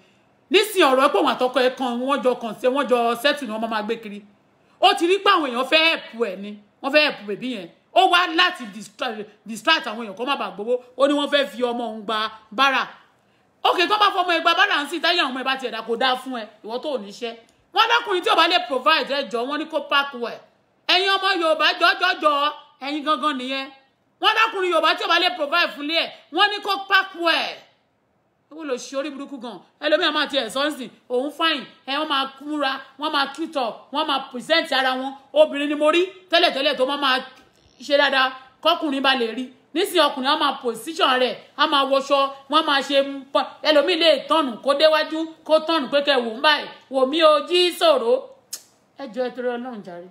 nísìn ọ̀rọ̀ ẹ̀ pé wọ́n àtọkọ ẹ̀ kan wọ́n jọ kàn sí wọ́n jọ sẹ́tù ni wọ́n máa gbé kiri ó ti rí pé àwọn èèyàn fẹ́ ẹ̀pù ẹ̀ ni wọ́n fẹ́ ẹ̀pù bèbí yẹn ó wá láti distract àwọn èèyàn kó má bàa gbowó ó ní wọ́n fẹ́ fi ọmọ òun gba bára òkè tó bá fọmọ ẹgbà bára ń sìn táyà ọmọ ẹ bá tiẹ̀ dá kó dáa fún ẹ ìwọ tó ò níṣẹ́ wọn lọkùnrin tí ò bá lè provide ẹjọ́ wọn ní kó pàkó ẹ ẹ̀yin ọmọ Yorùbá jọjọjọ ẹ̀yin gangan nìyẹn wọ́n dákùnrin yorùbá tí ò bá lè provide fún lé ẹ̀ wọ́n ní kó pákó ẹ̀ owó lò ṣe orí burúkú gan ẹlòmíràn máa ti ẹ̀sọ́ nsìn òun fáìn ẹ wọ́n máa múra wọ́n máa kíntọ̀ wọ́n máa pìrìsẹ́ǹtì ara wọn obìnrin ni mo rí tẹ́lẹ̀tẹ́lẹ̀ tó máa máa ṣe dáadáa kọkùnrin bá lè rí nísìnyí ọkùnrin á máa pòsíṣàn rẹ̀ á máa wọṣọ wọ́n máa ṣe ẹlòmíì lè tọ̀nù kó déwájú kó tọ̀nù pé kẹ́ wò ń báyìí wò mí o jí sòro ẹ ẹ torí ọlọ́run jàre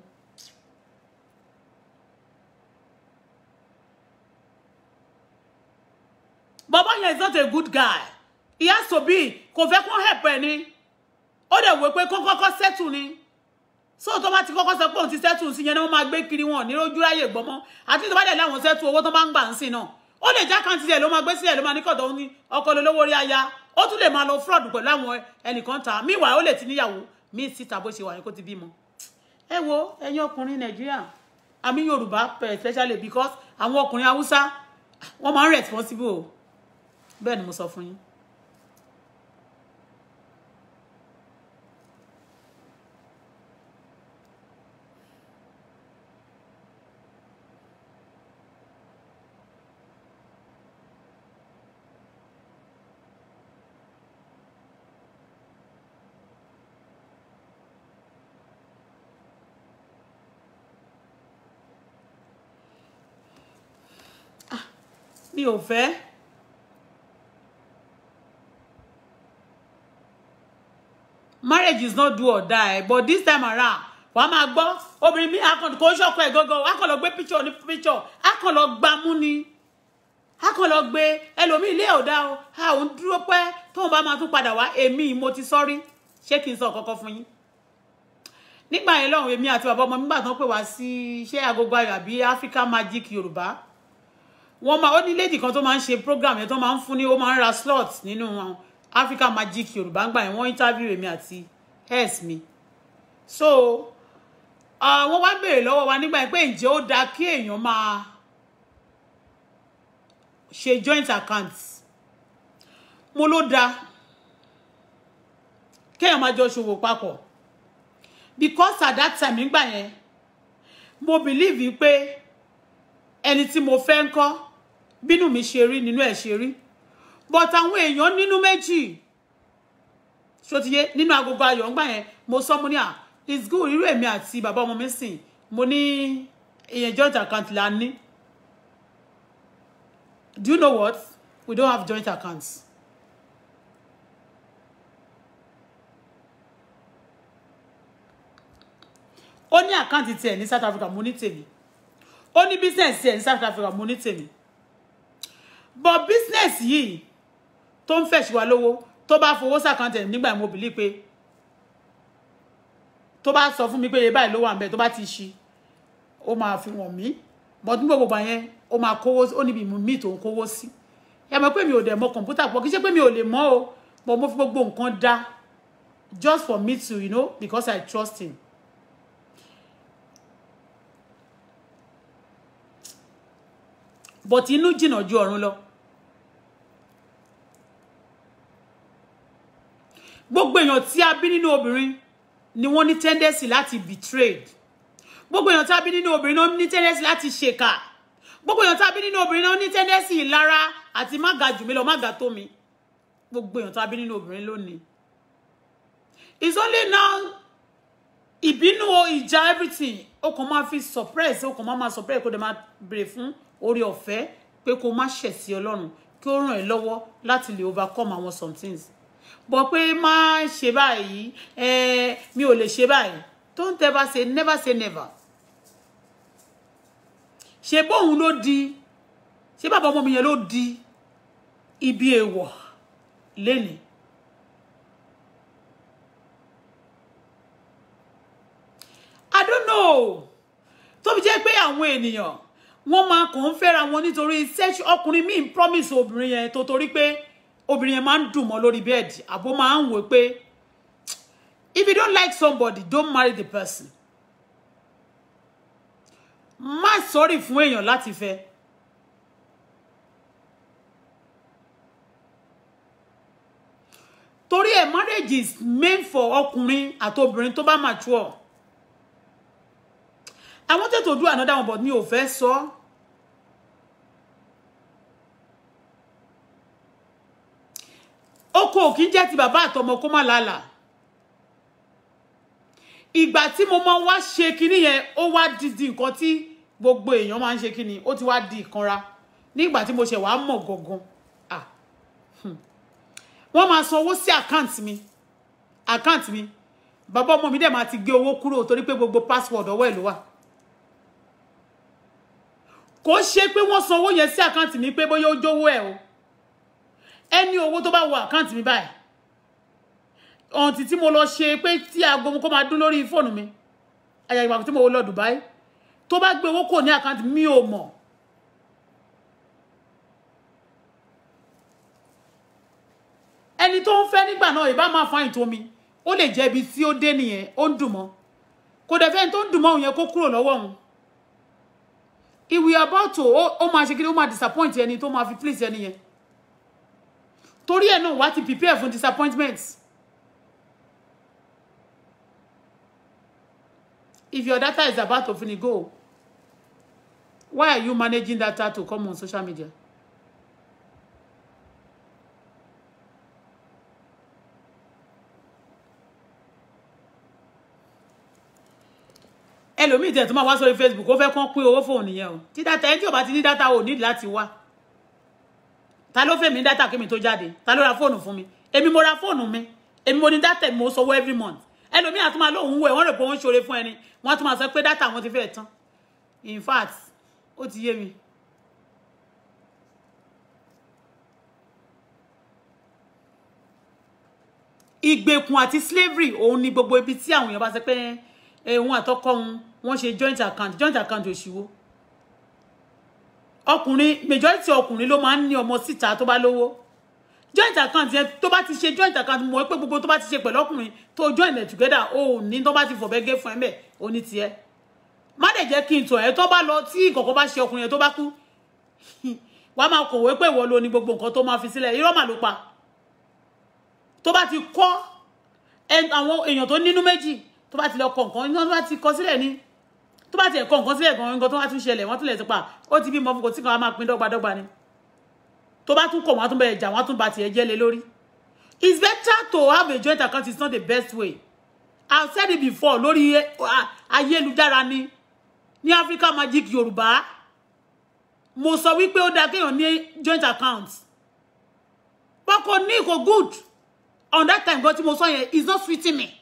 bàbá yẹn is not a good guy he has to be kò fẹ́ kó help ẹ ni ó dẹ̀ wò pé kó kọ́kọ́ settle ni so tó bá ti kọ́kọ́ sọ pé òun ti settle sí yẹn ni wọ́n máa gbé kiri wọn ní lójú ráyè gbọ́mọ́ àti tó bá dẹ̀ láwọn settle owó tó máa ń gbà ń sìn náà ó lè já kan tiẹ̀ ló máa gbé sílẹ̀ ló máa ní kọ̀dọ̀ ní ọkọ lólówó orí aya ó tún lè máa lọ fraud pẹ̀lú àwọn ẹnìkan ta míwàá ó lè ti níyàwó míì síta bó ṣe wà yẹn kó ti bímọ. ẹ wo ẹ̀yin ọkùnrin nàìjíríà àmì yorùbá especially because àwọn ọkùnrin haúsá wọ́n máa ń responsible bẹ́ẹ̀ ni mo sọ fún yín. Ah, mi ò fẹ́ marriage is not do or die but this time around wàá máa gbọ́ obìnrin mi akọ̀dùn kò ń ṣọ̀kọ ẹ̀ gọ́gọ́ wàá kàn lọ gbé picture ní píṣọ̀ á kàn lọ gbámú ni á kàn lọ gbé ẹlòmíì ilé ọ̀dà o a o ń dúró pẹ́ tóun bá máa tún padà wá èmi mo ti sọ́rí ṣé kí n sọ kọ́kọ́ fún yín nígbà yẹn lọ́hùn èmi àti bàbá ọmọ nígbà tán pè wá sí agogo ayọ̀ Africa Magic Yorùbá wọ́n máa ó ní lady kan tó máa ń program yẹn tó máa ń fún ní ó máa ń ra slot Africa Magic Yorùbá ńgbà yẹn wọ́n interview èmi ati ex mi so àwọn ah, wá béèrè lọ́wọ́ wa nígbà pé ǹjẹ́ ó dáa kí èèyàn máa ṣe joint account mo ló dáa kéèyàn máa jọ ṣòwò papọ̀ because at that time nígbà yẹn mo believe pé ẹni tí mo fẹ́ ń kọ́ bínú mi ṣe rí nínú ẹ̀ ṣe rí but àwọn èèyàn nínú méjì ṣó ti yé nínú agogo ayọ̀ ńgbà yẹn mo sọ mo ní à ah, it's good irú èmi àti bàbá ọmọ mi sìn mo ní ìyẹn joint account la ní do you know what we don't have joint accounts. ó account àkáǹtì tiẹ̀ ní South Africa mo ní tèmi ó ní business tiẹ̀ ní South Africa mo ní tèmi but business yìí tó ń fẹ̀ṣù wa lówó tó bá fowó sàkántẹ̀ nígbà mo bìlí pé tó bá sọ fún mi pé ebáyìí ló wà ń bẹ tó bá ti ṣí ó máa fi wọ̀n mí bọ́dún gbogbo gbà yẹn ó máa kówó ó níbi mí tó ń kówó sí ẹ mọ̀ pé mi ò dẹ̀ mọ kọ̀ǹpútà pọ̀ kì ṣe pé mi ò lè mọ̀ o but mo fi gbogbo nǹkan dá just for me to you know because I trust him. but inú jìnnà ju ọ̀run lọ gbogbo èèyàn tí a bí nínú obìnrin ni wọ́n ní tendency láti betrayed gbogbo èèyàn tí a bí nínú obìnrin náà ní tendency láti ṣèkà gbogbo èèyàn tí a bí nínú obìnrin náà ní tendency ìlara àti má ga jù mí lọ má ga tó mi gbogbo èèyàn tí a bí nínú obìnrin lónìí it's only now ìbínú ìjà everything ó kàn máa fi suppress ó kàn máa máa suppress kó dẹ̀ máa béèrè fún orí ọ̀fẹ́ pé kó má ṣẹ̀ sí ọlọ́run kí ó ràn ẹ́ lọ́wọ́ láti lè overcome àwọn some things bọ̀ pé má ṣe báyìí ẹ mi ò lè ṣe báyìí don't ever say never say never ṣe bóun ló di ṣe bàbá ọmọ mi yẹn ló di ibi èèwọ̀ lénìí I don't know tó fi jẹ́ pé àwọn ènìyàn wọ́n máa kàn ń fẹ́ra wọn nítorí ọkùnrin míì promise obìnrin yẹn tó torí pé obìnrin yẹn máa ń dùn mọ́ lórí bẹ́ẹ̀dì àbó máa ń wò pé if you don't like somebody don't marry the person má sọ́rí fún èèyàn láti fẹ́. torí ẹ̀ marriage is made for ọkùnrin àti obìnrin tó bá mature. I wanted to do another one but mi ò fẹ́ sọ. So. oko ò kí ń jẹ́ ti bàbá àtọmọ kó má lálàá ìgbà tí mo mọ wá ṣe kinní yẹn ó wá di di nǹkan tí gbogbo èèyàn máa ń ṣe kinní ó ti wá di ìkanra nígbà tí mo ṣe wàá mọ̀ gangan à hmm. wọ́n máa san owó sí àkáǹtì mi àkáǹtì mi bàbá ọmọ mi dẹ̀ máa ti gé owó kúrò torí pé gbogbo password ọwọ́ ẹ̀ ló wà kò ṣe pé wọ́n san owó yẹn sí àkáǹtì mi pé bóyá ó jówó ẹ̀ o ẹni owó tó bá wọ àkáǹtì mi báyìí ọ̀ǹtì tí mo lọ ṣe pé tí aago kó máa dún lórí fóònù mi àyàgbà tí mo wọ lọ Dubai tó bá gbé owó kò ní àkáǹtì mi ò mọ̀ ẹni tó ń fẹ́ nígbà náà ìbá máa fáyìn tó mi ó lè jẹ́ ibi tí ó dé nìyẹn ó ń dùn mọ́ kò dẹ̀ fẹ́ni tó ń dùn mọ́ òun yẹn kó kúrò lọ́wọ́ òun ìwé about ó máa ṣe kí ni ó máa disappoint ẹni tó máa fi please ẹni yẹn torí ẹ̀ náà wá ti prepare for disappointment. If your data is about to finish go, why are you managing data to come on social media? ẹlòmíì tẹ̀ tó máa wá sórí Facebook ó fẹ́ kán pín owó fóònù yẹn o tí data ẹni tí ò bá ti ní data ò ní láti wá ta ló fẹ́ mi dátà kí mi tó jáde ta ló ra fóònù fún mi èmi mo ra fóònù mi èmi mo ní dátà mo sanwó every month ẹlòmíì àti máa lóun wẹ̀ wọ́n rò pé wọ́n ṣoore fún ẹni wọ́n tún máa sọ pé dátà wọn ti fẹ́ tán in fact ó ti yé mi. ìgbèkùn àti slavery òun ni gbogbo ibi tí àwọn èèyàn bá ṣe pé eh, òun àtọkọ òun wọ́n ṣe joint account joint account òṣìwò ọkùnrin majority ọkùnrin ló máa ń ní ọmọ síta tó bá lówó joint account yẹn tó bá ti ṣe joint account mọ̀ pé gbogbo tó bá ti ṣe pẹ̀lú ọkùnrin tó join it together ó ní tó bá ti fọ̀bẹ́gẹ́ fún ẹ mẹ́ ó ní tiẹ̀ má dẹ̀ jẹ́ kí n tọ̀ ẹ́ tó bá lọ tí ìkọ̀kọ̀ bá ṣe ọkùnrin yẹn tó bá kú wàá máa kọ̀wé pé ìwọ lo ni gbogbo nǹkan tó máa fi sílẹ̀ irọ́ mà ló pa tó bá ti kọ́ àwọn èèyàn tó nínú méjì tó bá ti lọ kọ nǹkan tó bá ti kọ sílẹ̀ ni tó bá tiẹ̀ kọ nǹkan sílẹ̀ gan nǹkan tó wá tún ṣẹlẹ̀ wọ́n tún lẹ̀ sípa ó ti bímọ fún kò tí kan wá máa pín dọ́gbadọ́gba ni tó bá tún kọ̀ wọ́n tún bẹ̀rẹ̀ jà wọ́n tún ba tiẹ̀ jẹ́ lé lórí it's better to have a joint account it's not the best way i said it before lórí ayélujára ni ní Africa Magic Yorùbá mo sọ wípé ó dáa kéèyàn ní joint account wọn kò ní kò good on that time gan tí mo sọ yẹn it's not sweeting me.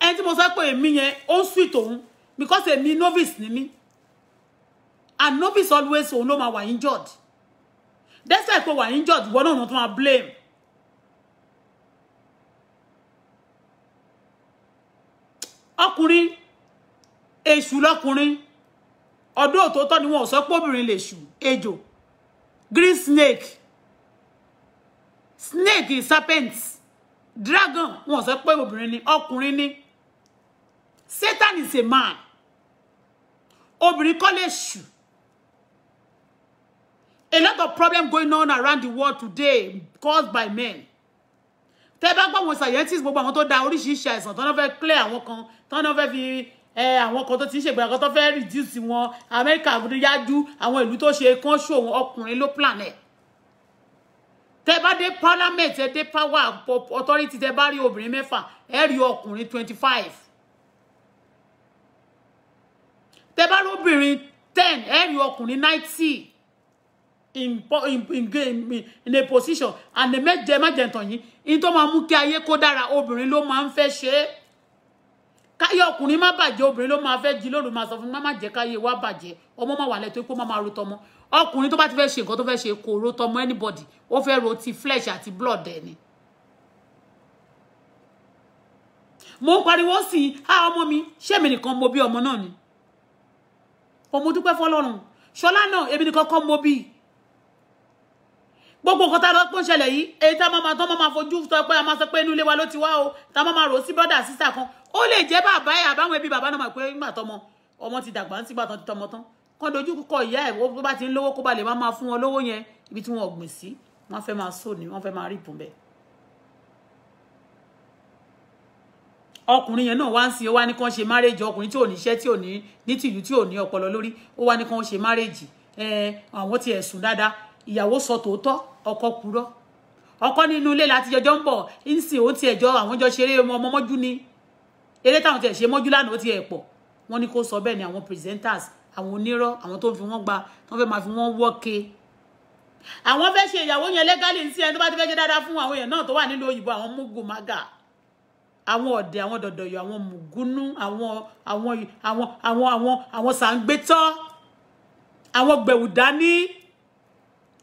ẹni tí mo sọ pé èmi yẹn ó sweet òun because èmi novice ni mí and novice always òun ló máa wà injured despite pé wà injured ìwọ náà wọn tó máa blame. ọkùnrin èṣù lọkùnrin ọdún òtótọ́ ni wọn ò sọ pé obìnrin lè ṣù ejò green snake snake serpent dragon wọn ò sọ pé obìnrin ni ọkùnrin ni. Satan is a man obìnrin kọ́ a lot of problem going on around the world today caused by men tẹ́ bá gbọ́ scientists gbogbo àwọn tó da oríṣiríṣi àìsàn tó ń fẹ́ clear àwọn kan tó ń fẹ́ fi àwọn kan tó ti ń ṣègbè àkọ́tọ́ fẹ́ reduce wọn Amẹ́ríkà yájú àwọn ìlú tó ṣe kán ṣò wọn ọkùnrin ló planet tẹ́ bá dé parliament ẹ dé power authority tẹ́ bá rí obìnrin mẹ́fà ẹ rí ọkùnrin twenty five tẹ́ bá lóbìnrin ten ẹ̀rí ọkùnrin ninety in in in in a position and the mẹ́jẹ májẹ̀ntàn yìí in tó máa mú kí ayé kó dára obìnrin ló máa ń fẹ́ ṣe é káyé ọkùnrin má bàjẹ́ obìnrin ló máa fẹ́ jí lóru máa sọ fún má má jẹ́ káyé wa bàjẹ́ ọmọ má wà lẹ́tọ́ pé má máa ro tọmọ ọkùnrin tó bá ti fẹ́ ṣe nǹkan tó fẹ́ ṣe kò ro tọmọ anybody ó fẹ́ ro ti flesh àti blood ẹni. mo ń pariwo sí i á ọmọ mi ṣé èmi nìkan mo bí ọmọ náà ni but mo dúpẹ́ fọlọ́run ṣọlá náà Ebi nìkan kọ́ mo bí gbogbo nǹkan tá a lọ pọ́n ṣẹlẹ̀ yìí èyí tá a máa tán máa fojú sọ pé a máa sọ pé inú ilé wa ló ti wá o tá a máa rò sí brọ́dà sísà kan ó lè jẹ́ bàbá ẹ̀ àbáwọn ẹbí bàbá náà mọ̀ pé nígbà tọmọ ọmọ ti dàgbà nígbà tán ti tọmọ tán kán dojú kọ ìyá ẹ̀ bó bá ti ń lówó kó ba lè máa fun wọn lówó yẹn ibi tí wọn ọ̀gbìn sí wọn fẹ́ máa sọ ni wọn fẹ́ máa rí ìbùn bẹ́ẹ̀. ọkùnrin yẹn náà wá ń sin ó wá ní kán ṣe márèjì ọkùnrin tí ò níṣẹ́ tí ò ní ní tìlú tí ò ní ọpọlọ lórí ó wá ní kán ṣe márèjì àwọn ti ẹ̀sùn dáadáa ìyàwó sọ tòótọ́ ọkọ purọ́ ọkọ nínú ilé láti jọjọ ń bọ̀ ńsìn ó ti ẹ̀jọ́ àwọn jọ ṣeré ọmọ mọ́jú ni eré táwọn ti ẹ̀ ṣe mọ́jú lánàá ó ti ẹ̀ pọ̀ wọ́n ní kó sọ bẹ́ẹ̀ ni àwọn presenters àwọn onírọ́ àwọn tó ń fi wọ́n gba tó ń fẹ́ máa fi wọ́n wọ́ke àwọn fẹ́ ṣe ìyàwó yẹn lẹ́gálì ń sí ẹni tó bá ti fẹ́ ṣe dáadáa fún àwọn èèyàn náà tó wà nílùú òyìnbó àwọn mugu maga àwọn ọ̀dẹ̀ àwọn dọ̀dọ̀yọ̀ àwọn mùgúnú àwọn àwọn àwọn àwọn àwọn àwọn sàǹgbétọ́ àwọn gbẹ̀wùdání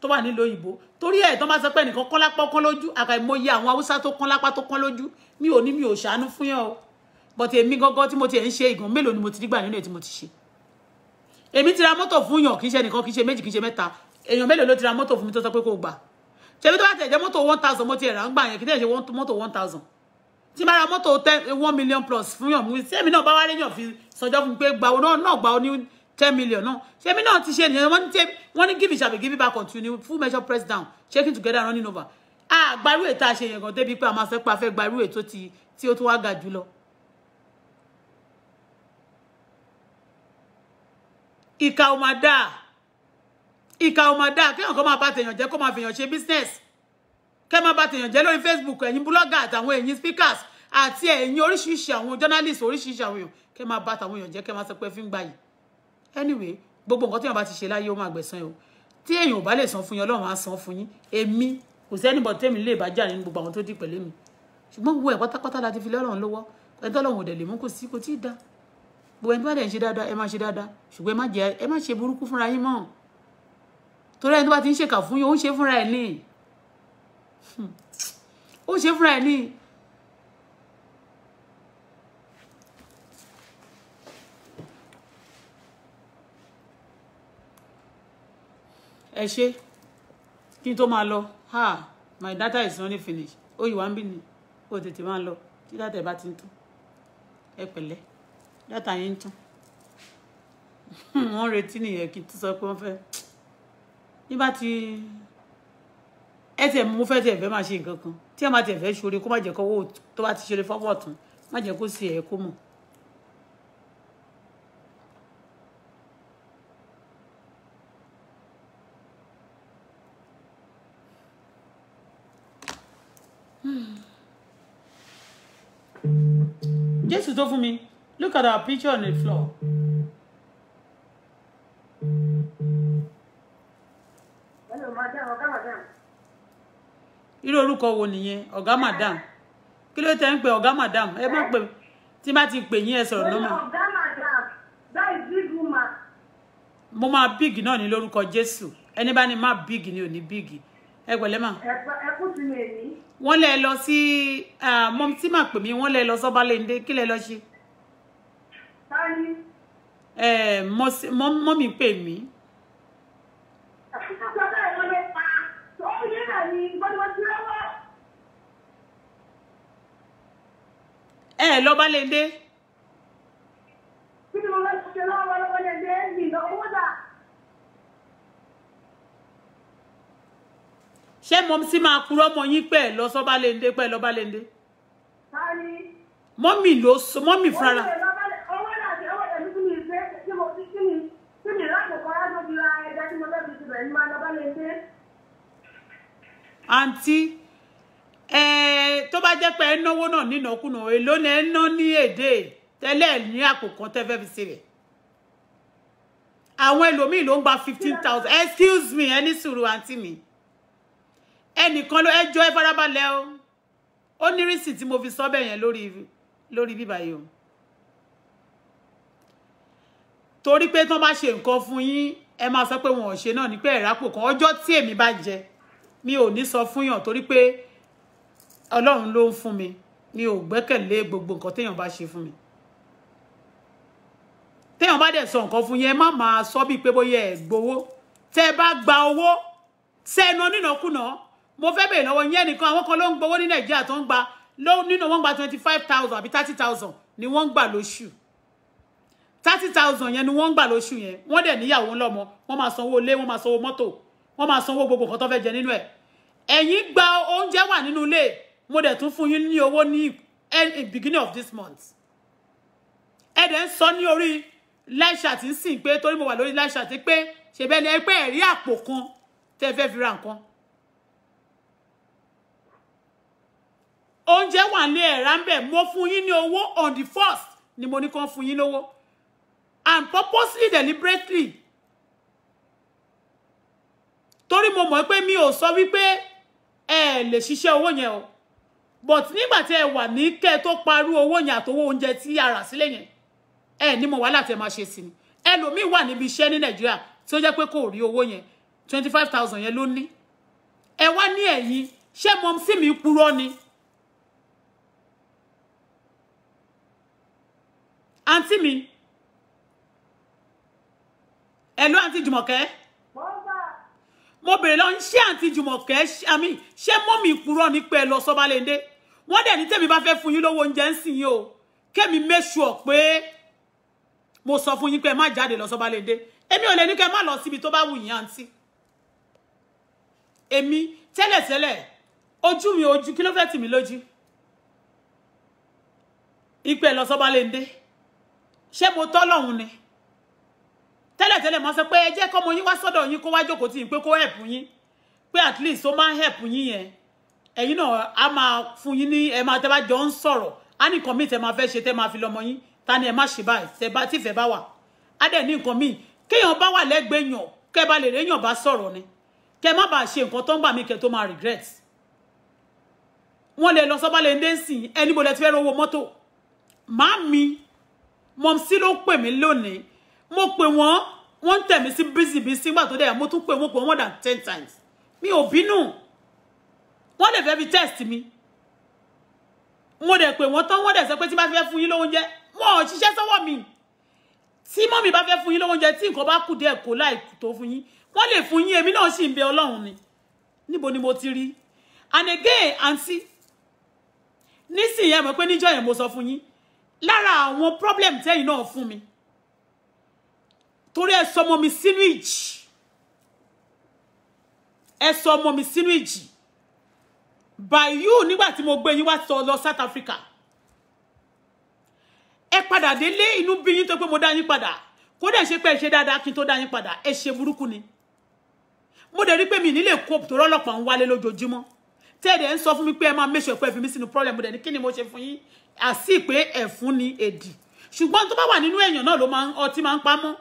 tó wà nílò òyìnbó torí ẹ̀ tó bá sọ pé ẹnìkan kán lápá kán lójú àkàìmọye àwọn haúsá tó kán lápá tó kán lójú mi ò ní mi ò ṣàánú fún yàn o but èmi gangan tí mo ti ẹ̀ ń ṣe ìgàn mélòó ni mo ti rí gbà nínú ẹ̀ tí mo ti ṣe èmi ti ra mọ́tò fún yàn kì í ṣe ẹnìkan kì í ṣe méjì kì í ṣe mẹ́ta èèyàn mélòó ló ti ra mọ́tò fún mi tó sọ pé kò gbà ṣebí tó bá tẹ̀ jẹ́ mọ́tò one thousand mo ti ẹ̀ rà ń gbà yẹn kì í tẹ̀ ṣe mọ́tò one thousand tí bá ra mọ́tò one million plus fún yàn mú sí èmi náà bá wá léyàn fi sọjọ́ fún pé gbà náà náà gbà ó ní ten million náà ṣé èmi náà ti ṣe nìyẹn wọ́n ní tẹ́ wọ́n ní give ìṣàbẹ̀ give back continue full measure press down Checking together running over a gbarú ètò àṣẹ yẹn gan débi pé a máa fẹ́ pa fẹ́ gbarú ètò tí ó tún wá ga jùlọ. ìka ò máa dáa ìka ò máa dáa kéèyàn kan máa bá tèèyàn jẹ́ kó máa fèèyàn ṣe business kẹ́ máa bá tèèyàn jẹ́ lórí facebook ẹ̀yin blogger àtàwọn ẹ̀yin speakers àti ẹ̀yin oríṣiríṣi àwọn journalist oríṣiríṣi àwọn èèyàn kẹ́ máa bá tàwọn èèyàn jẹ́ kẹ́ máa sọ pé fi ń gbà yìí anyway gbogbo nǹkan téèyàn bá ti ṣe láyé ó máa gbẹ̀san o tí èèyàn ò bá lè san fún yín ọlọ́run á san fún yín èmi kò sẹ́ni bọ̀ tẹ́mi lè bá jà nínú gbogbo àwọn tó dì pẹ̀lú mi ṣùgbọ́n gbogbo ẹ̀ pátápátá la ti fi lọ́rùn lọ́wọ́ ẹni tọ́lọ́run ò dẹ̀ lè mú kò sí kò tí ì da gbogbo ẹni tó bá dẹ̀ ń ṣe dáadáa ẹ má ṣe dáadáa ṣùgbọ́n ẹ má ṣe burúkú fúnra yín mọ́ torí ẹni tó bá ti ń ṣèkà fún yín ó ń ṣe fúnra ẹ̀ níyì Hmm. ó ṣe fúnra ẹ̀ ní. ẹ ṣe kí n tó máa lọ my data is only finish ó yìí wá ń bí ni ó tètè máa lọ tí data ẹ bá ti ń tún ẹ pẹ̀lẹ́ data yẹn ń tún wọ́n retí nìyẹn kí n tó sọ pé wọ́n fẹ́ ní bá ti ẹ tẹ̀ mo fẹ́ tẹ̀ fẹ́ máa ṣe nǹkan kan tí ẹ máa tẹ̀ fẹ́ ṣoore kó má jẹ́ kọ́wọ́ tó bá ti ṣoore fọ́pọ̀ tán má jẹ́ kó sì ẹ̀ kó mọ̀. Hmm. Jésù tó fún mi look at our picture on the floor. irú orúkọ wo nìyẹn ọ̀gá madam kí ló tẹ́ ń pè ọ̀gá madam ẹ má pè tí bá ti pè yín ẹ sọ̀rọ̀ lọ́mọ. ọ̀gá madam that is big woman. mo máa big náà ní lórúkọ jésù ẹni bá ní má big ni ò ní big ẹ pẹ̀lẹ́ mà. ẹ kú sí mi èyí. wọ́n lẹ lọ sí mọ́mísí mà pè mí wọ́n lẹ lọ sọ́bálẹ́ndé kí lẹ lọ ṣe. tani. ẹ mọ́mí pè mí. ẹ lọ bá lè dé. kí ni mo bá ṣe lọ́wọ́ lọ́wọ́ lè dé ìgbà owó dà. ṣé mo sì máa purọ́ mọ yín pẹ́ lọ sọ́ba lè dé pẹ́ lọ́ba lè dé. mọ́mì ló sọ mọ́mì fúnra. owó náà ti owó ẹ̀mí tí mi ṣe tí mo ti kí mi tí mi láti kọ́ ẹ́ tó fi ra ẹja tí mo fẹ́ fi ti bẹ̀rẹ̀ ní máa lọ́ba lè dé. àǹtí. Eh, tó bá jẹ́ pé ẹ náwó náà nínàkúnà èló ni ẹ ná ní èdè tẹ́lẹ̀ ní àpò kan tẹ́fẹ́ fi sílẹ̀ àwọn ẹlòmíì ló ń gba fifteen thousand excuse me ẹ ní sùúrù àǹtí mi ẹnìkan ló ẹjọ́ ẹ farabalẹ̀ o ó ní rísì tí mo fi sọ bẹ́ẹ̀ yẹn lórí lórí bíbá yìí o torí pé tán bá ṣe nǹkan fún yín ẹ máa sọ pé wọn ò ṣe náà ní pé ẹ̀rápò kan ọjọ́ tí èmi bá jẹ mi ò ní sọ fún yàn torí pé ọlọ́run ló ń fún mi mi ò gbẹ́kẹ̀lé gbogbo nǹkan téèyàn bá ṣe fún mi téèyàn bá dẹ̀ sọ nǹkan fún yẹn má máa sọ bíi pé bóyá ẹ̀ gbowó tẹ́ ẹ bá gba owó sẹ́nu onínàkúnà mo fẹ́ bèèrè lọ́wọ́ yẹn nìkan àwọn kan ló ń gbowó ní nàìjíríà tó ń gba nínú wọn gba twenty five thousand àbí thirty thousand ni wọ́n ń gbà lóṣù thirty thousand yẹn ni wọ́n ń gbà lóṣù yẹn wọ́n dẹ̀ níyàwó ńlọ́mọ wọ́n máa sanwó ilé wọ́n máa sanwó mọ́tò wọ́n máa sanwó gbogbo nǹkan tó fẹ́ jẹ nínú ẹ̀ ẹ̀yin gba oúnjẹ wà nínú ilé mo dẹ̀ tún fún yín ní owó ní beginning of this month ẹ dẹ̀ ń sọ ní orí live chat ń sìn pé torí mo wà lórí live chat pé ṣèbẹ́ ni ẹ pé ẹ̀rí àpò kan tẹ́ fẹ́ fi ra nǹkan oúnjẹ wà ní ẹ̀rá ń bẹ̀ mo fún yín ní owó on the first ni mo ní kàn fún yín lówó and purposely deliberately torí mo mọ̀ pé mi ò sọ wípé ẹ lè ṣiṣẹ́ owó yẹn o but nígbà tí ẹ wà ní kẹ́ tó parú owó yẹn àtowó oúnjẹ tí a rà sílẹ̀ yẹn ẹ ní mo wà láti ẹ máa ṣe sí ni ẹlòmíín wà níbi iṣẹ́ ní nàìjíríà tí ó jẹ́ pé kò rí owó yẹn twenty five thousand yẹn ló ní ẹ wá ní ẹ̀yìn ṣé mọ́mísì mi purọ́ ni àǹtí mi ẹ̀lú àǹtí jùmọ̀kẹ́ mo bèrè lọ ṣé àǹtí jùmọ̀kẹ́ àmì ṣé mọ́mì purọ́ ni pé ẹ lọ sọ́balẹ̀ ndé wọ́n dẹ̀ ní tèmi bá fẹ́ fún yín lówó oúnjẹ ń sìn yín o kémi make sure pé mo sọ fún yín pé ẹ má jáde lọ sọ́ba léde èmi ò lè ní kẹ́ má lọ síbi tó bá wù yín àǹtí èmi tẹ́lẹ̀tẹ́lẹ̀ ojú mi ojú kí ló fẹ́ tì mí lójú ìpè lọ sọ́ba léde ṣé mo tọ́ lọ́hùn ni tẹ́lẹ̀tẹ́lẹ̀ máa sọ pé ẹ jẹ́ kọ́mọ yín wá sọ́dọ̀ yín kó wá jókòó tì yín pé kó help yín pé at least ó máa help yín yẹn ẹ̀yin náà a máa fún yín ní ẹ máa tẹ́ bá jọ ń sọ̀rọ̀ á ní nǹkan míì tẹ́ máa fẹ́ ṣe tẹ́ máa fi lọ́mọ yín ta ni ẹ má ṣe báyìí tẹ́ bá tífẹ́ bá wà á dẹ̀ ní nǹkan míì kéèyàn bá wà lẹ́gbẹ̀ẹ́ yàn kẹ́ bá lè réyàn bá sọ̀rọ̀ ni kẹ́ má bàa ṣe nǹkan tó ń gbà mí kẹ́ tó máa regret wọ́n lè lọ sọ́bàlẹ̀ ń dé sìn ẹni bó lẹ ti fẹ́ more than ten times mi ò bínú wọ́n lè fẹ́ fi test mi mo dẹ̀ pè wọ́n tán wọ́n dẹ̀ sọ pé tí bá fẹ́ fún yín lóúnjẹ wọn ò ṣiṣẹ́ sọ́wọ́ mi tí mọ́mí bá fẹ́ fún yín lóúnjẹ tí nǹkan bá kù díẹ̀ kó láì tó fún yín wọ́n lè fún yín èmi náà sì ń bẹ ọlọ́run ni níbo ni mo ti rí and again àǹtí nísìnyí ẹ mọ̀ pé níjọ́ yẹn mo sọ fún yín lára àwọn problem tẹ́yìn náà fún mi torí ẹ sọ ọmọ mi sínú ìjì ẹ sọ ọmọ mi sínú ìjì by you nígbà tí mo gbé yín wá sọ lọ South Africa ẹ padà délé inú bí yín tó pé mo dá yín padà kódà ṣe pé ẹ ṣe dáadáa kí n tó dá yín padà ẹ ṣe burúkú ni mo dẹ̀ rí pé mi nílé kó tó rọ́lọ́pàá ń wálé lójoojúmọ́ tẹ́ẹ̀dẹ̀ ń sọ fún mi pé ẹ máa méṣe ọ̀pẹ́ fi sínú problem mo dẹ̀ ní kí ni mo ṣe fún yín àsì pé ẹ̀fún ni èdì ṣùgbọ́n tó bá wà nínú èèyàn náà ló máa ń ọtí máa ń pamọ́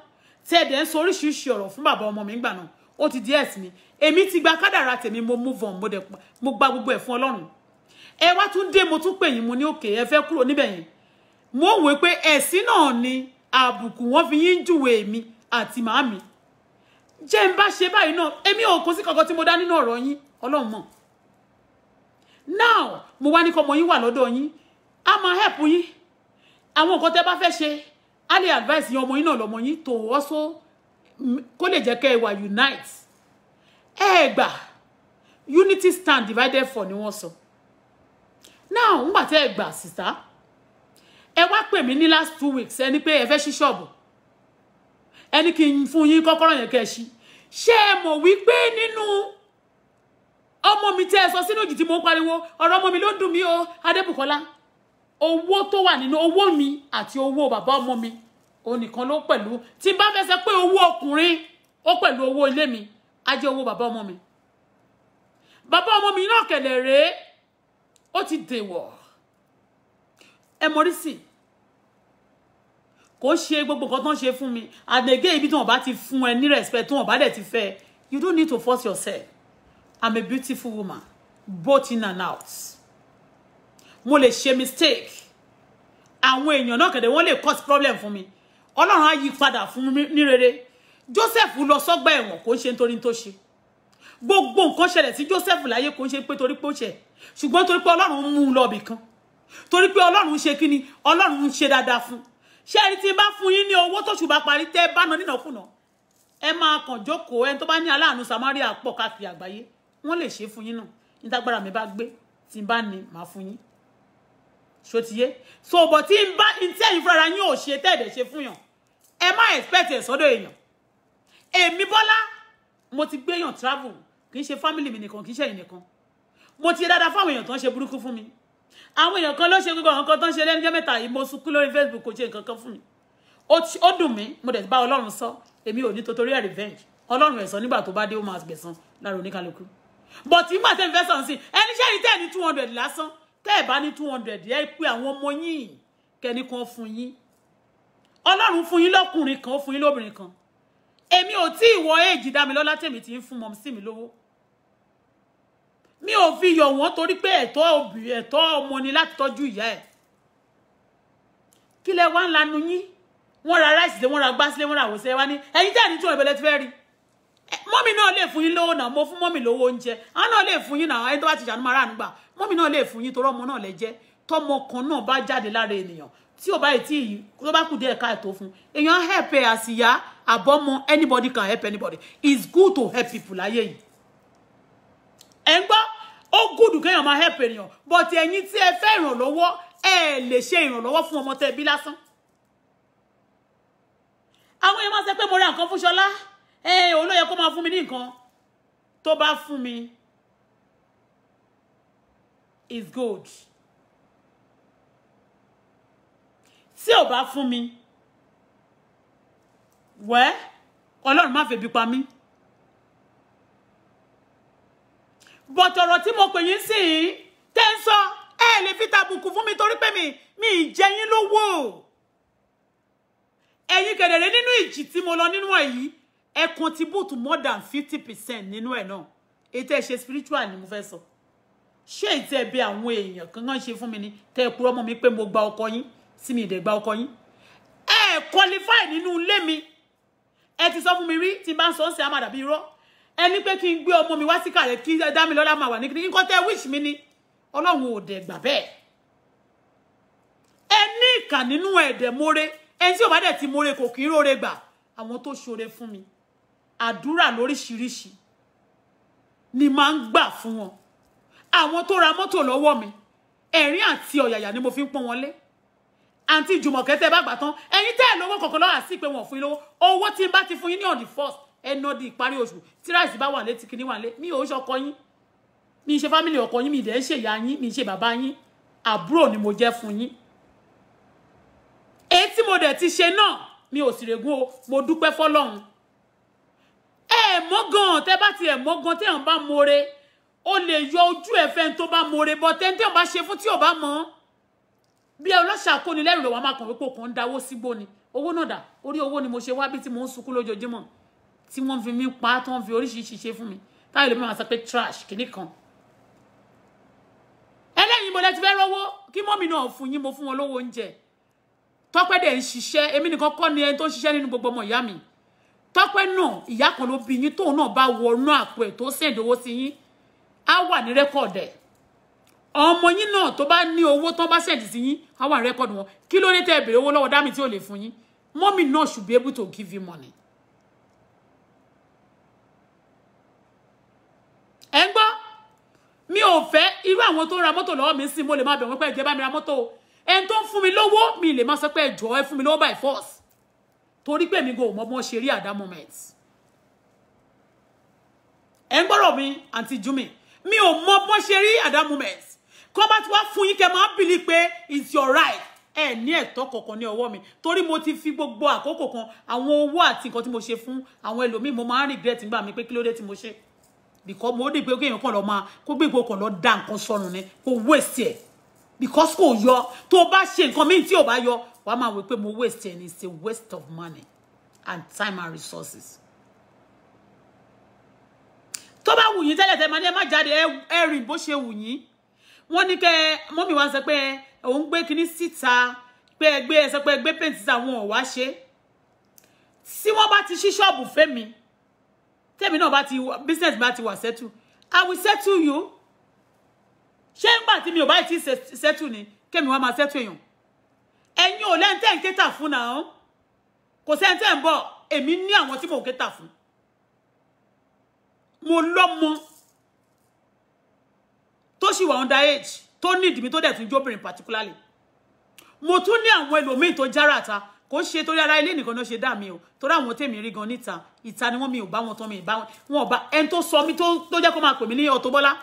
tẹ́ẹ̀dẹ̀ ń sọ oríṣiríṣi ọ̀rọ̀ fún bàbá ọmọ mi ńgbà náà ó ti díẹ̀ sí mi èmi ti gba kádàrà tèmi mo move on mo dẹ̀ mo gba gbogbo ẹ̀ fún ọlọ́run ẹ wá tún dé mo tún pè yín mo ní òkè ẹ fẹ́ kúrò níbẹ̀ yẹn mo wò pé ẹ̀sìn náà ni àbùkù wọn fi yín júwe èmi àti màámi jẹ́ ń bá ṣe báyìí náà èmi ò kó sí kankan tí mo dá nínú ọ̀rọ̀ yín ọlọ́run mọ̀ now mo wá ní kọ́ ọmọ yín wà lọ́dọ̀ yín a máa help yín àwọn nǹkan tẹ́ bá fẹ́ ṣe a lè advice yín ọmọ yín náà lọ́mọ yín tó also kó lè jẹ́ kẹ́ ẹ wà unite ẹ unity stand divided for ni wọ́n sọ now ńgbà tẹ́ ẹ gbà sísá ẹ wá pè mí ní last two weeks ẹni pé ẹ fẹ́ ṣí ṣọ́ọ̀bù ẹni kì í fún yín kọ́kọ́rọ́ yẹn kẹ́ ẹ ṣí ṣé ẹ mọ̀ wípé nínú ọmọ mi tẹ́ ẹ sọ sínú ìjì tí mo ń pariwo ọ̀rọ̀ ọmọ mi ló ń dùn mí o Adébùkọ́lá owó tó wà nínú owó mi àti owó bàbá ọmọ mi òun nìkan ló pẹ̀lú tí n bá fẹsẹ̀ pé owó ọkùnrin ó pẹ̀lú owó ilé mi ajé owó bàbá ọmọ mi bàbá ọmọ mi náà kẹlẹ̀ rèé ó ti dèwọ̀ ẹ mọ̀rí sí kò ṣe gbogbo nǹkan tó ń ṣe fún mi àdègé ibi tí wọn bá ti fún ẹ ní respect tí wọn bá dẹ̀ ti fẹ́ you don't need to force yourself i'm a beautiful woman both in and out mo lè ṣe mistake àwọn èèyàn náà kẹ̀dẹ̀ wọ́n lè cause problem fún mi ọlọ́run á yí padà fún mi ní rere Joseph lọ sọ́gbà ẹ̀wọ̀n kò ń ṣe nítorí tó ṣe gbogbo nǹkan ṣẹlẹ̀ sí Joseph láyé kò ń ṣe pé torí pé ó ṣe ṣùgbọ́n torí pé Ọlọ́run mú un lọ bìkan torí pé Ọlọ́run ṣe kíni Ọlọ́run ṣe dáadáa fún ṣé ẹni tí bá fún yín ní owó tó ṣùgbọ́n parí tẹ́ bá na nínàkúnà ẹ máa kàn jókòó ẹni tó bá ní aláàánú Samaria pọ̀ káàkiri àgbáyé wọ́n lè ṣe fún yín náà nítagbára mi bá gbé tí n bá ní màá fún yín ṣòtìyé so bọ̀ tí n bá tí ẹ̀yin fúnra yín ò ṣe tẹ́ẹ̀dẹ̀ ṣe fún yàn ẹ má expect ẹ̀ sọ́dọ̀ èèyàn èmi Bọ́lá mo ti gbéyàn travel kì í ṣe family mi nìkan kì í ṣe ẹ̀yin nìkan mo ti dáadáa fáwọn èèyàn tó ń ṣe burúkú fún mi àwọn èèyàn kan ló ṣe gbogbo àwọn kan tó ń ṣe lẹ́nu mẹ́ta yìí mo sunkún lórí Facebook kò ṣe nǹkan kan fún mi ó dùn mí mo dẹ̀ bá Ọlọ́run sọ èmi ò ní torí ẹ̀ revenge Ọlọ́run ẹ̀sán nígbà tó bá dé ó máa gbẹ̀san lára oníkálukú but ìgbà tẹ́ ń fẹ́ sàn sí ẹni ṣẹ́ tẹ́ ní two hundred lásán tẹ́ ẹ̀ bá ní two hundred ẹ pé àwọn ọmọ yín kẹ́ni kan fún yín Ọlọ́run fún yín lọ́kùnrin kan ó fún yín lóbìnrin kan èmi ò tí ìwọ èjì dá mi lọ́lá tèmi ti ń fún mọ́mísì mi lówó mi ò fi yọ̀ wọ́n torí pé ẹ̀tọ́ òbí ẹ̀tọ́ ọmọ ni láti tọ́jú ìyá ẹ̀ kí lẹ wá ń lanu yín wọ́n ra ráìsì lé wọ́n ra gbá sílé wọ́n ra àwòsẹ́ wá ní ẹ̀yin jẹ́ àníjọ́ ìbẹ̀lẹ̀ ti fẹ́ rí mọ́mì náà lè fún yín lówó náà mo fún mọ́mì lówó oúnjẹ àwọn náà lè fún yín náà ẹni tó bá ti ṣàánú máa ráàánú gbà mọ́mì náà lè fún yín torọ́ ọmọ náà lẹ jẹ́ tọmọ kan náà bá jáde lára ènìyàn tí ò bá ì tí ì tó bá kù díẹ̀ káàtó fún èèyàn hẹ̀pẹ̀ àsìyá àbọ́mọ anybody can help anybody it's good to help people láyé yìí ẹ̀ ń gbọ́ ó gùdù kéèyàn máa help ènìyàn but ẹ̀yin tí ẹ fẹ́ ìrànlọ́wọ́ ẹ lè ṣe ìrànlọ́wọ́ fún ọmọ tẹ bí lásán àwọn èèyàn máa ń sẹ pé mo ra nǹkan fún Ṣọlá ẹ òun ló yẹ kó máa fún mi ní nǹkan tó bá fún mi is good tí ò bá fún mi wẹ́ ọlọ́run má febi pa mí. bọ̀tọ̀rọ̀ tí mo pè yín sí i tẹ́ ń sọ ẹ lè fi tàbùkù fún mi torí pé mi mi ì jẹ yín lówó ẹ̀yin kedere nínú ìjì tí mo lọ nínú ẹ̀ yìí ẹ contribute more than fifty percent nínú ẹ̀ náà èyí tẹ́ spiritual ni mo fẹ́ sọ ṣé èyí tẹ́ ẹ bẹ àwọn èèyàn kankan ṣe fún mi ni tẹ́ ẹ purọ́ mọ́ mi pé mo gba ọkọ yín sí mi ìdẹ̀ gba ọkọ yín ẹ qualify nínú ilé mi ẹ ti sọ fún mi rí tí bá ń sọ ń ṣe àmàdà bí irọ́ ẹni pé kí n gbé ọmọ mi wá sí kàlẹ́ kí Dámilọ́lá máa wà ní kíní nǹkan tẹ́ wíṣ mi ni ọlọ́run ò dẹ̀ gbà bẹ́ẹ̀ ẹ ní ìkà nínú ẹ̀dẹ̀ mórè ẹni tí ò bá dẹ̀ ti mórè kò kì í róore gbà àwọn tó ṣoore fún mi àdúrà lóríṣiríṣi ni máa ń gbà fún wọn àwọn tó ra mọ́tò lọ́wọ́ mi ẹ̀rín àti ọ̀yàyà ni mo fi ń pọ́n wọn lé àǹtí jùmọ̀kẹ́ tẹ́ bá gbà tán ẹ̀yin tẹ́ ẹ̀ lówó kọ̀ọ̀kan lọ́wọ́ àti ìpè wọn fún yín lówó owó tí n bá ti fún yín ní on the first ẹnu ọdún ìparí oṣù tí ráìsì bá wà lé tí kinní wà lé mi ò ń ṣọkọ yín mi ń ṣe fámìlì ọkọ yín mi ìdẹ́ ń ṣe ìyá yín mi ń ṣe bàbá yín àbúrò ni mo jẹ́ fún yín èyí tí mo dẹ̀ ti ṣe náà mi ò sì regún o mo dúpẹ́ fọlọ́run ẹ mọ́ gan tẹ́ bá ti ẹ̀ mọ́ gan téèyàn bá more o lè yọ ojú ẹ̀fẹ́ tó bá more bọ́ tẹ́ńtẹ́ọ̀ bá ṣe fún tí ò bá mọ́ bí ọlọ́ṣà kóni lẹ́rù lọ́wọ́ máa kàn wípé kò ń dáwó sígbó ni owó náà dà orí owó ni mo ṣe wá bí tí mò ń sunkún lójoojúmọ́ tí wọ́n fi mí pa tí wọ́n fi oríṣiríṣi ṣe fún mi táyọ̀ lè máa sọ pé trash kìíní kan. ẹlẹ́yin mo lẹ ti fẹ́ rówó kí mọ́mì náà fún yín mo fún wọn lówó oúnjẹ tọ́pẹ́ dẹ̀ ń ṣiṣẹ́ èmi nìkan kọ́ ni ẹni tó ń ṣiṣẹ́ nínú gbogbo ọmọ ìyá mi tọ́pẹ́ náà ìyá kan ló bí yín tóun náà bá wọnú àpò ẹ̀ tó sèǹdowó sí yín á wà ní rẹ́kọ̀dẹ̀ ọmọ yín náà tó bá ní owó tán bá sẹ̀dì sí yín á wà rẹ́kọ̀dù wọn kí ló dé tẹ́ ẹ bèrè owó lọ́wọ́ dámì tí ò lè fún yín mọ́mì náà should be able to give you money. ẹ ń gbọ́ mi ò fẹ́ irú àwọn tó ń ra mọ́tò lọ́wọ́ mi sí mo lè máa bẹ̀ wọ́n pé ẹ̀jẹ̀ bá mi ra mọ́tò o ẹni tó ń fún mi lówó mi lè máa sọ pé ẹ̀jọ̀ ẹ fún mi lówó by force torí pé mi kò mọ bó ṣe rí at that moment. ẹ ń gbọ́rọ̀ mi àǹtí Jumi mi ò mọ bó ṣe rí at that moment kọ́ bá ti wá fún yín kẹ́ máa bìlí pé it's your right ẹ ní ẹ̀tọ́ kankan ní ọwọ́ mi torí mo ti fi gbogbo àkókò kan àwọn owó àti nǹkan tí mo ṣe fún àwọn ẹlòmíì mo máa ń regret nígbà mi pé kí ló dé tí mo ṣe because mo dì pé kéèyàn kàn lọ máa kó gbégbó kàn lọ dá nǹkan sọnù ni kó waste ẹ because kò yọ tó o bá ṣe nǹkan míì tí ò bá yọ wàá máa wò pé mo waste ẹ ni it's a waste of money and time and resources tó bá wù yín tẹ́lẹ̀ tẹ́ máa ní ẹ má jáde ẹ rìn bó ṣe wù yín wọ́n ní kẹ́ mọ́mì wa sọ pé òun gbé kinní síta pé ẹgbẹ́ ẹ sọ pé ẹgbẹ́ paint síta wọn ò wá ṣe tí wọ́n bá ti ṣí ṣọ́ọ̀bù fẹ́mi tẹ́mi náà bá ti business bá ti wà settle i will settle you ṣé ńgbà tí mi ò bá ti settle ni kémi wá máa settle èèyàn ẹ̀yin ò lẹ́ni tẹ́ ń kéta fún náà kò sẹ́ni tẹ́ ń bọ̀ èmi ní àwọn tí mò ń kéta fún mo lọ́mọ tó sì wà under age tó need mi tó dẹ̀ tún jóbìnrin particularly mo tún ní àwọn ẹlòmíì tó jára ta kò ṣe torí ara ilé nìkan ló ṣe dá mi o torí àwọn tèmi rí gan níta ìta ni wọn mi ò bá wọn tán mi ìbá wọn ọba ẹni tó sọ mi tó jẹ́ kó máa pè mí ní Auto Bola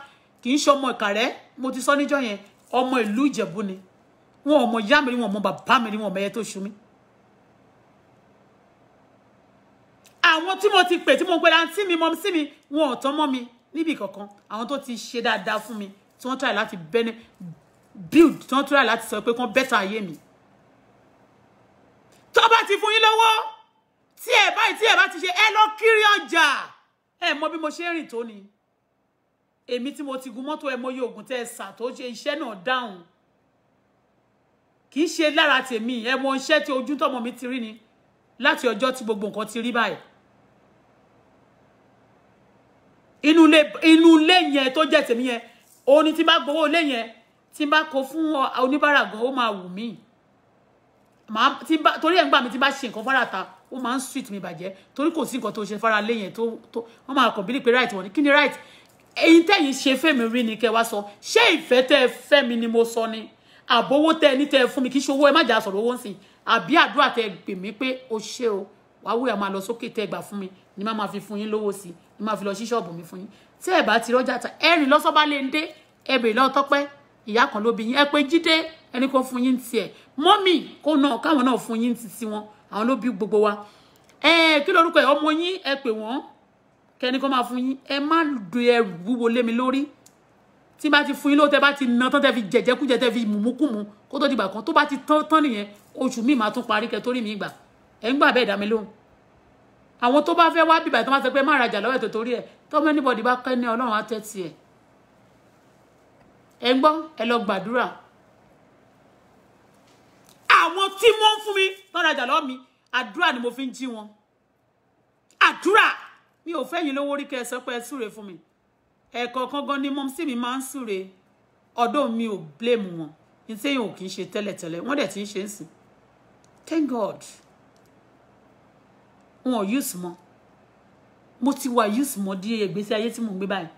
kì í ṣe ọmọ Ìkàrẹ́ mo ti sọ níjọ́ yẹn ọmọ ìlú Ìjẹ̀bú ni wọn ọmọ ìyá mi rí wọn ọmọ bàbá mi rí wọn ọmọ ẹyẹ tó ṣú mi. àwọn tí mo ti pè tí mo pe láǹtí mi mọ sí mi wọn ò tán mọ́ mi níbì kankan àwọn tó ti ṣe dáadáa fún mi tí wọ́n try láti bẹ́nẹ́ build tí wọ́n try láti sọ pé kán bẹ́tà ayé mi tó bá ti fún yín lọ́wọ́ tí ẹ báyìí tí ẹ bá ti ṣe ẹ lọ kiri ọjà ẹ mọ bí mo ṣe rìn tó ni èmi tí mo ti gun mọ́tò ẹ mọyé oògùn tẹ ẹ sà tó ṣe iṣẹ́ náà dáhùn kì í ṣe lára tèmi ẹ mọ iṣẹ́ tí ojú tọmọ mi ti rí ni láti ọjọ́ tí gbogbo nǹkan ti rí báyìí inú ilé yẹn tó jẹ́ tèmi yẹn oni ni tí n bá gbowó ilé yẹn tí n bá kó fún oníbàárà gan ó máa wù mí torí ẹ̀ ń gbà mí tí n bá ṣe nǹkan fara ta ó máa ń sweet mi bàjẹ́ torí kò sí nǹkan tó ṣe fara lé yẹn tó wọ́n máa kàn bí ní right wọ́n kini kí ni right ẹ̀yin tẹ́yin ṣe fẹ́mi rí ni kẹ́ wá sọ ṣé ìfẹ́ tẹ́ ẹ mi ni mo sọ ni àbówó tẹ́ ẹ ní tẹ́ mi kì í ṣe owó ẹ má jà sọ̀rọ̀ owó ń sìn àbí àdúrà tẹ́ ẹ gbè o ṣé o wàá wúyà máa lọ sókè tẹ́ ẹ gbà fún mi ni ma ma fi fún yín lówó sí ni ma fi lọ sí ṣọ́ọ̀bù mi fún yín tẹ́ ẹ bá ti rọ́jà ta ẹ̀rìn lọ́sọ́ bá lè ń dé ẹ bèrè lọ́wọ́ tọ́pẹ́ ìyá kan ló bí yín ẹ pé jíde ẹni kó fún yín tiẹ̀ mọ́mì kó náà káwọn náà fún yín ti tiwọn àwọn ló bí gbogbo wa ẹ kí lórúkọ ẹ ọmọ yín ẹ pè wọ́n kẹ́ni kó máa fún yín ẹ má do ẹrù wúwo lé mi lórí tí bá ti fún yín lóòótọ́ bá ti na tán tẹ́ fi jẹ̀jẹ̀kújẹ tẹ́ fi mùmúkùmù kó tó dìgbà kan tó bá ti tán tán nìyẹn oṣù míì máa tún parí kẹ́ torí mi gbà ẹ̀ ń gbà bẹ́ẹ̀ dá mi lóhùn àwọn tó bá fẹ́ wá bíbà tó bá sọ pé má rajà lọ́wọ́ ètò torí ẹ̀ tọ́mọ anybody bá kẹ́ ní ọlọ́run á tẹ́tì ẹ̀ ẹ gbọ́ ẹ lọ gbàdúrà àwọn tí wọ́n ń fún mi lọ́rajà lọ́ọ́ mi àdúrà ni mo fi ń jí wọn àdúrà mi ò fẹ́ yín lówó rí kẹ́ ẹ sọ pé ẹ súre fún mi ẹ̀ẹ̀kọ̀ọ̀kan gan ni mọ́mísí mi máa ń súre ọ̀dọ̀ mi ò blame wọn ní sẹ́yìn ò kì í ṣe tẹ́lẹ̀tẹ́lẹ̀ wọ́n dẹ̀ ti ń ṣe ń sìn thank god wọn ò use mọ́ mo ti wà use mọ́ di ìgbésí ayé tí mò ń gbé báyìí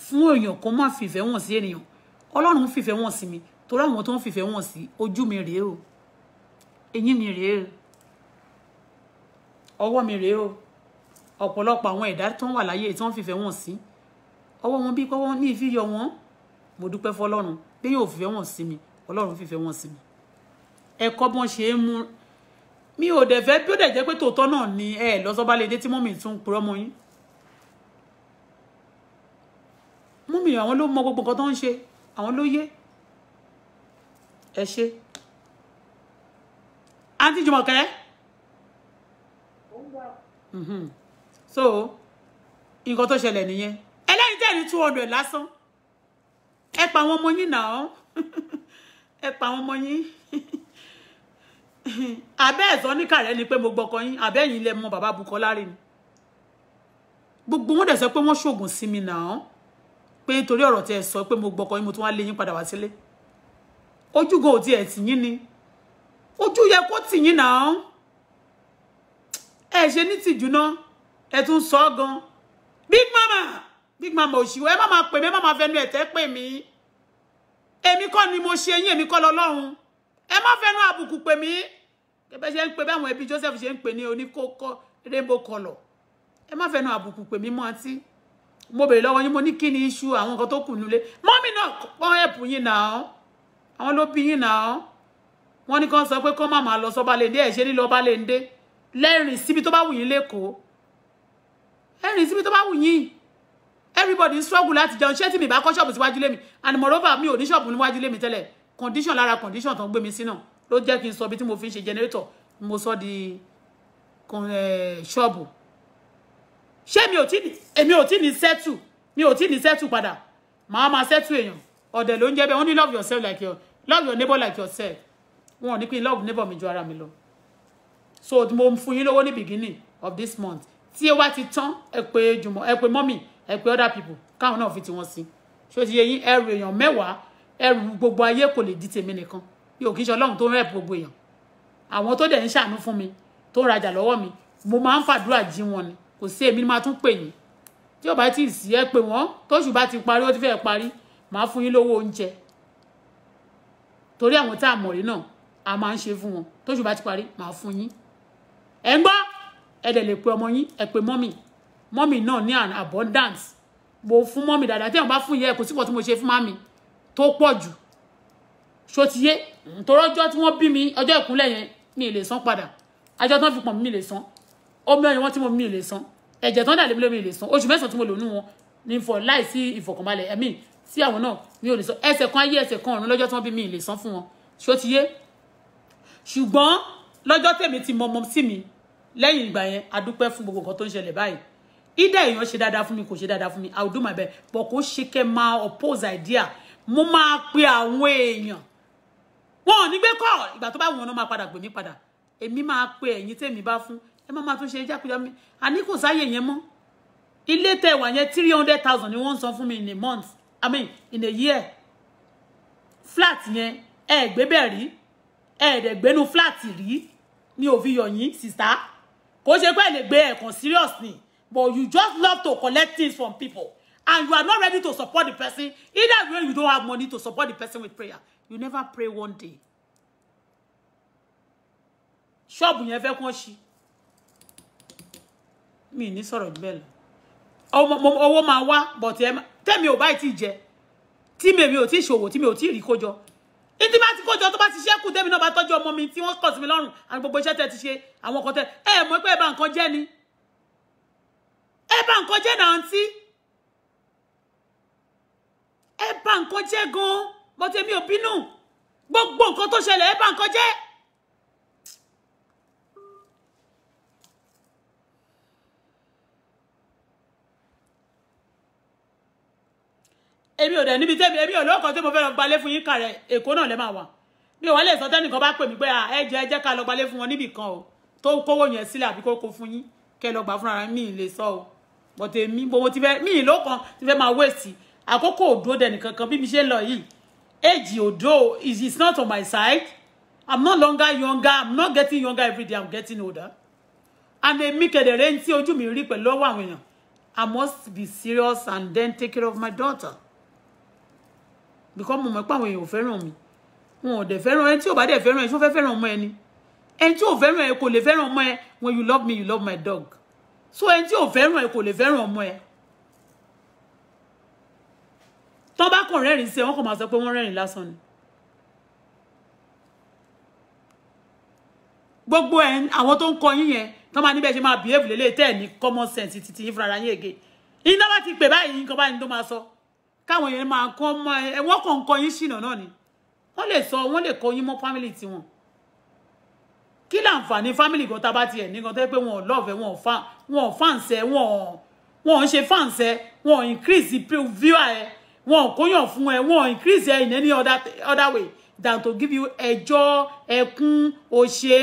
fún èèyàn kó má fìfẹ́ wọn sí ènìyàn ọlọ́run fìfẹ́ wọn sí mi torí àwọn tó ń fìfẹ́ wọn sí ojú mi rèé o eyín mi rèé o ọwọ́ mi rèé o ọ̀pọ̀lọpọ̀ àwọn ẹ̀dá tó ń wà láyé tí wọ́n fìfẹ́ wọn sí ọwọ́ wọn bí pọ́wọ́ ní ìfiyọ wọn mo dúpẹ́ fọlọ́run pé yóò fìfẹ́ wọn sí mi ọlọ́run fìfẹ́ wọn sí mi ẹ̀kọ́ bọ́n ṣe é mú mi ò dẹ̀ fẹ́ bí ó dẹ̀ jẹ́ pé tòótọ́ náà ni ẹ lọ́sọ́bálẹ̀ tí mọ́mì tún purọ́ mọ́ mummy àwọn ló mọ gbogbo nǹkan tó ń ṣe àwọn ló yé ẹ ṣe àǹtí Jùmọ̀kẹ́ so nǹkan tó ṣẹlẹ̀ nìyẹn ẹlẹ́yìn tẹ̀lé two hundred lásán ẹ pa àwọn ọmọ yín náà ẹ pa àwọn ọmọ yín abẹ́ ẹ̀sán ní kàrẹ́ ni pé mo gbọ́kọ yín abẹ́ yìí lẹ mọ bàbá Bùkọ́lá rè ni gbogbo wọn dẹ̀ sọ pé wọ́n ṣoògùn sí mi náà pé nítorí ọ̀rọ̀ tí ẹ sọ pé mo gbọ́kọ yín mo tún wá lé yín padà wá sílé ojúgo ò tiẹ̀ tì yín ni ojú yẹ kó tì yín náà ẹ ṣe ní tìjú náà ẹ tún sọ gan big mama big mama òṣìwọ ẹ má máa pè mí ẹ má máa fẹnu ẹ̀tẹ́ pè mí èmi kọ́ ni mo ṣe yín èmi kọ́ lọ́lọ́run ẹ má fẹnu àbùkù pè mí kẹfẹ ṣe ń pe báwọn ẹbí Joseph ṣe ń pè ní oníkókó rainbow colour ẹ má fẹnu àbùkù pè mí mọ́ àǹtí mo bèrè lọ́wọ́ yín mo ní kí ni iṣu àwọn nǹkan tó kù nílé mọ́mí náà pọ́n ẹ̀pù yín náà àwọn ló bí yín náà wọ́n ní kán sọ pé kán má máa lọ sọ́ba lèndé ẹ̀ ṣe ní lọ́ba lèndé lẹ́rìn síbi tó bá wù yín lẹ́kọ̀ọ́ ẹ̀rìn síbi tó bá wù yín everybody ń struggle láti jẹun ṣé tí mi bá kọ́ ṣọ́ọ̀bù síwájú lé mi and moreover mi ò ní ṣọ́ọ̀bù níwájú lé mi tẹ́lẹ̀ condition lára condition tó ń gbé mi sí náà ló jẹ́ kí n sọ bí tí mo fi ń ṣe generator mo sọ di eh, ṣọ́ọ̀bù ṣé mi ò tí ní èmi ò tí ní settle mi ò tí ní settle padà màá máa settle èèyàn ọ̀dẹ̀ ló ń jẹ́ bẹ́ẹ̀ wọ́n ní love yourself like your love your neighbor like yourself wọn ò ní pín love neighbor mi ju ara mi lọ so mo fún yín lówó ní beginning of this month tí ẹ wá ti tán ẹ pé jùmọ̀ ẹ pé mọ́mì ẹ pé other people káwọn náà fi tiwọn sí ṣé o ti yẹ yín ẹrù èèyàn mẹ́wàá ẹrù gbogbo ayé kò lè di tèmi nìkan mi ò kì í ṣe ọlọ́run tó ń rẹ̀pù gbogbo èèyàn àwọn tó dẹ̀ ń ṣàánú fún mi tó ń rajà lọ́wọ́ mi mo máa ń fàdúrà jí wọn ni kò sí èmi ni máa tún pè yín tí ò bá tí ì sí ẹ pè wọ́n tóṣù bá ti parí ó ti fẹ́ parí màá fún yín lówó oúnjẹ torí àwọn tá a mọ̀ rí náà a máa ń ṣe fún wọn tóṣù bá ti parí màá fún yín ẹ ń gbọ́ ẹ dẹ̀ lè pe ọmọ yín ẹ pe mọ́mì mọ́mì náà ní an abundance mo fún mọ́mì dáadáa tí àwọn bá fún yẹ kò sípò tí mo ṣe fún mami tó pọ̀ jù ṣó ti yé torọ́jọ́ tí wọ́n bí mi ọjọ́ ìkúnlẹ̀ yẹn mi ì lè san padà ajọ́ tí wọ́n fi pọ̀ mi lè san omi ọyàn wọn tí mo mi ò lè san ẹ̀jẹ̀ tó ń dàlẹ́ mi lómi ò lè san oṣù mẹ́sàn-án tí mo lò nù wọn ní fọ láìsí ìfọ̀kànbalẹ̀ ẹ̀mí sí àwọn náà mi ò lè san ẹsẹ̀ kan ayé ẹsẹ̀ kan ọ̀run lọ́jọ́ tí wọ́n bí mi ò lè san fún wọn ṣó ti yé ṣùgbọ́n lọ́jọ́ tèmi ti mọmọ sí mi lẹ́yìn ìgbà yẹn a dúpẹ́ fún gbogbo nǹkan tó ń ṣẹlẹ̀ báyìí ìdá èèyàn ṣe dáadáa fún mi kò ṣe dáadáa fún mi i will do my best but kò ṣe kẹ́ máa oppose idea mo máa pe àwọn èèyàn wọn ò ní gbé kọ́ ìgbà tó bá wọn náà máa padà gbèmí padà èmi máa pe ẹ̀yin tèmi bá fún ẹ má máa tún ṣe jákujá mi àní kò sáyè yẹn mọ́ ilé tẹ wà yẹn three hundred thousand ni wọ́n ń san fún mi in a month i mean in a year flat yẹn ẹ ẹ gbé bẹ́ẹ̀ rí ẹ ẹ dẹ̀ gbénu flat rí mi ò fi yọ̀ sister kò ṣe pé ẹ lè gbé ẹ̀kan serious but you just love to collect things from people and you are not ready to support the person either way you don't have money to support the person with prayer you never pray one day ṣọ́ọ̀bù yẹn fẹ́ kán ṣí mi ní sọ̀rọ̀ jù bẹ́ẹ̀ lọ owó máa wá bọ̀tí ẹ tẹ́mi ò báyìí tí Ti me mi ò tí ṣòwò tí mi ò tí rí kójọ ìdí bá ti kójọ tó bá ti ṣẹ́kù tẹ́mi náà bá tọ́jú ọmọ mi tí wọ́n kọ̀ sí mi lọ́rùn àti gbogbo iṣẹ́ tẹ́ ti ṣe àwọn ọkọ̀ tẹ́ ẹ mọ̀ pé ẹ bá nǹkan ni ẹ bá nǹkan jẹ́ náà ntí ẹ bá nǹkan jẹ́ gan-an bọ́tí èmi ò bínú gbogbo nǹkan tó ṣẹlẹ̀ ẹ bá nǹkan jẹ́. èmi ò dẹ̀ níbi tẹ́mi èmi ò lọ́kàn tí mo fẹ́ lọ gbalé fún yín kàrẹ̀ èkó náà lẹ́ máa wà mi ò wá lè sọ tẹ́nìkan bá pè mí pé ẹ jẹ́ ẹ jẹ́ ká lọ gbalé fún wọn níbì kan o tó kówó yẹn sílẹ̀ àbí kó kó fún yín kẹ́ lọ gbà fúnra mi ì lè sọ o but èmi gbogbo ti fẹ́ mi ì lọ́kàn ti fẹ́ máa wéèsì àkókò òdó dẹnì kankan bí mi ṣe lọ yìí age òdó is is not on my side i'm no longer younger i'm not getting younger every day i'm getting older and èmi kẹ̀dẹ̀rẹ́ ń tí ojú mi rí pẹ̀lú ọwọ́ àwọn èèyàn i must be serious and then take care of my daughter because mo mọ̀ pé àwọn èèyàn ò fẹ́ràn mi wọn ò dẹ̀ fẹ́ràn ẹ tí ò bá dẹ̀ fẹ́ràn ẹ ṣó fẹ́ fẹ́ràn ọmọ ẹ ni ẹni tí ò fẹ́ràn ẹ kò lè fẹ́ràn ọmọ ẹ when you love me you love my dog so ẹni tí ò fẹ́ràn ẹ kò lè fẹ́ràn ọmọ ẹ tọ́ bá kàn rẹ́rìn sí ẹ wọ́n kàn máa sọ pé wọ́n rẹ́rìn lásán ni gbogbo ẹ àwọn tó ń kọ yín yẹn tọ́ máa níbẹ̀ ṣe máa behave lélẹ́tẹ̀ẹ́ ní common sense títí yín fúnra yín ègé yín náà bá ti pè báyìí nǹkan báyìí tó máa sọ. So káwọn èèyàn máa kọ́ mọ́ ẹ wọ́n kàn ń yín ṣìnà náà ni wọ́n lè sọ wọ́n lè kọ yín mọ́ fámìlì tiwọn kí láǹfààní fámìlì gan tá a bá tiẹ̀ nìkan tó yẹ pé wọn ò lọ́ọ̀fẹ́ wọn ò fa wọn ò fáǹsẹ̀ wọn ò wọn ò ṣe fáǹsẹ̀ wọn ò increase viewer ẹ wọn ò kóyàn fún ẹ wọn ò increase ẹ in any other, other way than to give you ẹjọ́ ẹkún òṣè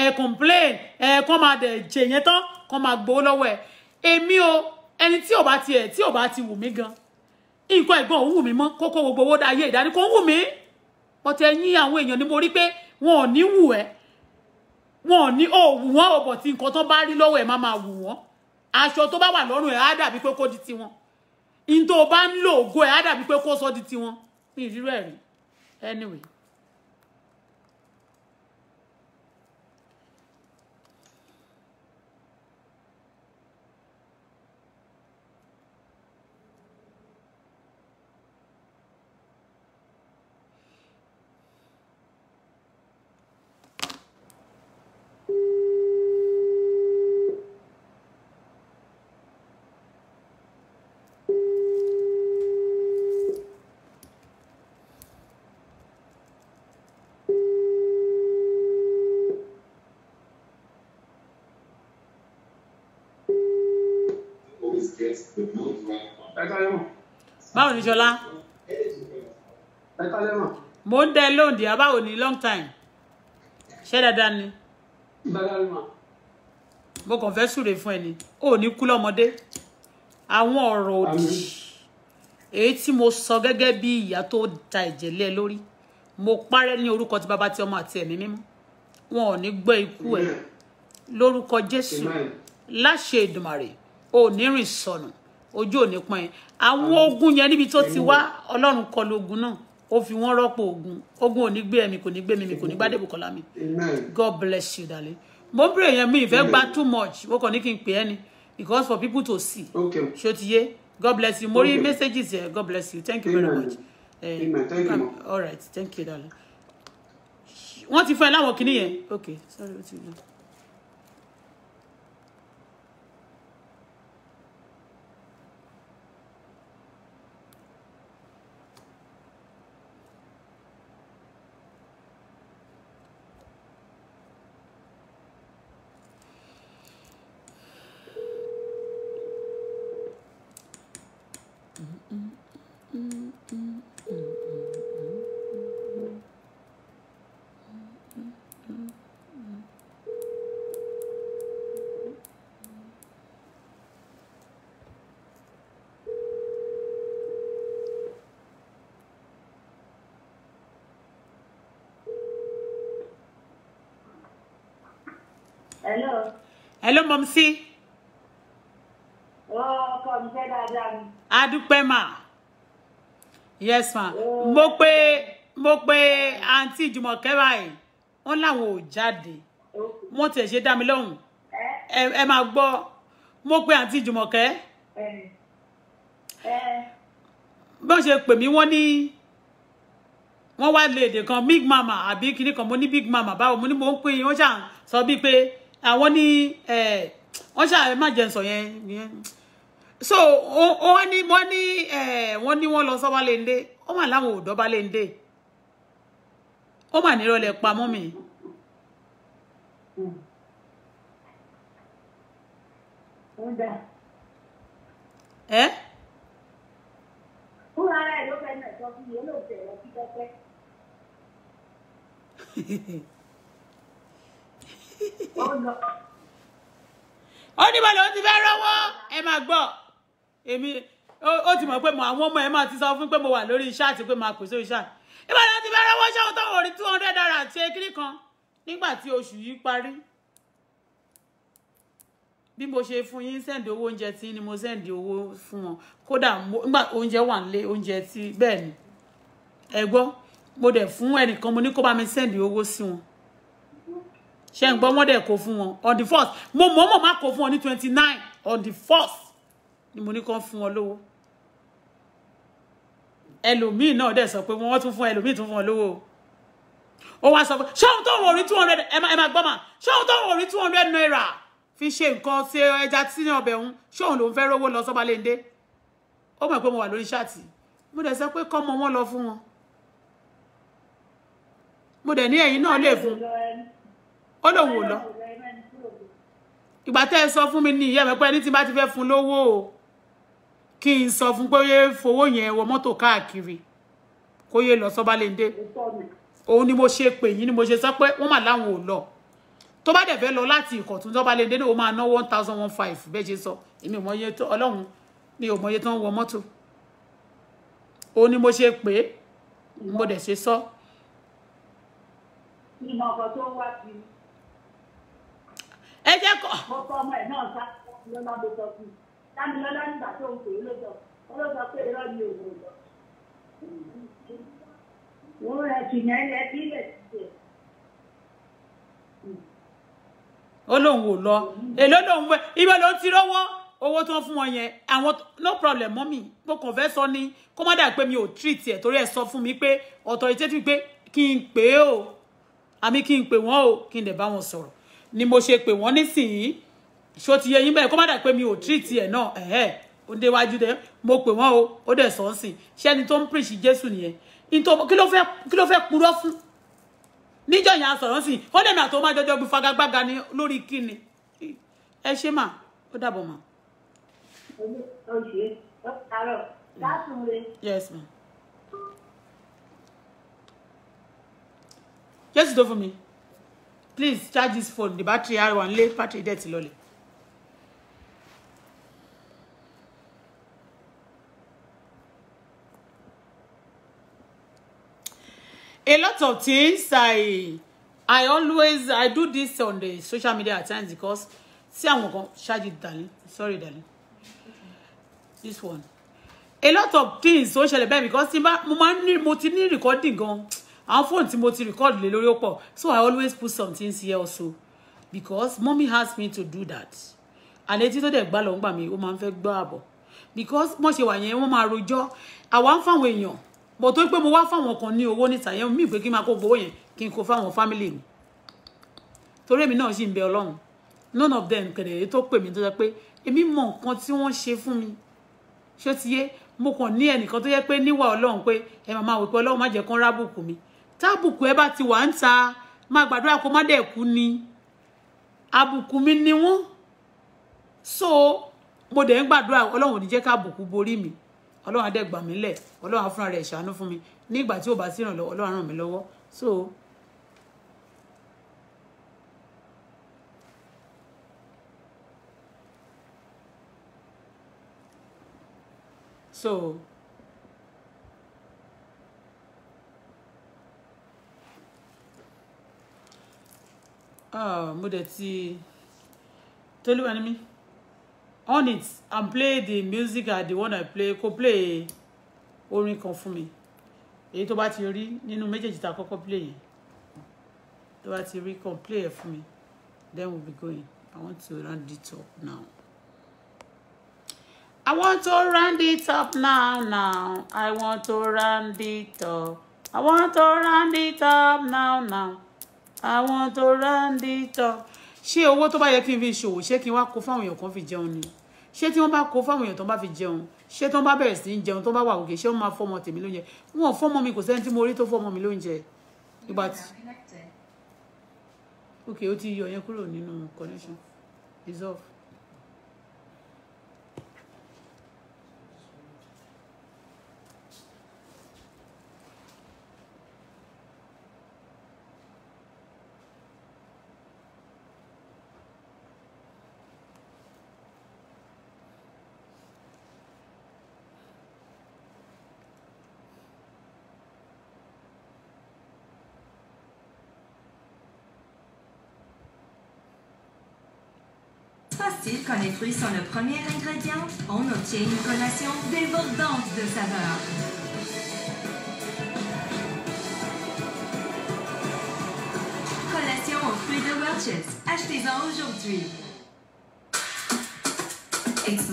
ẹ complain ẹ kàn máa dẹ̀ jẹ yẹn tán kàn máa gbowó lọ́wọ́ ẹ èmi o ẹni tí ò bá tiẹ̀ tí ò bá ti wù mí gan nǹkan ẹ̀gbọ́n òun wù mí mọ́ kókó gbogbo owó dáyé ìdání kò ń wù mí ọ̀tẹ̀ ẹ̀yìn àwọn èèyàn ni mo rí pé wọn ò ní wù ẹ́ wọn ò ní òwù wọn ò bọ̀ tí nǹkan tó bá rí lọ́wọ́ ẹ̀ má máa wù wọ́n aṣọ tó bá wà lọ́rùn ẹ̀ á dàbí pé kó di tiwọn in bá ń lo ògo ẹ̀ á dàbí pé kó sọ di tiwọn ní ìrírọ̀ ẹ̀rí anyway. Olúṣọlá. mo ń dẹ lóòdì abáwo ní long time ṣé dáadáa ni. mo kàn fẹ́ súre fún ẹ ni ó ní kú lọ́mọdé àwọn ọ̀rọ̀ òdì èyí tí mo sọ gẹ́gẹ́ bí ìyá tó da ẹ̀jẹ̀ lé ẹ lórí mo parẹ́ ní orúkọ ti bàbá ti ọmọ àti ẹ̀mí mímọ́ wọn ò ní gbọ́ ikú ẹ lórúkọ Jésù láṣẹ Èdùmàrè ò ní rìn sọnù ojú ò ní pọ́n àwọn ogun yẹn níbi tó ti wá ọlọ́run kọlu ogun náà ó fi wọ́n rọ́pò ogun ogun ò gbé ẹ̀mí kò ní gbé mi mi kò ní gbádé bùkọ́lá mi God bless you darling mo ń bèrè yẹn mi ìfẹ́ gba too much mo kàn ní kí n pè é ni because for people to see ṣó ti yé God bless you mo rí messages yẹn God bless you thank you very much eh, all right thank you darling wọ́n ti fẹ́ láwọn kìnìyẹn okay sorry ó ti lọ. hello mumsy. Oh, come fẹ́ dáadáa ni. adúpẹ́ yes ma oh. mo pe mo pe àǹtí Jùmọ̀kẹ́ báyìí wọ́n láwọn ò jáde wọ́n tiẹ̀ ṣe dá mi lóhùn eh? ẹ máa gbọ́ mo pe àǹtí Jùmọ̀kẹ́ eh. eh. bó ṣe pè come wọ́n ní wọ́n wá lè èdè big mama àbí kinní kan come ní big mama báwo mo ní mo ń pè wọ́n ṣàn sọ bíi pé àwọn ní wọ́n ṣáà ẹ má jẹun sọ yẹn so wọ́n ní wọ́n ní wọ́n ní wọ́n lọ sọ́ba léńdé ó mà láwọn ò dọ́ba léńdé ó mà nírọ̀lẹ́ pamọ́ mi. ẹ. fúnra rẹ̀ ló fẹ́ nà sọ fún mi ó lò tẹ̀ ọ́ sí pẹ́pẹ́. ó ní bọ́lá ó ti fẹ́ rọ́wọ́ ẹ máa gbọ́ èmi ó ti mọ̀ pé mo àwọn ọmọ ẹ máa ti sọ fún pé mo wà lórí iṣẹ́ àti pé máa pè sórí iṣẹ́ ìbọ̀lá ó ti fẹ́ rọ́wọ́ ṣé òun tó wò rí two hundred naira àti ekiri kan nígbà tí oṣù yìí parí bí mo ṣe fún yín sẹ́ǹdì owó oúnjẹ tí ni mo sẹ́ǹdì owó fún wọn kódà nígbà oúnjẹ wà nílé oúnjẹ tí bẹ́ẹ̀ ni ẹ gbọ́ mo dẹ̀ fún ẹnìkan mo ní kó bá mi sẹ́ǹdì owó sí wọn ṣe ń gbọ́ wọ́n dẹ̀ kó fún wọn on the first mo mọ̀ọ́mọ̀ má kó fún wọn ní twenty nine on the first ni mo ní kàn fún wọn lówó ẹlòmíì náà dẹ̀ sọ pé wọ́n tún fún ẹlòmíì tún fún wọn lówó ó wá sọ pé ṣé òun tó ń wọrí two hundred ẹ máa gbọ́ mà ṣé òun tó ń wọrí two hundred naira fi ṣe nǹkan ṣe ẹja sínú ọbẹ̀ òun ṣé òun ló ń fẹ́ rówó lọ sọ́balẹ̀ndé ó mọ̀ pé mo wà lórí ṣáàtì mo dẹ̀ sọ pé kọ́mọ wọn lọ fún wọn mo dẹ̀ ní ẹ̀yin náà lè fún un ó lòun ò lọ ìgbà tẹ́ ẹ sọ fún mi ní ìyá mi pé ẹni tí bá ti fẹ́ fún lówó o kí n sọ fún pé ó yẹ fowó yẹn wọ mọ́tò káàkiri kó yẹ lọ sọ́balẹ̀ndé òun ni mo ṣe pè yín ni mo ṣe sọ pé wọ́n mà láwọn ò lọ tó bá dẹ̀ fẹ́ lọ láti ìkọ̀tún sọ́balẹ̀ndé náà ó máa ná one thousand one five bẹ́ẹ̀ ṣe sọ èmi ò mọ iye tó ọlọ́run mi ò mọ tó ń wọ mọ́tò òun ni mo ṣe pè mo dẹ̀ ṣe sọ. ìmọ̀ ọ̀gọ̀ tó ń wá kiri ẹ jẹ́ kọ́. mo sọ ọmọ ẹ̀ náà sá ló máa bẹ sọ fún mi dámilọ́lá nígbà tó ń pè é ló ó ló sọ pé irọ́ ni òun ò lọ. wọ́n rẹ̀ tìyàn ilẹ̀ bí ilẹ̀ ti tẹ̀. ó lóun ò lọ èló lòun wẹ ibẹ̀ ló ti rọ́wọ́ owó tó ń fún wọn yẹn àwọn no problem mọ́mì mo kàn fẹ́ sọ ní kó má dà pé mi ò treat ẹ̀ torí ẹ̀ sọ fún mi pé authoritative pé kí n pè é o àmì kí n pè wọ́n o kí n dẹ̀ bá wọn sọ̀rọ̀ ni mo ṣe pè wọ́n nísìnyí ṣó ti yẹ yín bẹ́ẹ̀ kó má dà pé mi ò treat ẹ̀ náà ẹ̀ẹ́ ó déwájú dẹ mo pè wọ́n o ó dẹ̀ sọ́ sí ṣé ẹni tó ń preach Jésù nìyẹn kí ló fẹ́ purọ́ fún níjọ yẹn a sọ̀rọ̀ sí ó dẹ̀ mi àtọ́ máa jọjọ́ bí fagagbága ni lórí kíni ẹ ṣe mà ó dàbọ̀ mà. yes ma. Jésù tó fún mi please charge this phone the battery i wan lé battery dead slowly. a lot of things i i always i do this on the social media at times because see I'm gonna charge it darling sorry darling this one a lot of things ó ṣẹlẹ̀ because mo máa ń mo ti ní recording gan àwọn fóònù tí mo ti record lé lórí ó pọ̀ so i always put something here also because mommy asked me to do that and etí tó dẹ̀ gbá lọ ń gbà mí ó máa ń fẹ́ gbọ́ àbọ̀ because wọ́n ṣe wà yẹn wọ́n máa rojọ́ àwa ń fáwọn èèyàn bọ̀ tó pé mo wá fáwọn kan ní owó níta yẹn mí pé kí n máa kó gbowó yẹn kí n kó fáwọn family mi torí èmi náà sì ń bẹ ọlọ́run none of them kẹ̀dẹ̀ tó pè mí tó sọ pé èmi mọ nǹkan tí wọ́n ṣe fún mi ṣé ti yé mo kàn ní ẹnìkan tó yẹ pé níwà ọlọ́run pé ẹ máa máa wò pé ọlọ́run má jẹ́ kán rábùkù mi tábùkù ẹ bá ti wà ń ta máa gbàdúrà kó má dẹ̀ ni àbùkù mi ni wọ́n so mo dẹ̀ ń gbàdúrà ọlọ́run ò ní jẹ́ kábùkù borí mi ọlọ́run á dẹ̀ gbà mí lẹ̀ ọlọ́run á rẹ̀ ṣàánú fún mi nígbà tí ò bá sí ìrànlọ́wọ́ ọlọ́run ràn mí lọ́wọ́ so so Ah, mo dẹ̀ ti tolúwa ni mí on it and play the music and the one i play kò play orin kan fún mi èyí tó bá ti rí nínú méjèèjì tá a kọ́kọ́ play yẹn tó bá ti rí kan play ẹ̀ fún mi then we'll be going i want to round it up now. I want to round it up now, now. I want to round it up. I want to round it up now, now àwọn tó ráńdí tọ ṣé owó tó bá yẹ kí n fi ṣòwò ṣé kí n wá kó fáwọn èèyàn kan fi jẹun ni ṣé tí wọ́n bá kó fáwọn èèyàn tó bá fi jẹun ṣé tó bá bẹ̀rẹ̀ sí í jẹun tó bá wà òkè ṣé wọ́n máa fọmọ tèmi lóúnjẹ wọn ò fọmọ mi kò sẹ́ni tí mo rí tó fọmọ mi lóúnjẹ ìgbà tí ok ó ti yọ yẹn kúrò nínú connection resolve. quand les fruits sont le premier ingrédient, on obtient une collation débordante de saveurs. collation aux fruits de Welch's. Achetez-en aujourd'hui. It's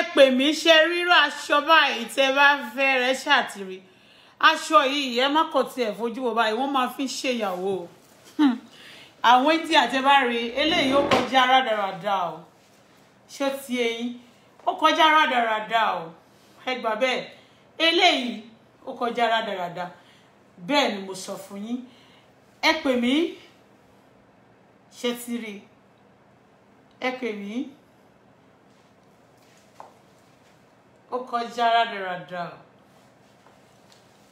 ẹ pè mí ṣe rírọ aṣọ báyìí tẹ́ bá fẹ́ rẹ ṣàtìrí aṣọ yìí ẹ má kàn tiẹ̀ fojú bọ báyìí wọ́n máa fi ṣèyàwó o hmm. àwọn tí àtẹ̀bá rí eléyìí ó kọjá rádaràda o ṣó ti eyín ó kọjá rádaràda o ẹ gbà bẹ́ẹ̀ eléyìí ó kọjá rádaràda bẹ́ẹ̀ ni mo sọ fún yín ẹ pè mí ṣe ti rí ẹ pè mí. ó kọjá rádaràda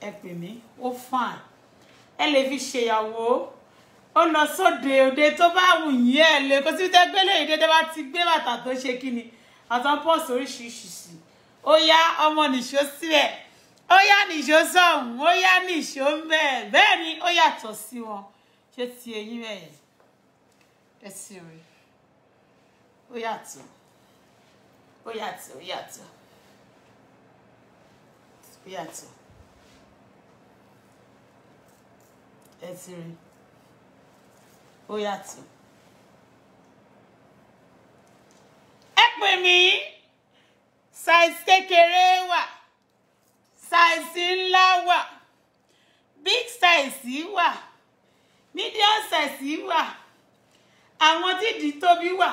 ẹ pè mí ó fàn ẹ lè fi ṣèyàwó ó lọ sóde òde tó bá wù yín ẹ lè kó síbi tẹ gbélé ìdè tẹ bá ti gbé bàtà tó ṣe kí ni àtàwọn pọ́ọ̀sì oríṣiríṣi ó yá ọmọ nìṣó sílẹ̀ ó yá nìṣó sọ̀hún ó yá nìṣó bẹ́ẹ̀ bẹ́ẹ̀ ni ó yàtọ̀ sí wọn ṣé ti eyín bẹ́ẹ̀ ẹ sì rí ó yàtọ̀ ó yàtọ̀ ó yàtọ̀ bí àtẹ ẹ ti rí ó yàtọ̀ ẹ pè mí size kékeré wà size ńlá wà big size wà medium size wà àwọn dídì tóbi wà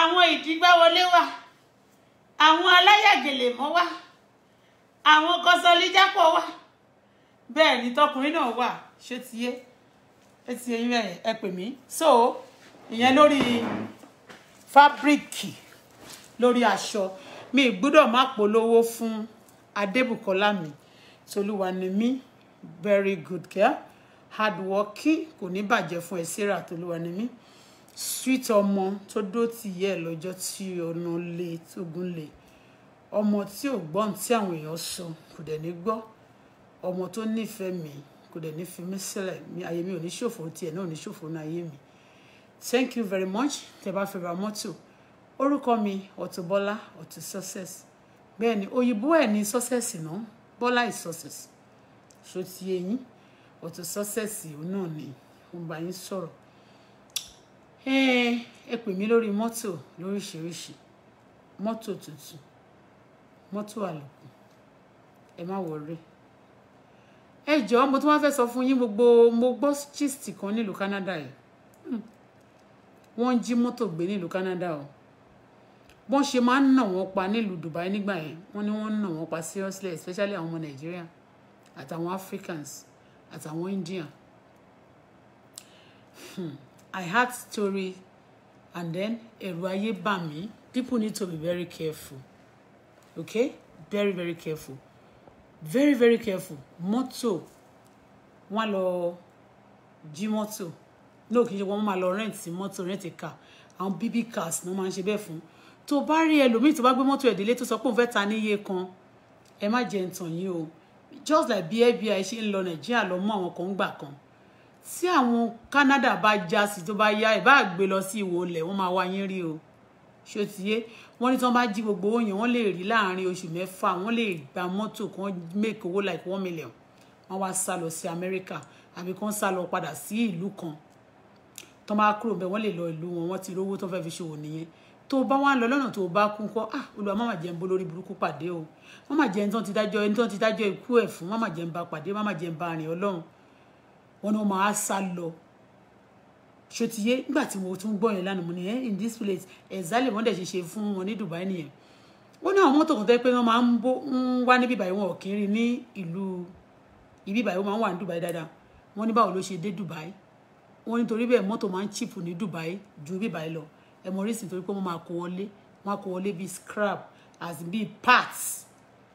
àwọn ìdígbáwọlé wà àwọn aláyàgèlè mọ́ wà àwọn kọsọlíjápọ̀ wà bẹ́ẹ̀ ni tọkùnrin náà wà ṣé ti yé ẹ ti yẹn bẹ́ẹ̀ ẹ pè mí so ìyẹn lórí fábíríkì lórí aṣọ mi gbọ́dọ̀ má polówó fún adébùkọ́lá mi tolúwa ni mí very good girl hard working kò ní bàjẹ́ fún ẹ sarah tolúwa ni mí sweet ọmọ tó dó tì yẹ lọ́jọ́ tí ọ̀nà le tógun le ọmọ tí ò gbọ́n tí àwọn èèyàn sọ kò dẹ̀ ní gbọ́ ọmọ tó nífẹ̀ẹ́ mi kò dẹ̀ ní fi mí sílẹ̀ ayé mi ò ní ṣòfò tiẹ̀ náà ò ní ṣòfò ní ayé mi thank you very much tẹ́ bá fẹ́ ra mọ́tò orúkọ mi Auto Bola Auto Success bẹ́ẹ̀ ni òyìnbó ẹ̀ ní success náà Bọ́lá is success so ti eyín Auto Success náà ni mo bá yín sọ̀rọ̀ ẹ pè mí lórí mọ́tò lóríṣiríṣi mọ́tò tuntun mọ́tò àlòkù ẹ má wọrí ẹ jọ̀ọ́ mo tún wá fẹ́ sọ fún yín gbogbo mo gbọ́ gist kan nílùú Canada yìí hmm. wọ́n ń jí mọ́tò gbé nílùú Canada o bọ́n ṣe máa ń nà wọ́n pa nílùú Dubai nígbà yẹn wọ́n ní wọ́n ń nà wọ́n pa seriously especially àwọn ọmọ Nàìjíríà àtàwọn Africans àtàwọn Indian hmm. I heard story and then ẹ̀rù ayé bà mí people need to be very careful okay very very careful very very careful mọ́tò wọ́n lọ jí mọ́tò náà kì í ṣe wọ́n máa lọ rẹ́ǹtì mọ́tò rẹ́ǹtì car àwọn bb cars ni wọ́n máa ń ṣe bẹ́ẹ̀ fún tó bá rí ẹlòmíì tó bá gbé mọ́tò ẹ̀dínlé tó sọ pé òun fẹ́ ta níye kan ẹ má jẹ ǹtàn yín o just like bí FBI ṣe ń lọ nàìjíríà lọ mú àwọn kan ń gbà kan tí àwọn Canada bá já sí tó bá yá ẹ bá gbé lọ sí ìwò ilẹ̀ máa wá yín rí o ṣó wọ́n ní tí wọ́n bá jí gbogbo owó yẹn wọ́n lè rí láàrin oṣù mẹ́fà wọ́n lè gba mọ́tò kan make owó like one million wọ́n wá sá lọ sí amẹ́ríkà àbí kan sá lọ padà sí ìlú kan tó máa kúrò bẹ́ẹ̀ wọ́n lè lọ ìlú wọn wọ́n ti rówó tó fẹ́ẹ́ fi ṣòwò nìyẹn tó bá wà lọ lọ́nà tó bá kú kọ́ ah olùwà má mà jẹ́ ń bó lórí burúkú pàdé o má mà jẹ́ ń tán ti dájọ́ ẹni tán ti dájọ́ ikú ẹ̀ fún má mà jẹ́ ń ba pàdé má mà jẹ́ ba àrìn ọlọ́run wọn ni wọ́n máa sá lọ ṣòtìyé nígbà tí mo tún gbọ́ yẹn lánàá mo ní ẹ in this place exactly wọ́n dẹ̀ ṣe ṣe fún wọn ní Dubai nìyẹn wọ́n ní àwọn mọ́tò kan tó yẹ pé wọ́n máa ń bó ń wá ní bíbáyìí wọn ò kiri ní ìlú ìbíbáyìí wọ́n máa ń wà ní Dubai dáadáa wọ́n ní báwo ló ṣe dé Dubai wọ́n nítorí bẹ́ẹ̀ mọ́tò máa ń chip ní Dubai ju bíbáyìí lọ ẹ mọ̀ orísìí torí pé wọ́n máa kó wọlé wọ́n á kó wọlé bíi scrap as bíi parts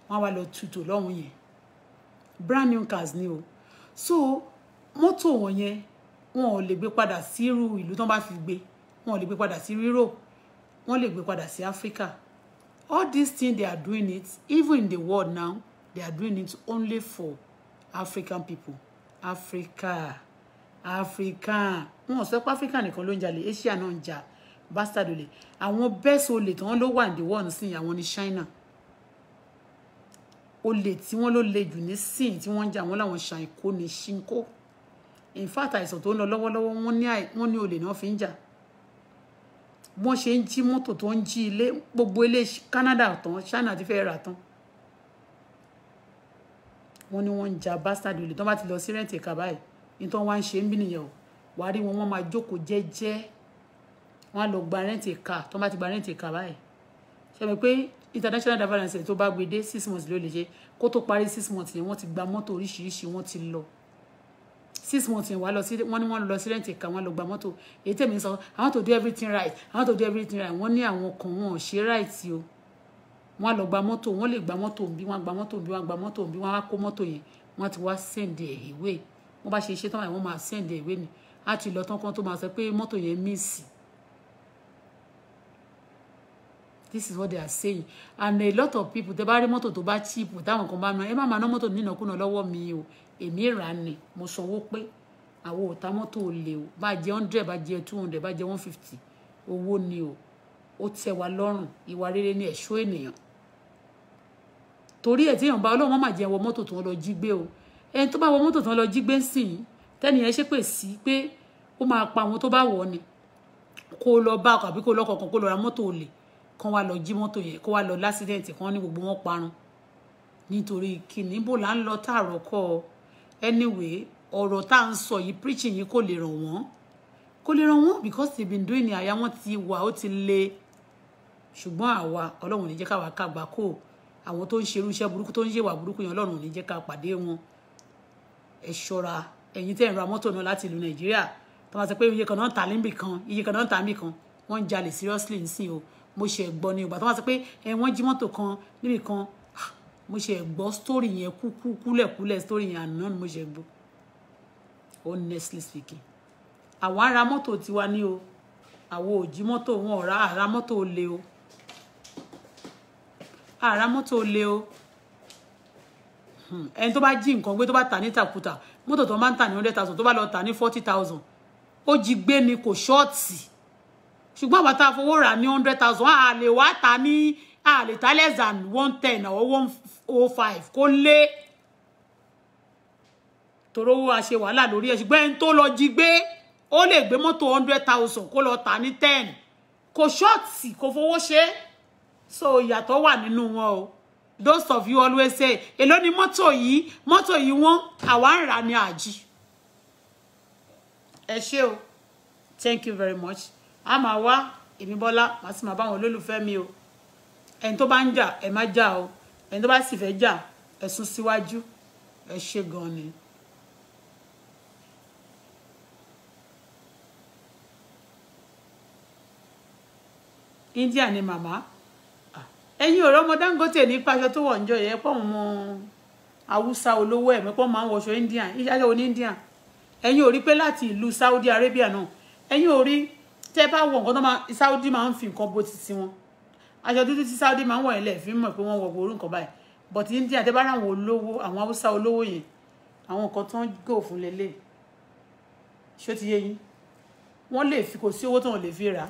wọ́n á wá lọ tutù lọ́hùn yẹn brand new cars ni o so mọ́tò wọ̀nyẹn wọn ò lè gbé padà sírú ìlú tán bá fi gbé wọn ò lè gbé padà sí Europe wọn lè gbé padà sí Africa all these things they are doing it even in the world now they are doing it only for African people Africa Africa wọn ò sọ pé Africa nìkan ló ń jalè Asia náà ń jà bastard olè àwọn best olè tí wọn ló wà ní the world sí àwọn ní China olè tí wọn ló le jù ní sin tí wọn ń jà wọn láwọn ṣàìkó ní ṣinkó in fact àìsàn tó ń lọ lọ́wọ́lọ́wọ́ wọ́n ní olè náà fi ń jà wọ́n ṣe ń jí mọ́tò tó ń jí ilé gbogbo ilé Canada tán China ti fẹ́ rà tán wọ́n ní wọ́n ń ja bastard olè tó bá ti lọ sí rẹ̀ǹtì ẹ̀ka báyìí nítorí wọ́n wá ń ṣe ń bí nìyẹn o wàá rí wọn wọ́n máa jókòó jẹ́jẹ́ wọ́n á lọ gba rẹ̀ǹtì ẹ̀ka tó bá ti gba rẹ̀ǹtì ẹ̀ka báyìí ṣe pé international divorce tó bá gbé dé six months ló lè ṣe kó tó parí six months yẹn wọ́n ti gba mọ́tò oríṣiríṣi wọ́n ti lọ six months yẹn wà lọ sí wọ́n ní wọ́n lọ sí rẹ́ǹtì ẹ̀ka wọ́n lọ gba mọ́tò èyí tèmi sọ i want to do everything right i want to do everything right wọ́n ní àwọn kan wọn ò ṣe right o wọ́n lọ gba mọ́tò wọ́n lè gba mọ́tò bí wọ́n gba mọ́tò bí wọ́n gba mọ́tò bí wọ́n á kó mọ́tò yẹn wọ́n ti wá send ẹ̀ ìwé wọ́n bá ṣe iṣẹ́ tán wọ́n máa send ẹ̀ ìwé ni á ti lọ tán kan tó máa sọ pé mọ́tò yẹn miss this is what they are saying and a lot of people tẹ bá rí mọ́tò tó bá cheap táwọn kan bá ná ẹ má máa ná mọ́tò nínàkúnà lọ́wọ́ mi o èmi rà ni mo sanwó pé àwọn òta mọ́tò ò lè o bá jẹ́ hundred bá jẹ́ two hundred bá jẹ́ one fifty owó ni o ó tẹ́ wa lọ́rùn ìwà rere ni ẹ̀ṣọ́ ènìyàn torí ẹ̀ tí èèyàn bá ọlọ́run má má jẹ́ wọ mọ́tò tó ń lọ jí gbé o ẹni tó bá wọ mọ́tò tó ń lọ jí gbé sìn tẹ́ni ẹ ṣépè sí pé ó máa pa àwọn tó bá wọ̀ ni kó lọ bá ọkọ̀ àbí kó lọ kọ̀ọ̀kan kó lọ ra mọ́tò olè kán wá lọ jí mọ́tò yẹn kó wá lọ lásìdẹ̀ǹtì kan ní gbogbo wọn parun nítorí kìnnìbò là ń lọ tààrọ̀ kọ́ ọ anyway ọ̀rọ̀ tá à ń sọ yìí preaching yìí kò lè ràn wọ́n kò lè ràn wọ́n because they been doing it àyà wọn ti wà ó ti le ṣùgbọ́n àwa ọlọ́run ní jẹ́ káwa kàgbà kó àwọn tó ń ṣe irúṣẹ́ burúkú tó ń ṣèwà burúkú yẹn ọlọ́run ní jẹ́ ká pàdé wọn ẹ ṣọ́ra ẹ̀yin tẹ́ ń ra mọ́tò náà láti ìlú nàìjíríà tó máa sọ pé iye kan náà ta níbì kan iye kan náà ta níbì kan wọ́n ń jalè seriously nísìnyí o mo ṣe gbọ́ ni o bàtà wọ́n sọ pé ẹ wọ́n jí mọ́tò kan níbì kan mo ṣe gbọ́ story yẹn kúkú kúlẹ̀kúlẹ̀ story yẹn àná ni mo ṣe gbọ́ honestly speaking àwa ń ra mọ́tò tiwa ní o àwo òjì mọ́tò wọn ọ̀rá àrà mọ́tò olè o àrà mọ́tò olè o hmm, ẹni tó bá jí nǹkan gbé tó bá tà ní tàkùtà mọ́tò tó máa ń tà ní hundred thousand tó bá lọ tà ní forty thousand ó jí gbé ni kò ṣọ́ọ̀tì ṣùgbọ́n àwa tá a fowó rà ní hundred thousand a lè wá tà ní a lè ta less than one ten or one oh five kó lé torówó a ṣe wàhálà lórí ẹ̀ ṣùgbọ́n ẹni tó lọ jí gbé ó lè gbé mọ́tò hundred thousand kó lọ tà ní ten kò ṣọ́ọ̀tì kò fowó ṣe so ìyàtọ̀ wà nínú wọn o those of you always say èló ni mọ́tò yìí mọ́tò yìí wọ́n àwa ń rà ní àjí ẹ ṣé o thank you very much a máa wá èmi bọ́lá màá sì máa bá àwọn olólùfẹ́ mi o ẹni tó bá ń jà ẹ má jà o ẹni tó bá sì fẹ́ jà ẹ sún síwájú ẹ ṣe gan ni. India ni màmá ẹ̀yin ọ̀rọ̀ ọmọ Dangote ní pàṣẹ tó wọ̀ ń jọ yẹn pọ̀ mọ́ haúsá olówó ẹ̀mí pọ̀ máa ń wọṣọ Indian ìṣàlẹ̀ oní Indian ẹ̀yin ò rí pé láti ìlú Saudi Arabia náà ẹ̀yin ò rí tẹ́ bá wọ̀ nǹkan tó máa Saudi máa ń fi nǹkan bó ti sí wọn aṣọ dúdú tí Saudi máa ń wọ̀ yẹn lẹ́ẹ̀fín mọ̀ pé wọ́n wọ̀ gbòòrò nǹkan báyìí but India tẹ́ bá rà àwọn olówó àwọn Haúsá olówó yẹn àwọn nǹkan tó ń gò fún lélẹ̀ ṣó ti yé yín wọ́n lè fi kò sí owó tó wọn lè fi rà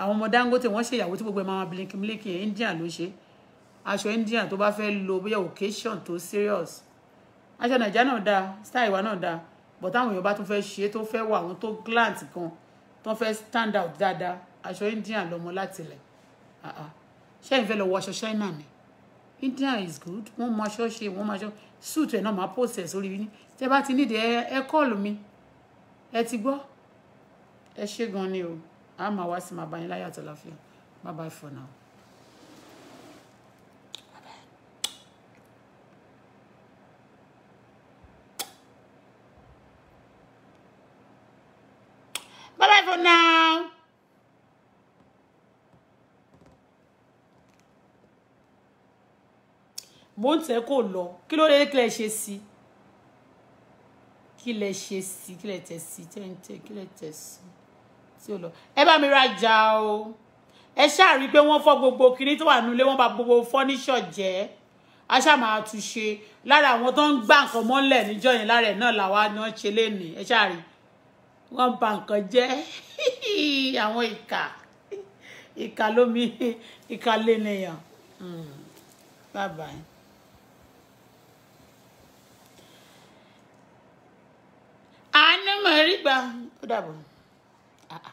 àwọn ọmọ Dangote wọ́n ṣe ìyàwó tí gbogbo ẹ̀ máa blink blink yẹn India ló ṣe aṣọ India tó bá fẹ́ lo bóyá occasion tó serious aṣọ Nàìjíríà náà dáa style wa náà dáa but táwọn èèyàn bá tún fẹ́ ṣe tó fẹ́ wà àwọn tó glant kan tó fẹ́ stand out dáadáa aṣọ indian lọmọ láti ilẹ̀ ah, ah. ṣé ìfẹ́ lọ wọ aṣọ china ni indian is good wọ́n mọ aṣọ ṣe wọ́n mọ aṣọ suit ẹ̀ náà máa post ẹ̀ sórí yín tẹ́ bá ti nídìí ẹ ẹ kọ́ọ̀lù mi ẹ ti gbọ́ ẹ ṣé gan ni o a máa wá sí máa bá yín láyàtọ̀ láfíà bye bye for now. mò ń tẹ́ kò lọ kí ló dé kí lẹ ṣe sí kí lẹ ṣe sí kí lẹ tẹ̀ sí tẹ́ ń tẹ́ kí lẹ tẹ̀ sí tí ò lọ ẹ bá mi rajà o ẹ ṣáà rí i pé wọ́n fọ́ gbogbo kinní tó wà nílé wọ́n bà gbogbo fọ́níṣọ̀ jẹ́ a ṣáà máa tún ṣe lára àwọn tó ń gbà nǹkan mọ́lẹ̀ níjọ́ yẹn lára ẹ̀ náà làwa náà ṣe lénìí ẹ ṣáà rí wọ́n bà nǹkan jẹ́ àwọn ìkà ìkà lómi ìkà lé nìyàn hmm. bye bye. máa rí gbà ó dàbọ̀.